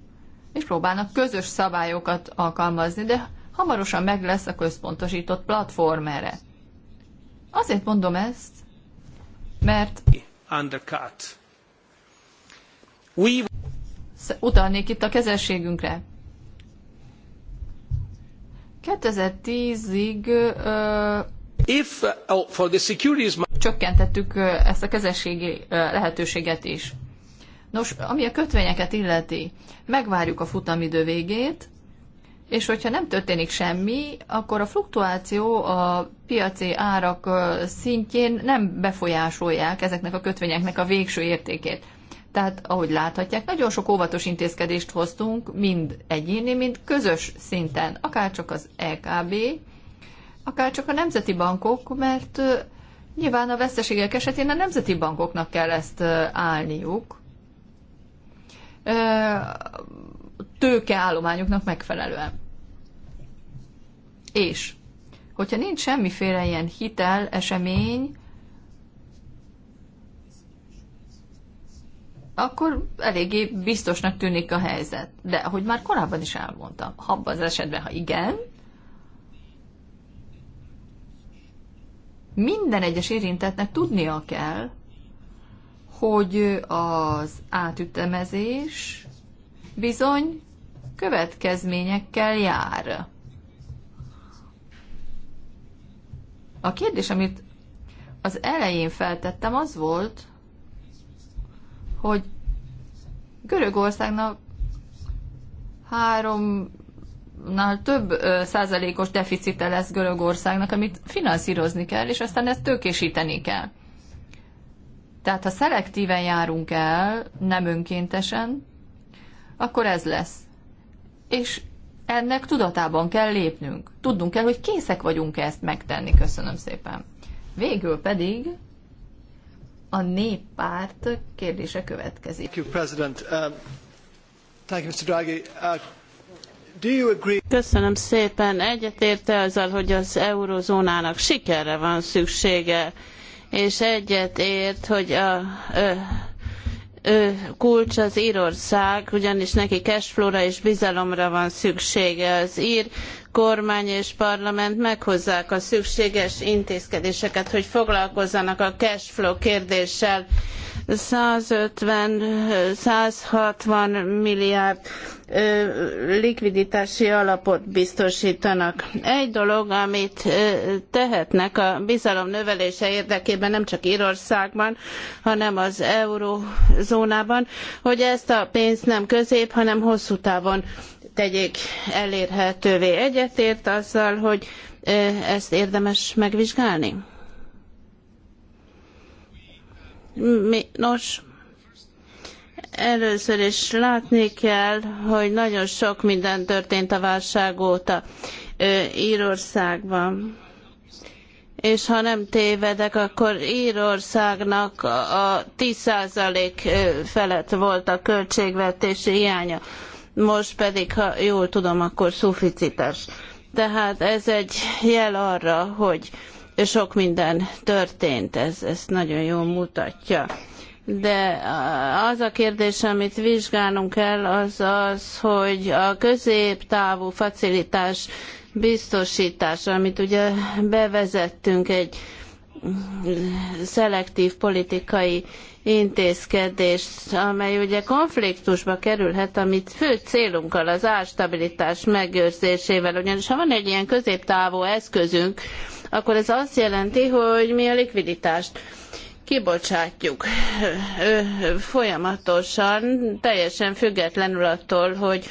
B: és próbálnak közös szabályokat alkalmazni, de hamarosan meg lesz a központosított platform erre. Azért mondom ezt, mert
A: undercut.
B: We... Utalnék itt a kezességünkre. 2010-ig If, uh, oh, for the securities... csökkentettük ezt a kezességi lehetőséget is. Nos, ami a kötvényeket illeti, megvárjuk a futamidő végét, és hogyha nem történik semmi, akkor a fluktuáció a piaci árak szintjén nem befolyásolják ezeknek a kötvényeknek a végső értékét. Tehát, ahogy láthatják, nagyon sok óvatos intézkedést hoztunk, mind egyéni, mind közös szinten, akárcsak az EKB, akárcsak a nemzeti bankok, mert nyilván a veszteségek esetén a nemzeti bankoknak kell ezt állniuk tőkeállományoknak megfelelően. És hogyha nincs semmiféle ilyen hitel, esemény, akkor eléggé biztosnak tűnik a helyzet. De ahogy már korábban is elmondtam, abban az esetben, ha igen, minden egyes érintetnek tudnia kell, hogy az átütemezés bizony következményekkel jár. A kérdés, amit az elején feltettem, az volt, hogy Görögországnak háromnál több százalékos deficite lesz Görögországnak, amit finanszírozni kell, és aztán ezt tőkésíteni kell. Tehát ha szelektíven járunk el, nem önkéntesen, akkor ez lesz. És ennek tudatában kell lépnünk. Tudnunk kell, hogy készek vagyunk ezt megtenni. Köszönöm szépen. Végül pedig a néppárt kérdése következik. Thank you, President. Um, thank you, Mr. Draghi.
C: Uh, Köszönöm szépen. Egyetérte azzal, hogy az eurozónának sikerre van szüksége, és egyetért, hogy a ö, ö, kulcs az Írország, ugyanis neki cashflóra és bizalomra van szüksége. Az ír kormány és parlament meghozzák a szükséges intézkedéseket, hogy foglalkozzanak a cash flow kérdéssel. 150-160 milliárd ö, likviditási alapot biztosítanak. Egy dolog, amit ö, tehetnek a bizalom növelése érdekében nem csak Írországban, hanem az eurózónában, hogy ezt a pénzt nem közép, hanem hosszú távon tegyék elérhetővé. Egyetért azzal, hogy ezt érdemes megvizsgálni? Mi, nos, először is látni kell, hogy nagyon sok minden történt a válság óta Írországban. És ha nem tévedek, akkor Írországnak a 10% felett volt a költségvetési hiánya most pedig, ha jól tudom, akkor szuficites. Tehát ez egy jel arra, hogy sok minden történt, ez, ezt nagyon jól mutatja. De az a kérdés, amit vizsgálnunk kell, az az, hogy a középtávú facilitás biztosítása, amit ugye bevezettünk egy szelektív politikai intézkedés, amely ugye konfliktusba kerülhet, amit fő célunkkal az árstabilitás megőrzésével, ugyanis ha van egy ilyen középtávú eszközünk, akkor ez azt jelenti, hogy mi a likviditást kibocsátjuk folyamatosan, teljesen függetlenül attól, hogy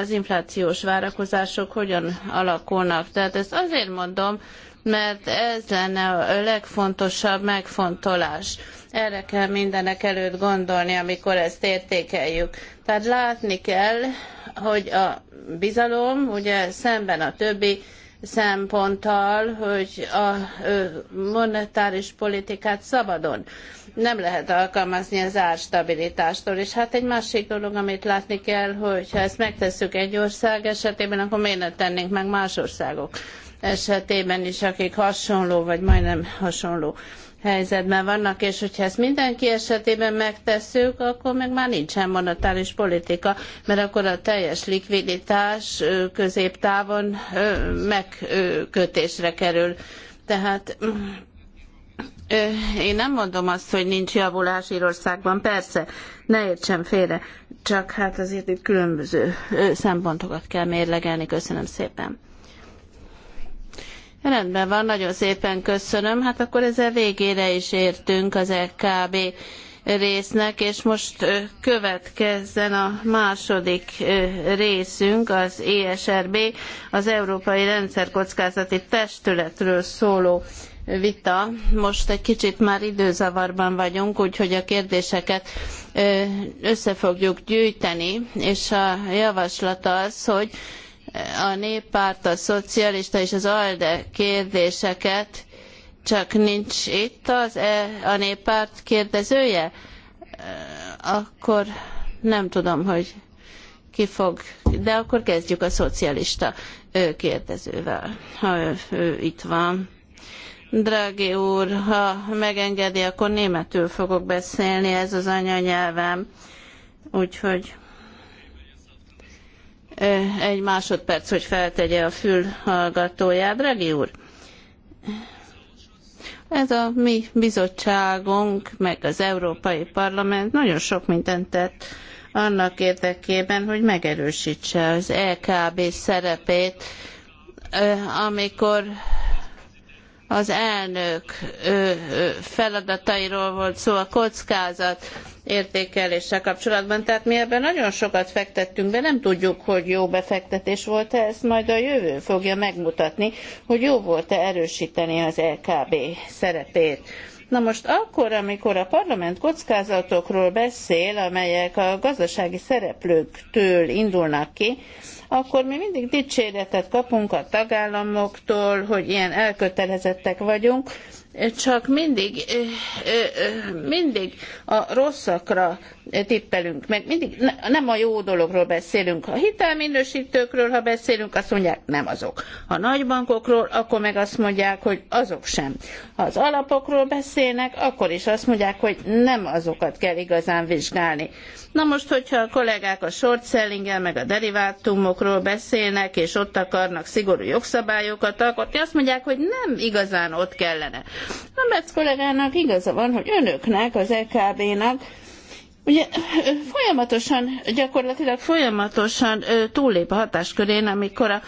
C: az inflációs várakozások hogyan alakulnak. Tehát ezt azért mondom, mert ez lenne a legfontosabb megfontolás. Erre kell mindenek előtt gondolni, amikor ezt értékeljük. Tehát látni kell, hogy a bizalom ugye szemben a többi szemponttal, hogy a monetáris politikát szabadon nem lehet alkalmazni az árstabilitástól. És hát egy másik dolog, amit látni kell, hogy ha ezt megtesszük egy ország esetében, akkor miért ne tennénk meg más országok esetében is, akik hasonló vagy majdnem hasonló helyzetben vannak, és hogyha ezt mindenki esetében megtesszük, akkor meg már nincsen monetáris politika, mert akkor a teljes likviditás középtávon megkötésre kerül. Tehát én nem mondom azt, hogy nincs javulás Írországban, persze, ne értsem félre, csak hát azért itt különböző szempontokat kell mérlegelni. Köszönöm szépen. Rendben van, nagyon szépen köszönöm. Hát akkor ezzel végére is értünk az LKB résznek, és most következzen a második részünk, az ESRB, az Európai Rendszerkockázati Testületről szóló vita. Most egy kicsit már időzavarban vagyunk, úgyhogy a kérdéseket össze fogjuk gyűjteni, és a javaslat az, hogy a néppárt, a szocialista és az ALDE kérdéseket, csak nincs itt az e, a néppárt kérdezője, akkor nem tudom, hogy ki fog, de akkor kezdjük a szocialista ő kérdezővel, ha ő, ő itt van. Drági úr, ha megengedi, akkor németül fogok beszélni, ez az anyanyelvem. Úgyhogy egy másodperc, hogy feltegye a fülhallgatóját. Regi úr, ez a mi bizottságunk, meg az Európai Parlament nagyon sok mindent tett annak érdekében, hogy megerősítse az EKB szerepét, amikor az elnök feladatairól volt szó, a kockázat értékeléssel kapcsolatban. Tehát mi ebben nagyon sokat fektettünk be, nem tudjuk, hogy jó befektetés volt-e, ezt majd a jövő fogja megmutatni, hogy jó volt-e erősíteni az LKB szerepét. Na most akkor, amikor a parlament kockázatokról beszél, amelyek a gazdasági szereplőktől indulnak ki, akkor mi mindig dicséretet kapunk a tagállamoktól, hogy ilyen elkötelezettek vagyunk, csak mindig, mindig a rosszakra tippelünk, meg mindig nem a jó dologról beszélünk. Ha hitelminősítőkről, ha beszélünk, azt mondják, nem azok. Ha nagybankokról, akkor meg azt mondják, hogy azok sem. Ha az alapokról beszélnek, akkor is azt mondják, hogy nem azokat kell igazán vizsgálni. Na most, hogyha a kollégák a short sellinggel, meg a derivátumokról beszélnek, és ott akarnak szigorú jogszabályokat alkotni, azt mondják, hogy nem igazán ott kellene. A Metz kollégának igaza van, hogy önöknek, az EKB-nak Ugye folyamatosan, gyakorlatilag folyamatosan túllép a hatáskörén, amikor a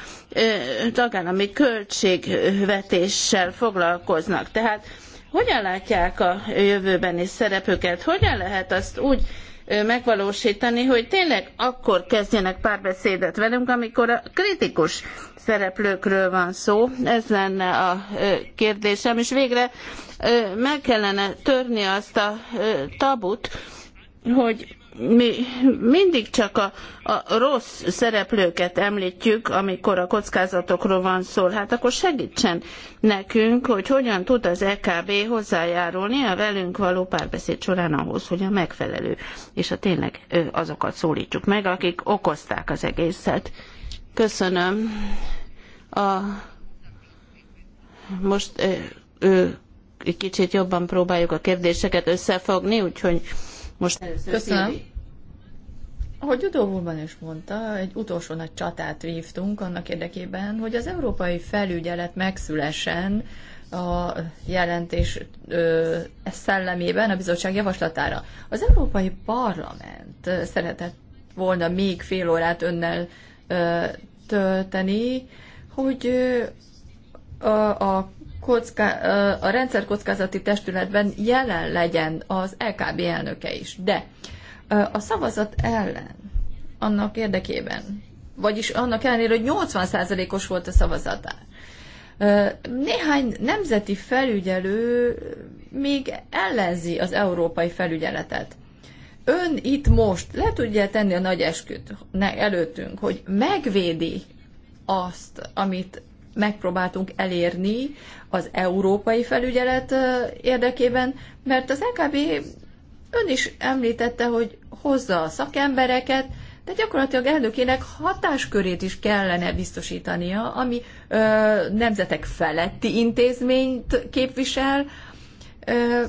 C: tagállami költségvetéssel foglalkoznak. Tehát hogyan látják a jövőbeni szerepüket, hogyan lehet azt úgy megvalósítani, hogy tényleg akkor kezdjenek párbeszédet velünk, amikor a kritikus szereplőkről van szó. Ez lenne a kérdésem, és végre meg kellene törni azt a tabut, hogy mi mindig csak a, a rossz szereplőket említjük, amikor a kockázatokról van szó, hát akkor segítsen nekünk, hogy hogyan tud az EKB hozzájárulni a velünk való párbeszéd során ahhoz, hogy a megfelelő, és a tényleg azokat szólítsuk meg, akik okozták az egészet. Köszönöm. A, most ő, kicsit jobban próbáljuk a kérdéseket összefogni, úgyhogy most először Köszönöm. Szívi.
B: Ahogy utóbban is mondta, egy utolsó nagy csatát vívtunk annak érdekében, hogy az európai felügyelet megszülesen a jelentés ö, szellemében a bizottság javaslatára. Az Európai Parlament szeretett volna még fél órát önnel ö, tölteni, hogy ö, a, a kocká, a rendszerkockázati testületben jelen legyen az LKB elnöke is. De a szavazat ellen, annak érdekében, vagyis annak ellenére, hogy 80%-os volt a szavazatár, néhány nemzeti felügyelő még ellenzi az európai felügyeletet. Ön itt most le tudja tenni a nagy esküt előttünk, hogy megvédi azt, amit megpróbáltunk elérni az európai felügyelet érdekében, mert az LKB ön is említette, hogy hozza a szakembereket, de gyakorlatilag elnökének hatáskörét is kellene biztosítania, ami ö, nemzetek feletti intézményt képvisel, ö,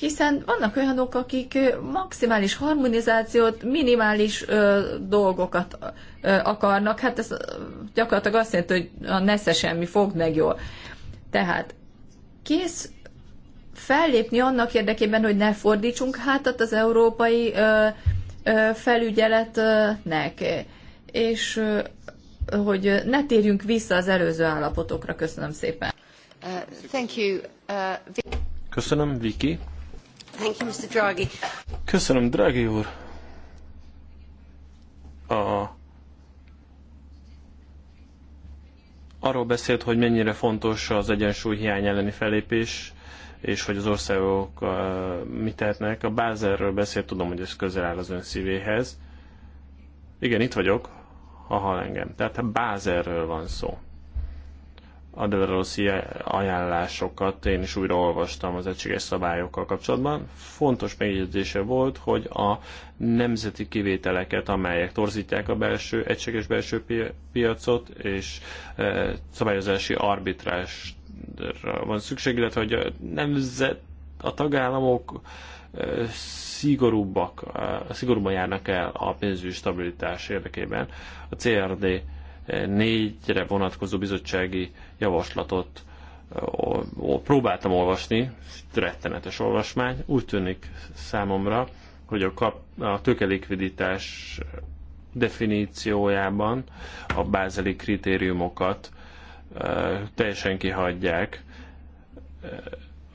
B: hiszen vannak olyanok, akik maximális harmonizációt, minimális ö, dolgokat ö, akarnak. Hát ez gyakorlatilag azt jelenti, hogy a nesze semmi, fogd meg jól. Tehát kész fellépni annak érdekében, hogy ne fordítsunk hátat az európai ö, ö, felügyeletnek, és ö, hogy ne térjünk vissza az előző állapotokra. Köszönöm szépen. Uh, thank you. Uh,
A: Köszönöm, Viki.
B: Thank you, Mr. Draghi.
A: Köszönöm, Draghi úr. A... Arról beszélt, hogy mennyire fontos az egyensúly hiány elleni felépés, és hogy az országok uh, mit tehetnek. A Bázerről beszélt, tudom, hogy ez közel áll az ön szívéhez. Igen, itt vagyok, ha hall engem. Tehát a Bázerről van szó. Adelaroszi ajánlásokat én is olvastam az egységes szabályokkal kapcsolatban. Fontos megjegyzése volt, hogy a nemzeti kivételeket, amelyek torzítják a belső, egységes belső piacot, és e, szabályozási arbitrásra van szükség, illetve hogy a nemzet, a tagállamok e, szigorúbbak, e, szigorúban járnak el a pénzügyi stabilitás érdekében. A CRD négyre vonatkozó bizottsági javaslatot próbáltam olvasni, rettenetes olvasmány, úgy tűnik számomra, hogy a, kap, a tőkelikviditás definíciójában a bázeli kritériumokat teljesen kihagyják,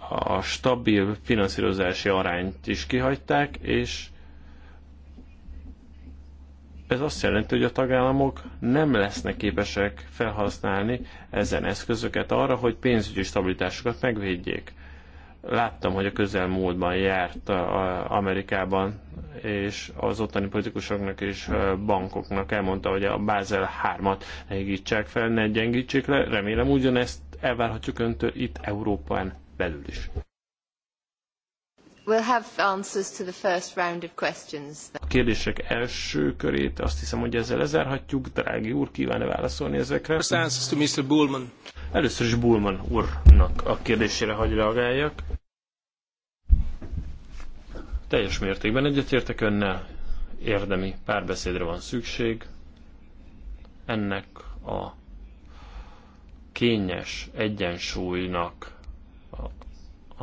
A: a stabil finanszírozási arányt is kihagyták, és ez azt jelenti, hogy a tagállamok nem lesznek képesek felhasználni ezen eszközöket arra, hogy pénzügyi stabilitásukat megvédjék. Láttam, hogy a közelmúltban járt Amerikában, és az ottani politikusoknak és bankoknak elmondta, hogy a Basel 3-at ne higítsák fel, ne gyengítsék le. Remélem ugyanezt elvárhatjuk öntől itt Európán belül is.
B: A
A: kérdések első körét azt hiszem, hogy ezzel lezárhatjuk. Drági úr, kíván-e válaszolni ezekre? Először is Bullman úrnak a kérdésére hagy reagáljak. Teljes mértékben egyetértek önnel, érdemi párbeszédre van szükség. Ennek a kényes egyensúlynak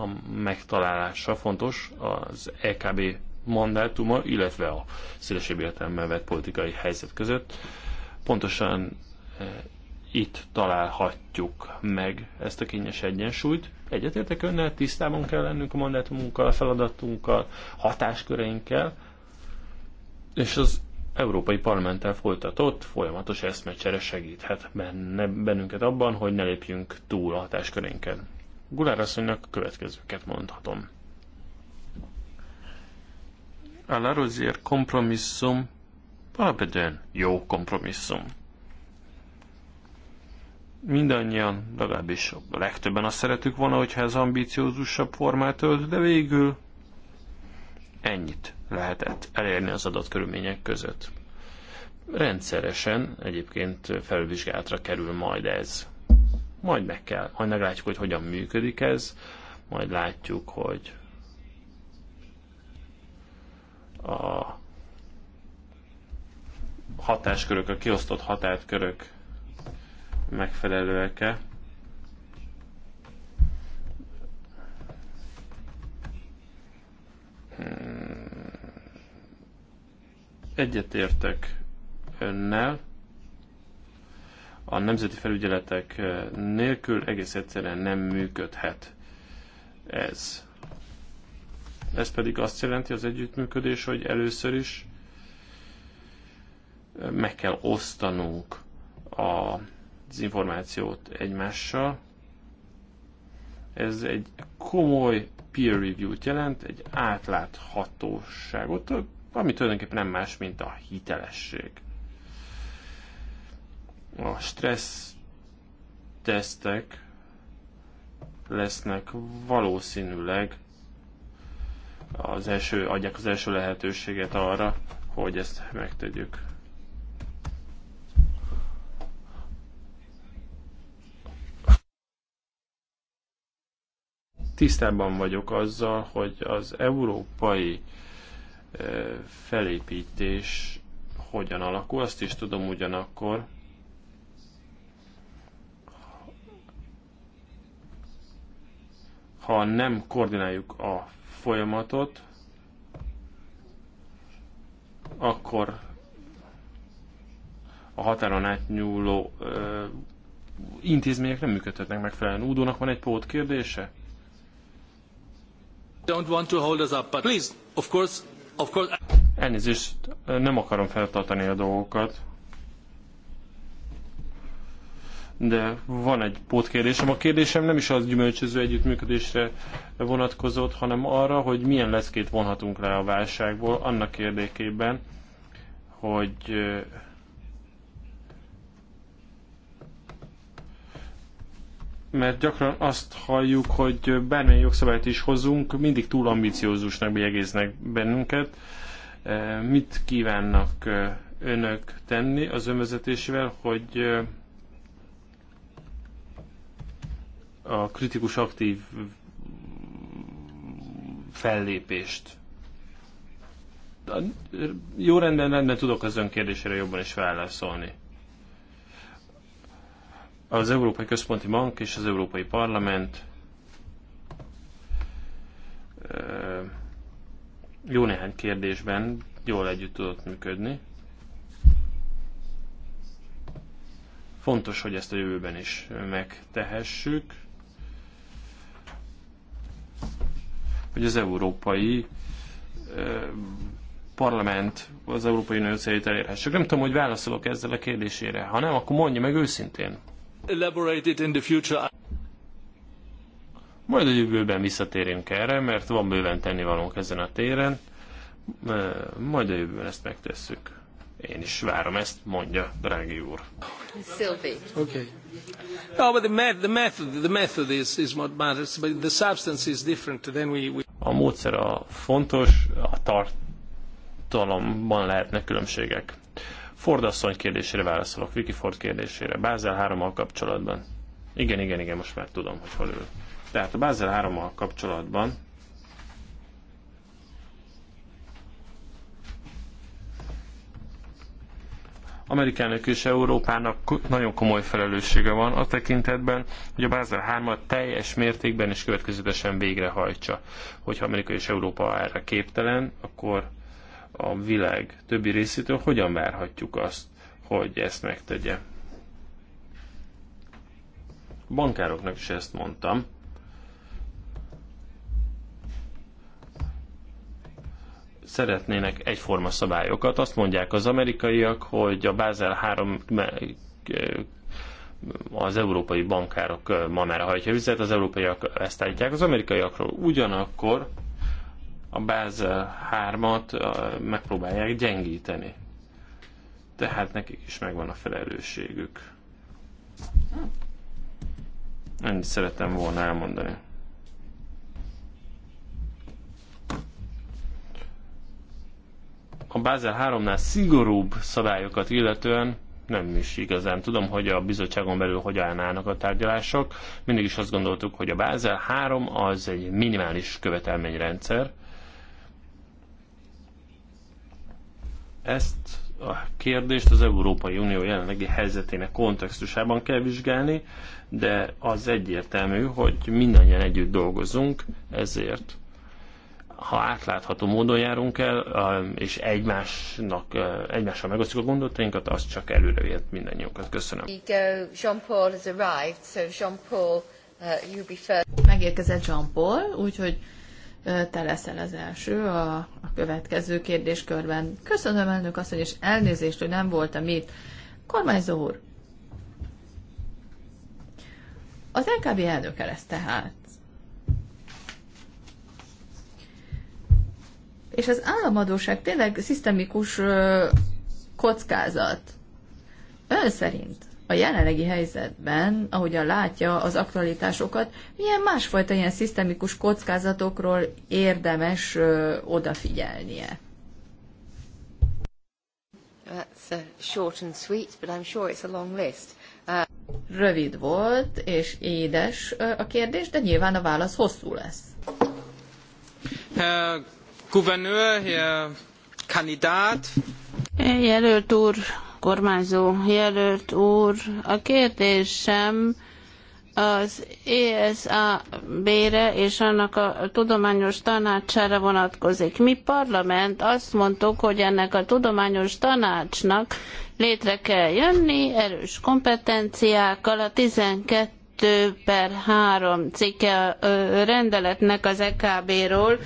A: a megtalálása fontos az EKB mandátuma, illetve a szélesebb értelemben vett politikai helyzet között. Pontosan eh, itt találhatjuk meg ezt a kényes egyensúlyt. Egyetértek önnel, tisztában kell lennünk a mandátumunkkal, a feladatunkkal, hatásköreinkkel, és az Európai Parlamenttel folytatott folyamatos eszmecsere segíthet benne, bennünket abban, hogy ne lépjünk túl a hatásköreinken. Gulár asszonynak következőket mondhatom. A Larozier kompromisszum alapvetően jó kompromisszum. Mindannyian, legalábbis a legtöbben azt szeretük volna, hogyha ez ambíciózusabb formát ölt, de végül ennyit lehetett elérni az adott körülmények között rendszeresen egyébként felvizsgálatra kerül majd ez majd meg kell, majd meglátjuk, hogy hogyan működik ez, majd látjuk, hogy a hatáskörök, a kiosztott hatáskörök megfelelőek-e. Hmm. Egyetértek önnel a nemzeti felügyeletek eh, nélkül egész egyszerűen nem működhet ez. Ez pedig azt jelenti az együttműködés, hogy először is eh, meg kell osztanunk az információt egymással. Ez egy komoly peer review-t jelent, egy átláthatóságot, ami tulajdonképpen nem más, mint a hitelesség a stressz tesztek lesznek valószínűleg az első, adják az első lehetőséget arra, hogy ezt megtegyük. Tisztában vagyok azzal, hogy az európai eh, felépítés hogyan alakul, azt is tudom ugyanakkor, ha nem koordináljuk a folyamatot, akkor a határon átnyúló ö, intézmények nem működhetnek megfelelően. Údónak van egy pót kérdése? Don't want to hold us up, but please, of course, of course. Elnézést, nem akarom feltartani a dolgokat. de van egy pótkérdésem. A kérdésem nem is az gyümölcsöző együttműködésre vonatkozott, hanem arra, hogy milyen leszkét vonhatunk le a válságból annak érdekében, hogy mert gyakran azt halljuk, hogy bármilyen jogszabályt is hozunk, mindig túl ambiciózusnak bejegéznek bennünket. Mit kívánnak önök tenni az önvezetésével, hogy a kritikus aktív fellépést. A jó rendben, rendben tudok az ön kérdésére jobban is válaszolni. Az Európai Központi Bank és az Európai Parlament jó néhány kérdésben jól együtt tudott működni. Fontos, hogy ezt a jövőben is megtehessük hogy az európai parlament az Európai Unió céljait elérhessük. Nem tudom, hogy válaszolok ezzel a kérdésére. Ha nem, akkor mondja meg őszintén. Elaborate in the future. Majd a jövőben visszatérünk erre, mert van bőven tennivalónk ezen a téren. Majd a jövőben ezt megtesszük. Én is várom ezt, mondja, drági úr. Sylvie. Okay. No, but the, met, the method, the method is, is what matters, but the substance is different. Then we, we... A módszer a fontos, a tartalomban lehetnek különbségek. Ford asszony kérdésére válaszolok, Vicky Ford kérdésére, Bázel 3-mal kapcsolatban. Igen, igen, igen, most már tudom, hogy hol ül. Tehát a Bázel 3-mal kapcsolatban Amerikának és Európának nagyon komoly felelőssége van a tekintetben, hogy a Basel 3-at teljes mértékben és következetesen végrehajtsa. Hogyha Amerika és Európa erre képtelen, akkor a világ többi részétől hogyan várhatjuk azt, hogy ezt megtegye? bankároknak is ezt mondtam, szeretnének egyforma szabályokat. Azt mondják az amerikaiak, hogy a Bázel 3 e, az európai bankárok e, ma már hajtja vizet, az európaiak ezt állítják az amerikaiakról. Ugyanakkor a Bázel 3-at e, megpróbálják gyengíteni. Tehát nekik is megvan a felelősségük. Ennyit szerettem volna elmondani. a Bázel 3-nál szigorúbb szabályokat illetően nem is igazán tudom, hogy a bizottságon belül hogy állnak a tárgyalások. Mindig is azt gondoltuk, hogy a Bázel 3 az egy minimális követelményrendszer. Ezt a kérdést az Európai Unió jelenlegi helyzetének kontextusában kell vizsgálni, de az egyértelmű, hogy mindannyian együtt dolgozunk, ezért ha átlátható módon járunk el, és egymásnak, egymással megosztjuk a gondolatainkat, az csak előre vihet mindannyiunkat. Köszönöm.
B: Jean-Paul has arrived, so Jean-Paul, uh, you be first. Megérkezett Jean-Paul, úgyhogy te leszel az első a, a következő kérdéskörben. Köszönöm elnök asszony, és elnézést, hogy nem voltam itt. Kormányzó úr, az NKB elnöke lesz tehát. és az államadóság tényleg szisztemikus kockázat. Ön szerint a jelenlegi helyzetben, ahogyan látja az aktualitásokat, milyen másfajta ilyen szisztemikus kockázatokról érdemes ö, odafigyelnie? Rövid volt és édes a kérdés, de nyilván a válasz hosszú lesz.
C: Uh, Gouverneur, Herr Kandidat. Jelölt úr, kormányzó jelölt úr, a kérdésem az ESAB-re és annak a tudományos tanácsára vonatkozik. Mi parlament azt mondtuk, hogy ennek a tudományos tanácsnak létre kell jönni erős kompetenciákkal a 12 per 3 cikke rendeletnek az EKB-ról,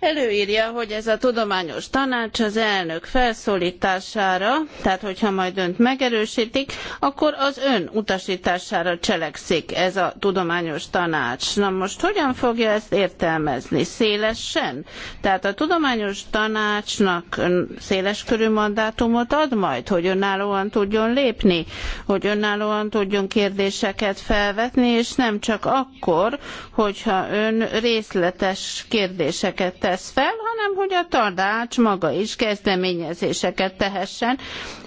C: előírja, hogy ez a tudományos tanács az elnök felszólítására, tehát hogyha majd önt megerősítik, akkor az ön utasítására cselekszik ez a tudományos tanács. Na most hogyan fogja ezt értelmezni? Szélesen? Tehát a tudományos tanácsnak széles körű mandátumot ad majd, hogy önállóan tudjon lépni, hogy önállóan tudjon kérdéseket felvetni, és nem csak akkor, hogyha ön részletes kérdéseket kérdéseket tesz fel, hanem hogy a tanács maga is kezdeményezéseket tehessen,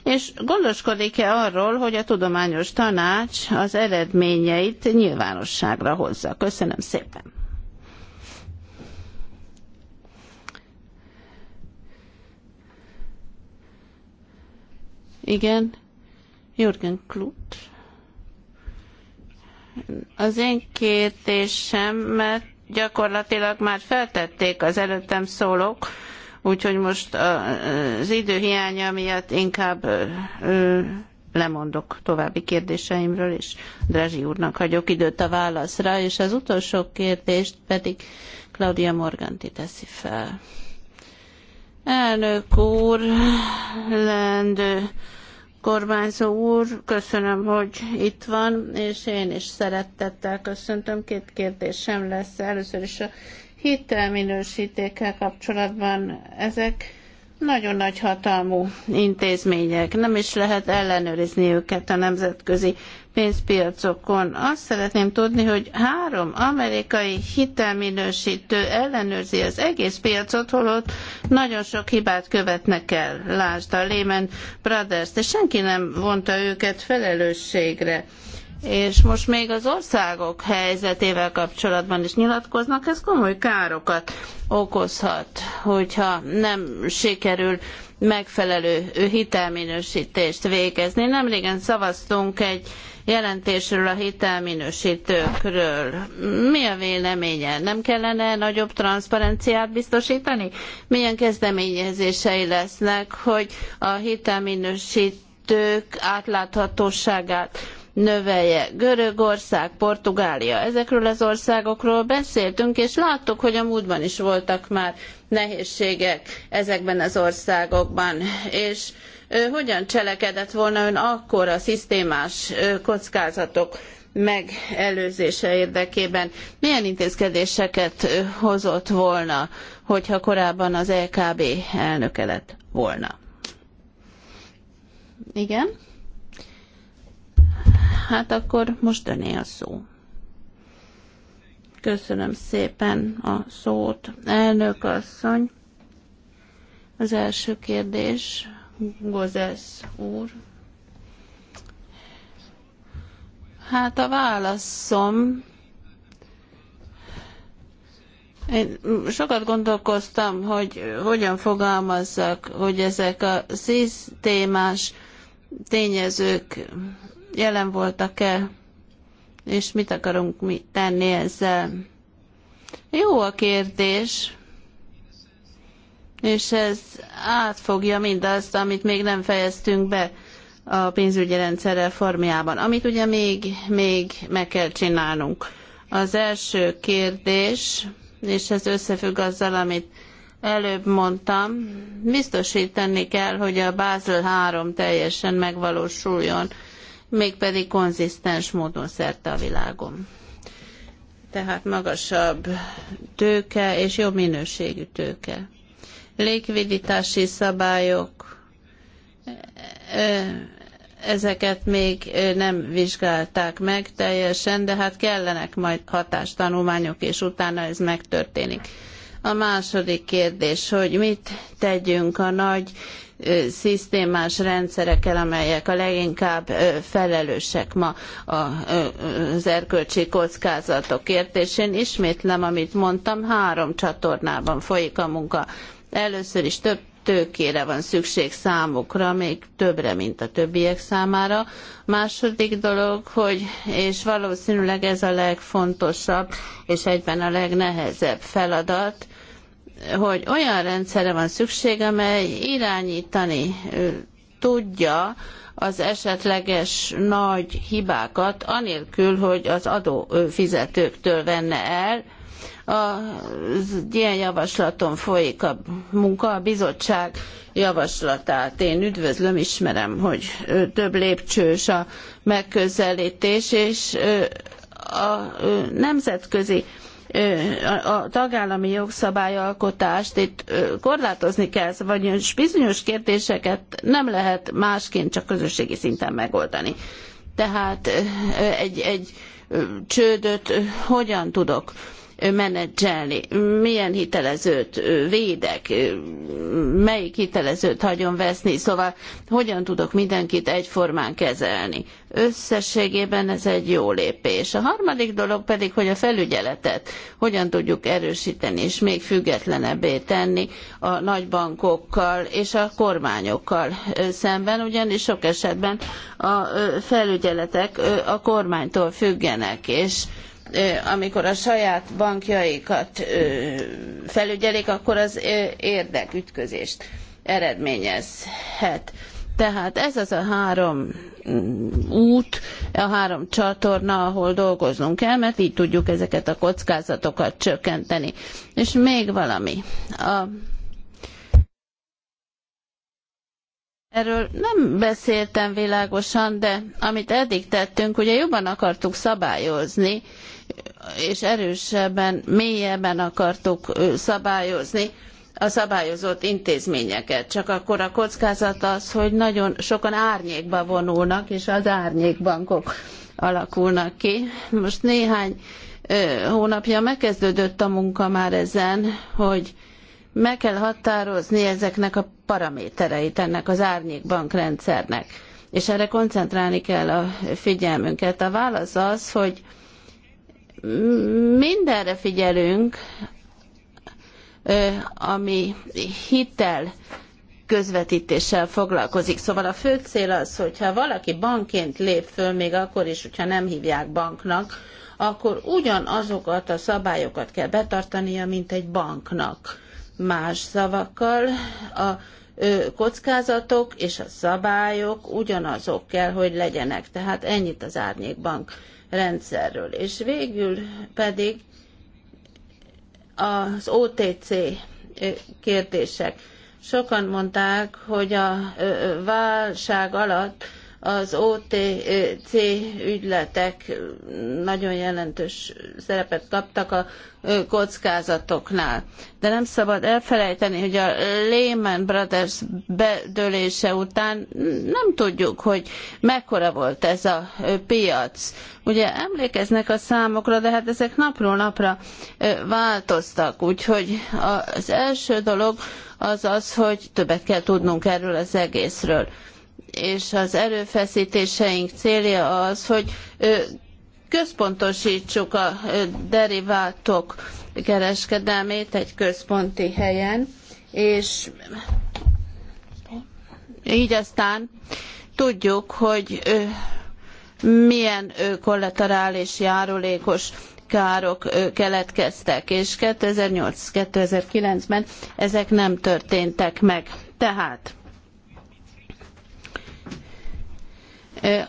C: és gondoskodik-e arról, hogy a tudományos tanács az eredményeit nyilvánosságra hozza. Köszönöm szépen. Igen, Jürgen Klut. Az én kérdésem, mert gyakorlatilag már feltették az előttem szólók, úgyhogy most az idő hiánya miatt inkább lemondok további kérdéseimről, és Drazsi úrnak hagyok időt a válaszra, és az utolsó kérdést pedig Claudia Morganti teszi fel. Elnök úr, lendő kormányzó úr, köszönöm, hogy itt van, és én is szeretettel köszöntöm. Két kérdésem lesz. Először is a hitelminősítékkel kapcsolatban ezek nagyon nagy hatalmú intézmények, nem is lehet ellenőrizni őket a nemzetközi pénzpiacokon. Azt szeretném tudni, hogy három amerikai hitelminősítő ellenőrzi az egész piacot, holott nagyon sok hibát követnek el. Lásd a Lehman Brothers, de senki nem vonta őket felelősségre. És most még az országok helyzetével kapcsolatban is nyilatkoznak, ez komoly károkat okozhat, hogyha nem sikerül megfelelő hitelminősítést végezni. Nemrégen szavaztunk egy jelentésről a hitelminősítőkről. Mi a véleménye? Nem kellene nagyobb transzparenciát biztosítani? Milyen kezdeményezései lesznek, hogy a hitelminősítők átláthatóságát növelje. Görögország, Portugália, ezekről az országokról beszéltünk, és láttuk, hogy a múltban is voltak már nehézségek ezekben az országokban. És hogyan cselekedett volna ön akkor a szisztémás kockázatok megelőzése érdekében milyen intézkedéseket hozott volna, hogyha korábban az LKB elnöke lett volna? Igen? Hát akkor most öné a szó. Köszönöm szépen a szót, elnök asszony. Az első kérdés Gozesz úr. Hát a válaszom. Én sokat gondolkoztam, hogy hogyan fogalmazzak, hogy ezek a szisztémás tényezők jelen voltak-e, és mit akarunk mi tenni ezzel. Jó a kérdés és ez átfogja mindazt, amit még nem fejeztünk be a pénzügyi rendszer reformjában, amit ugye még, még meg kell csinálnunk. Az első kérdés, és ez összefügg azzal, amit előbb mondtam, biztosítani kell, hogy a Basel 3 teljesen megvalósuljon, mégpedig konzisztens módon szerte a világon. Tehát magasabb tőke és jobb minőségű tőke likviditási szabályok, e, ezeket még e, nem vizsgálták meg teljesen, de hát kellenek majd hatástanulmányok, és utána ez megtörténik. A második kérdés, hogy mit tegyünk a nagy e, szisztémás rendszerekkel, amelyek a leginkább felelősek ma az erkölcsi kockázatokért, és én ismétlem, amit mondtam, három csatornában folyik a munka Először is több tőkére van szükség számukra, még többre, mint a többiek számára. Második dolog, hogy, és valószínűleg ez a legfontosabb, és egyben a legnehezebb feladat, hogy olyan rendszerre van szükség, amely irányítani tudja az esetleges nagy hibákat, anélkül, hogy az adófizetőktől venne el, az ilyen javaslaton folyik a munka, a bizottság javaslatát. Én üdvözlöm, ismerem, hogy több lépcsős a megközelítés, és a nemzetközi a tagállami jogszabályalkotást itt korlátozni kell, szóval vagyis bizonyos kérdéseket nem lehet másként csak közösségi szinten megoldani. Tehát egy, egy csődöt hogyan tudok menedzselni. Milyen hitelezőt védek, melyik hitelezőt hagyom veszni, szóval hogyan tudok mindenkit egyformán kezelni. Összességében ez egy jó lépés. A harmadik dolog pedig, hogy a felügyeletet hogyan tudjuk erősíteni és még függetlenebbé tenni a nagybankokkal és a kormányokkal szemben, ugyanis sok esetben a felügyeletek a kormánytól függenek, és amikor a saját bankjaikat felügyelik, akkor az érdekütközést eredményezhet. Tehát ez az a három mm, út, a három csatorna, ahol dolgoznunk kell, mert így tudjuk ezeket a kockázatokat csökkenteni. És még valami. A Erről nem beszéltem világosan, de amit eddig tettünk, ugye jobban akartuk szabályozni, és erősebben, mélyebben akartuk szabályozni a szabályozott intézményeket. Csak akkor a kockázat az, hogy nagyon sokan árnyékba vonulnak, és az árnyékbankok alakulnak ki. Most néhány hónapja megkezdődött a munka már ezen, hogy meg kell határozni ezeknek a paramétereit ennek az árnyékbankrendszernek. És erre koncentrálni kell a figyelmünket. A válasz az, hogy mindenre figyelünk, ami hitel közvetítéssel foglalkozik. Szóval a fő cél az, hogyha valaki bankként lép föl, még akkor is, hogyha nem hívják banknak, akkor ugyanazokat a szabályokat kell betartania, mint egy banknak. Más szavakkal a kockázatok és a szabályok ugyanazok kell, hogy legyenek. Tehát ennyit az árnyékbank rendszerről. És végül pedig az OTC kérdések. Sokan mondták, hogy a válság alatt az OTC ügyletek nagyon jelentős szerepet kaptak a kockázatoknál. De nem szabad elfelejteni, hogy a Lehman Brothers bedőlése után nem tudjuk, hogy mekkora volt ez a piac. Ugye emlékeznek a számokra, de hát ezek napról napra változtak, úgyhogy az első dolog az az, hogy többet kell tudnunk erről az egészről és az erőfeszítéseink célja az, hogy központosítsuk a derivátok kereskedelmét egy központi helyen, és így aztán tudjuk, hogy milyen kollaterális járulékos károk keletkeztek, és 2008-2009-ben ezek nem történtek meg. Tehát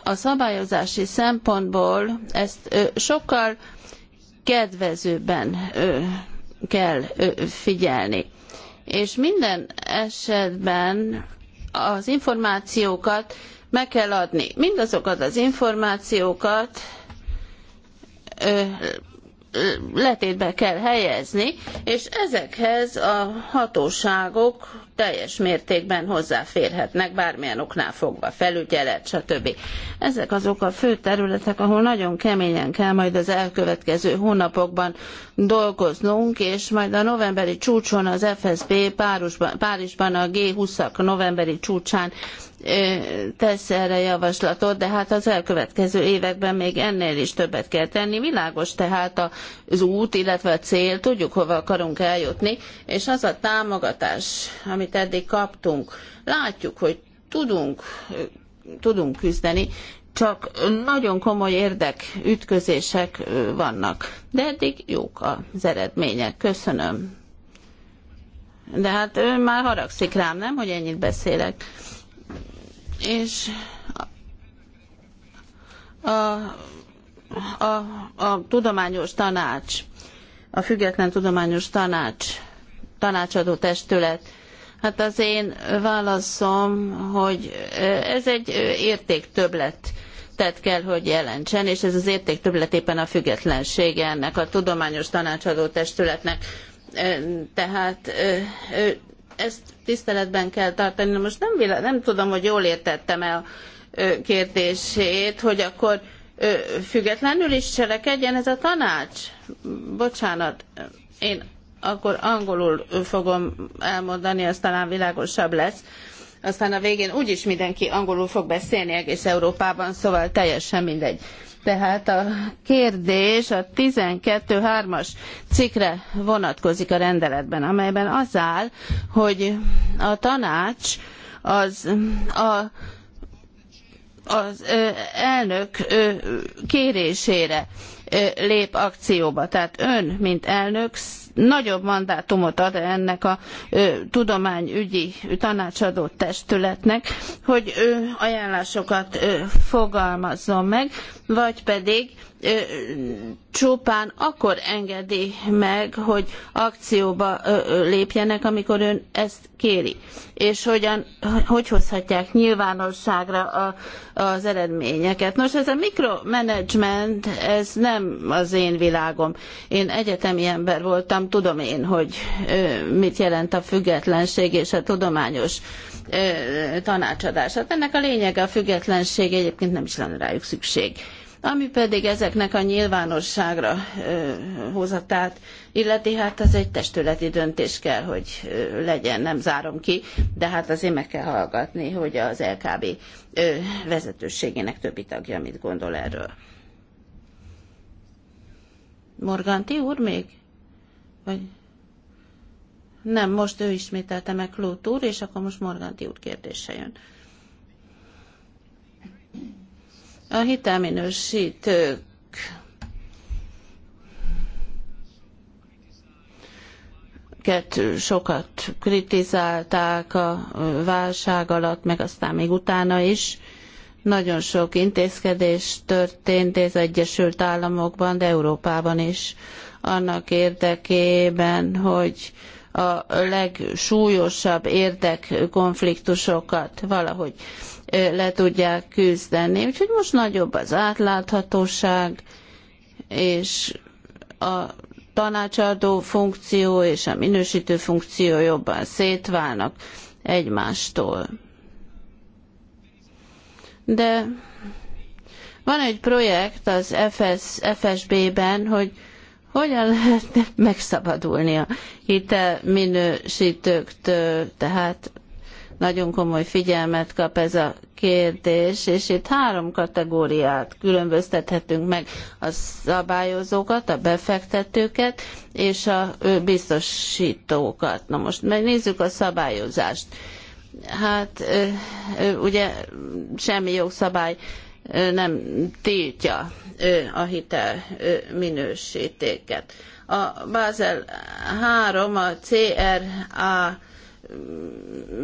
C: a szabályozási szempontból ezt sokkal kedvezőbben kell figyelni. És minden esetben az információkat meg kell adni. Mindazokat az információkat letétbe kell helyezni, és ezekhez a hatóságok teljes mértékben hozzáférhetnek bármilyen oknál fogva, felügyelet, stb. Ezek azok a fő területek, ahol nagyon keményen kell majd az elkövetkező hónapokban dolgoznunk, és majd a novemberi csúcson az FSB Párizsban, Párizsban a G20-ak novemberi csúcsán tesz erre javaslatot, de hát az elkövetkező években még ennél is többet kell tenni. Világos tehát az út, illetve a cél, tudjuk hova akarunk eljutni, és az a támogatás, amit amit eddig kaptunk. Látjuk, hogy tudunk, tudunk küzdeni, csak nagyon komoly érdek, ütközések vannak. De eddig jók az eredmények. Köszönöm. De hát ő már haragszik rám, nem, hogy ennyit beszélek. És a, a, a tudományos tanács, a független tudományos tanács, tanácsadó testület Hát az én válaszom, hogy ez egy értéktöblet tehát kell, hogy jelentsen, és ez az értéktöblet éppen a függetlensége ennek a tudományos tanácsadó testületnek. Tehát ezt tiszteletben kell tartani. Most nem, nem tudom, hogy jól értettem-e a kérdését, hogy akkor függetlenül is cselekedjen ez a tanács? Bocsánat, én akkor angolul fogom elmondani, az talán világosabb lesz. Aztán a végén úgyis mindenki angolul fog beszélni egész Európában, szóval teljesen mindegy. Tehát a kérdés a 12.3-as cikkre vonatkozik a rendeletben, amelyben az áll, hogy a tanács az a az elnök kérésére lép akcióba. Tehát ön, mint elnök nagyobb mandátumot ad -e ennek a tudományügyi tanácsadó testületnek, hogy ajánlásokat fogalmazzon meg, vagy pedig csupán akkor engedi meg, hogy akcióba lépjenek, amikor ön ezt kéri. És hogyan, hogy hozhatják nyilvánosságra a, az eredményeket. Nos, ez a mikromanagement, ez nem az én világom. Én egyetemi ember voltam, tudom én, hogy mit jelent a függetlenség és a tudományos tanácsadás. Hát ennek a lényege a függetlenség, egyébként nem is lenne rájuk szükség ami pedig ezeknek a nyilvánosságra hozatát illeti, hát az egy testületi döntés kell, hogy legyen, nem zárom ki, de hát azért meg kell hallgatni, hogy az LKB vezetőségének többi tagja mit gondol erről. Morganti úr még? Vagy... Nem, most ő ismételte meg Klót úr, és akkor most Morganti úr kérdése jön. A hitelminősítők sokat kritizálták a válság alatt, meg aztán még utána is. Nagyon sok intézkedés történt az Egyesült Államokban, de Európában is annak érdekében, hogy a legsúlyosabb érdekkonfliktusokat valahogy le tudják küzdeni. Úgyhogy most nagyobb az átláthatóság, és a tanácsadó funkció és a minősítő funkció jobban szétválnak egymástól. De van egy projekt az FS, FSB-ben, hogy hogyan lehetne megszabadulni a hitelminősítőktől, tehát nagyon komoly figyelmet kap ez a kérdés, és itt három kategóriát különböztethetünk meg, a szabályozókat, a befektetőket és a biztosítókat. Na most megnézzük a szabályozást. Hát ugye semmi jogszabály nem tiltja a hitel minősítéket. A Basel 3, a CRA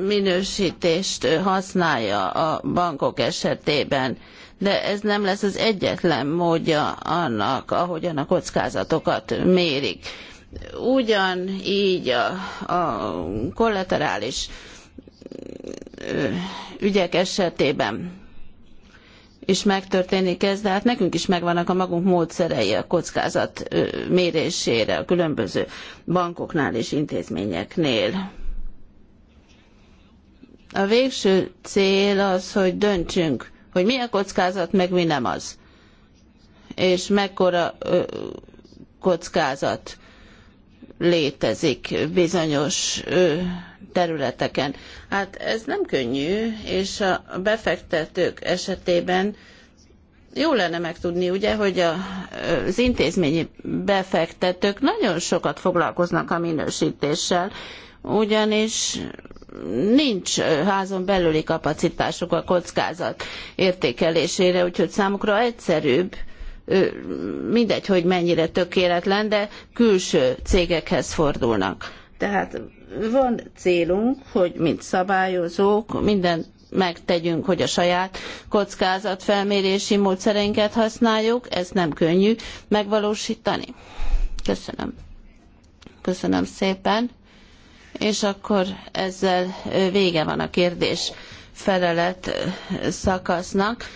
C: minősítést használja a bankok esetében, de ez nem lesz az egyetlen módja annak, ahogyan a kockázatokat mérik. Ugyanígy a, a kollaterális ügyek esetében is megtörténik ez, de hát nekünk is megvannak a magunk módszerei a kockázat mérésére a különböző bankoknál és intézményeknél a végső cél az, hogy döntsünk, hogy mi a kockázat, meg mi nem az. És mekkora ö, kockázat létezik bizonyos ö, területeken. Hát ez nem könnyű, és a befektetők esetében jó lenne megtudni, ugye, hogy a, az intézményi befektetők nagyon sokat foglalkoznak a minősítéssel, ugyanis nincs házon belüli kapacitásuk a kockázat értékelésére, úgyhogy számukra egyszerűbb, mindegy, hogy mennyire tökéletlen, de külső cégekhez fordulnak. Tehát van célunk, hogy mint szabályozók mindent megtegyünk, hogy a saját kockázatfelmérési módszereinket használjuk, ez nem könnyű megvalósítani. Köszönöm. Köszönöm szépen és akkor ezzel vége van a kérdés felelet szakasznak.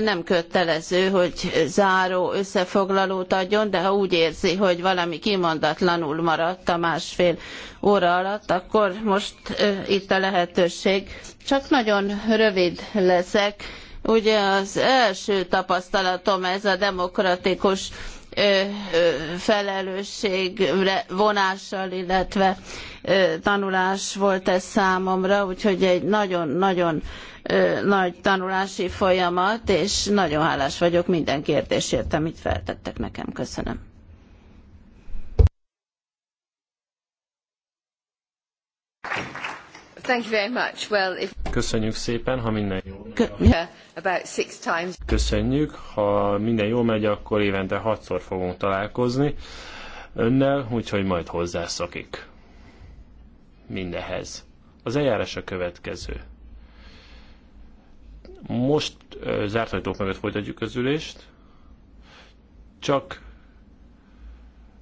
C: Nem kötelező, hogy záró összefoglalót adjon, de ha úgy érzi, hogy valami kimondatlanul maradt a másfél óra alatt, akkor most itt a lehetőség. Csak nagyon rövid leszek. Ugye az első tapasztalatom ez a demokratikus felelősségre vonással, illetve tanulás volt ez számomra, úgyhogy egy nagyon-nagyon nagy tanulási folyamat, és nagyon hálás vagyok minden kérdésért, amit feltettek nekem. Köszönöm.
A: Köszönjük szépen, ha minden jó.
B: yeah about six times.
A: Köszönjük, ha minden jól megy, akkor évente hatszor fogunk találkozni önnel, úgyhogy majd hozzászokik mindehez. Az eljárás a következő. Most ö, zárt ajtók mögött folytatjuk közülést, Csak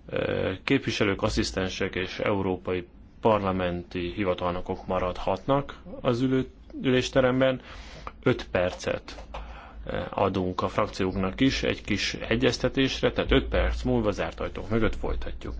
A: ö, képviselők, asszisztensek és európai parlamenti hivatalnokok maradhatnak az ülő, ülésteremben. 5 percet eh, adunk a frakcióknak is egy kis egyeztetésre, tehát 5 perc múlva zárt ajtók mögött folytatjuk.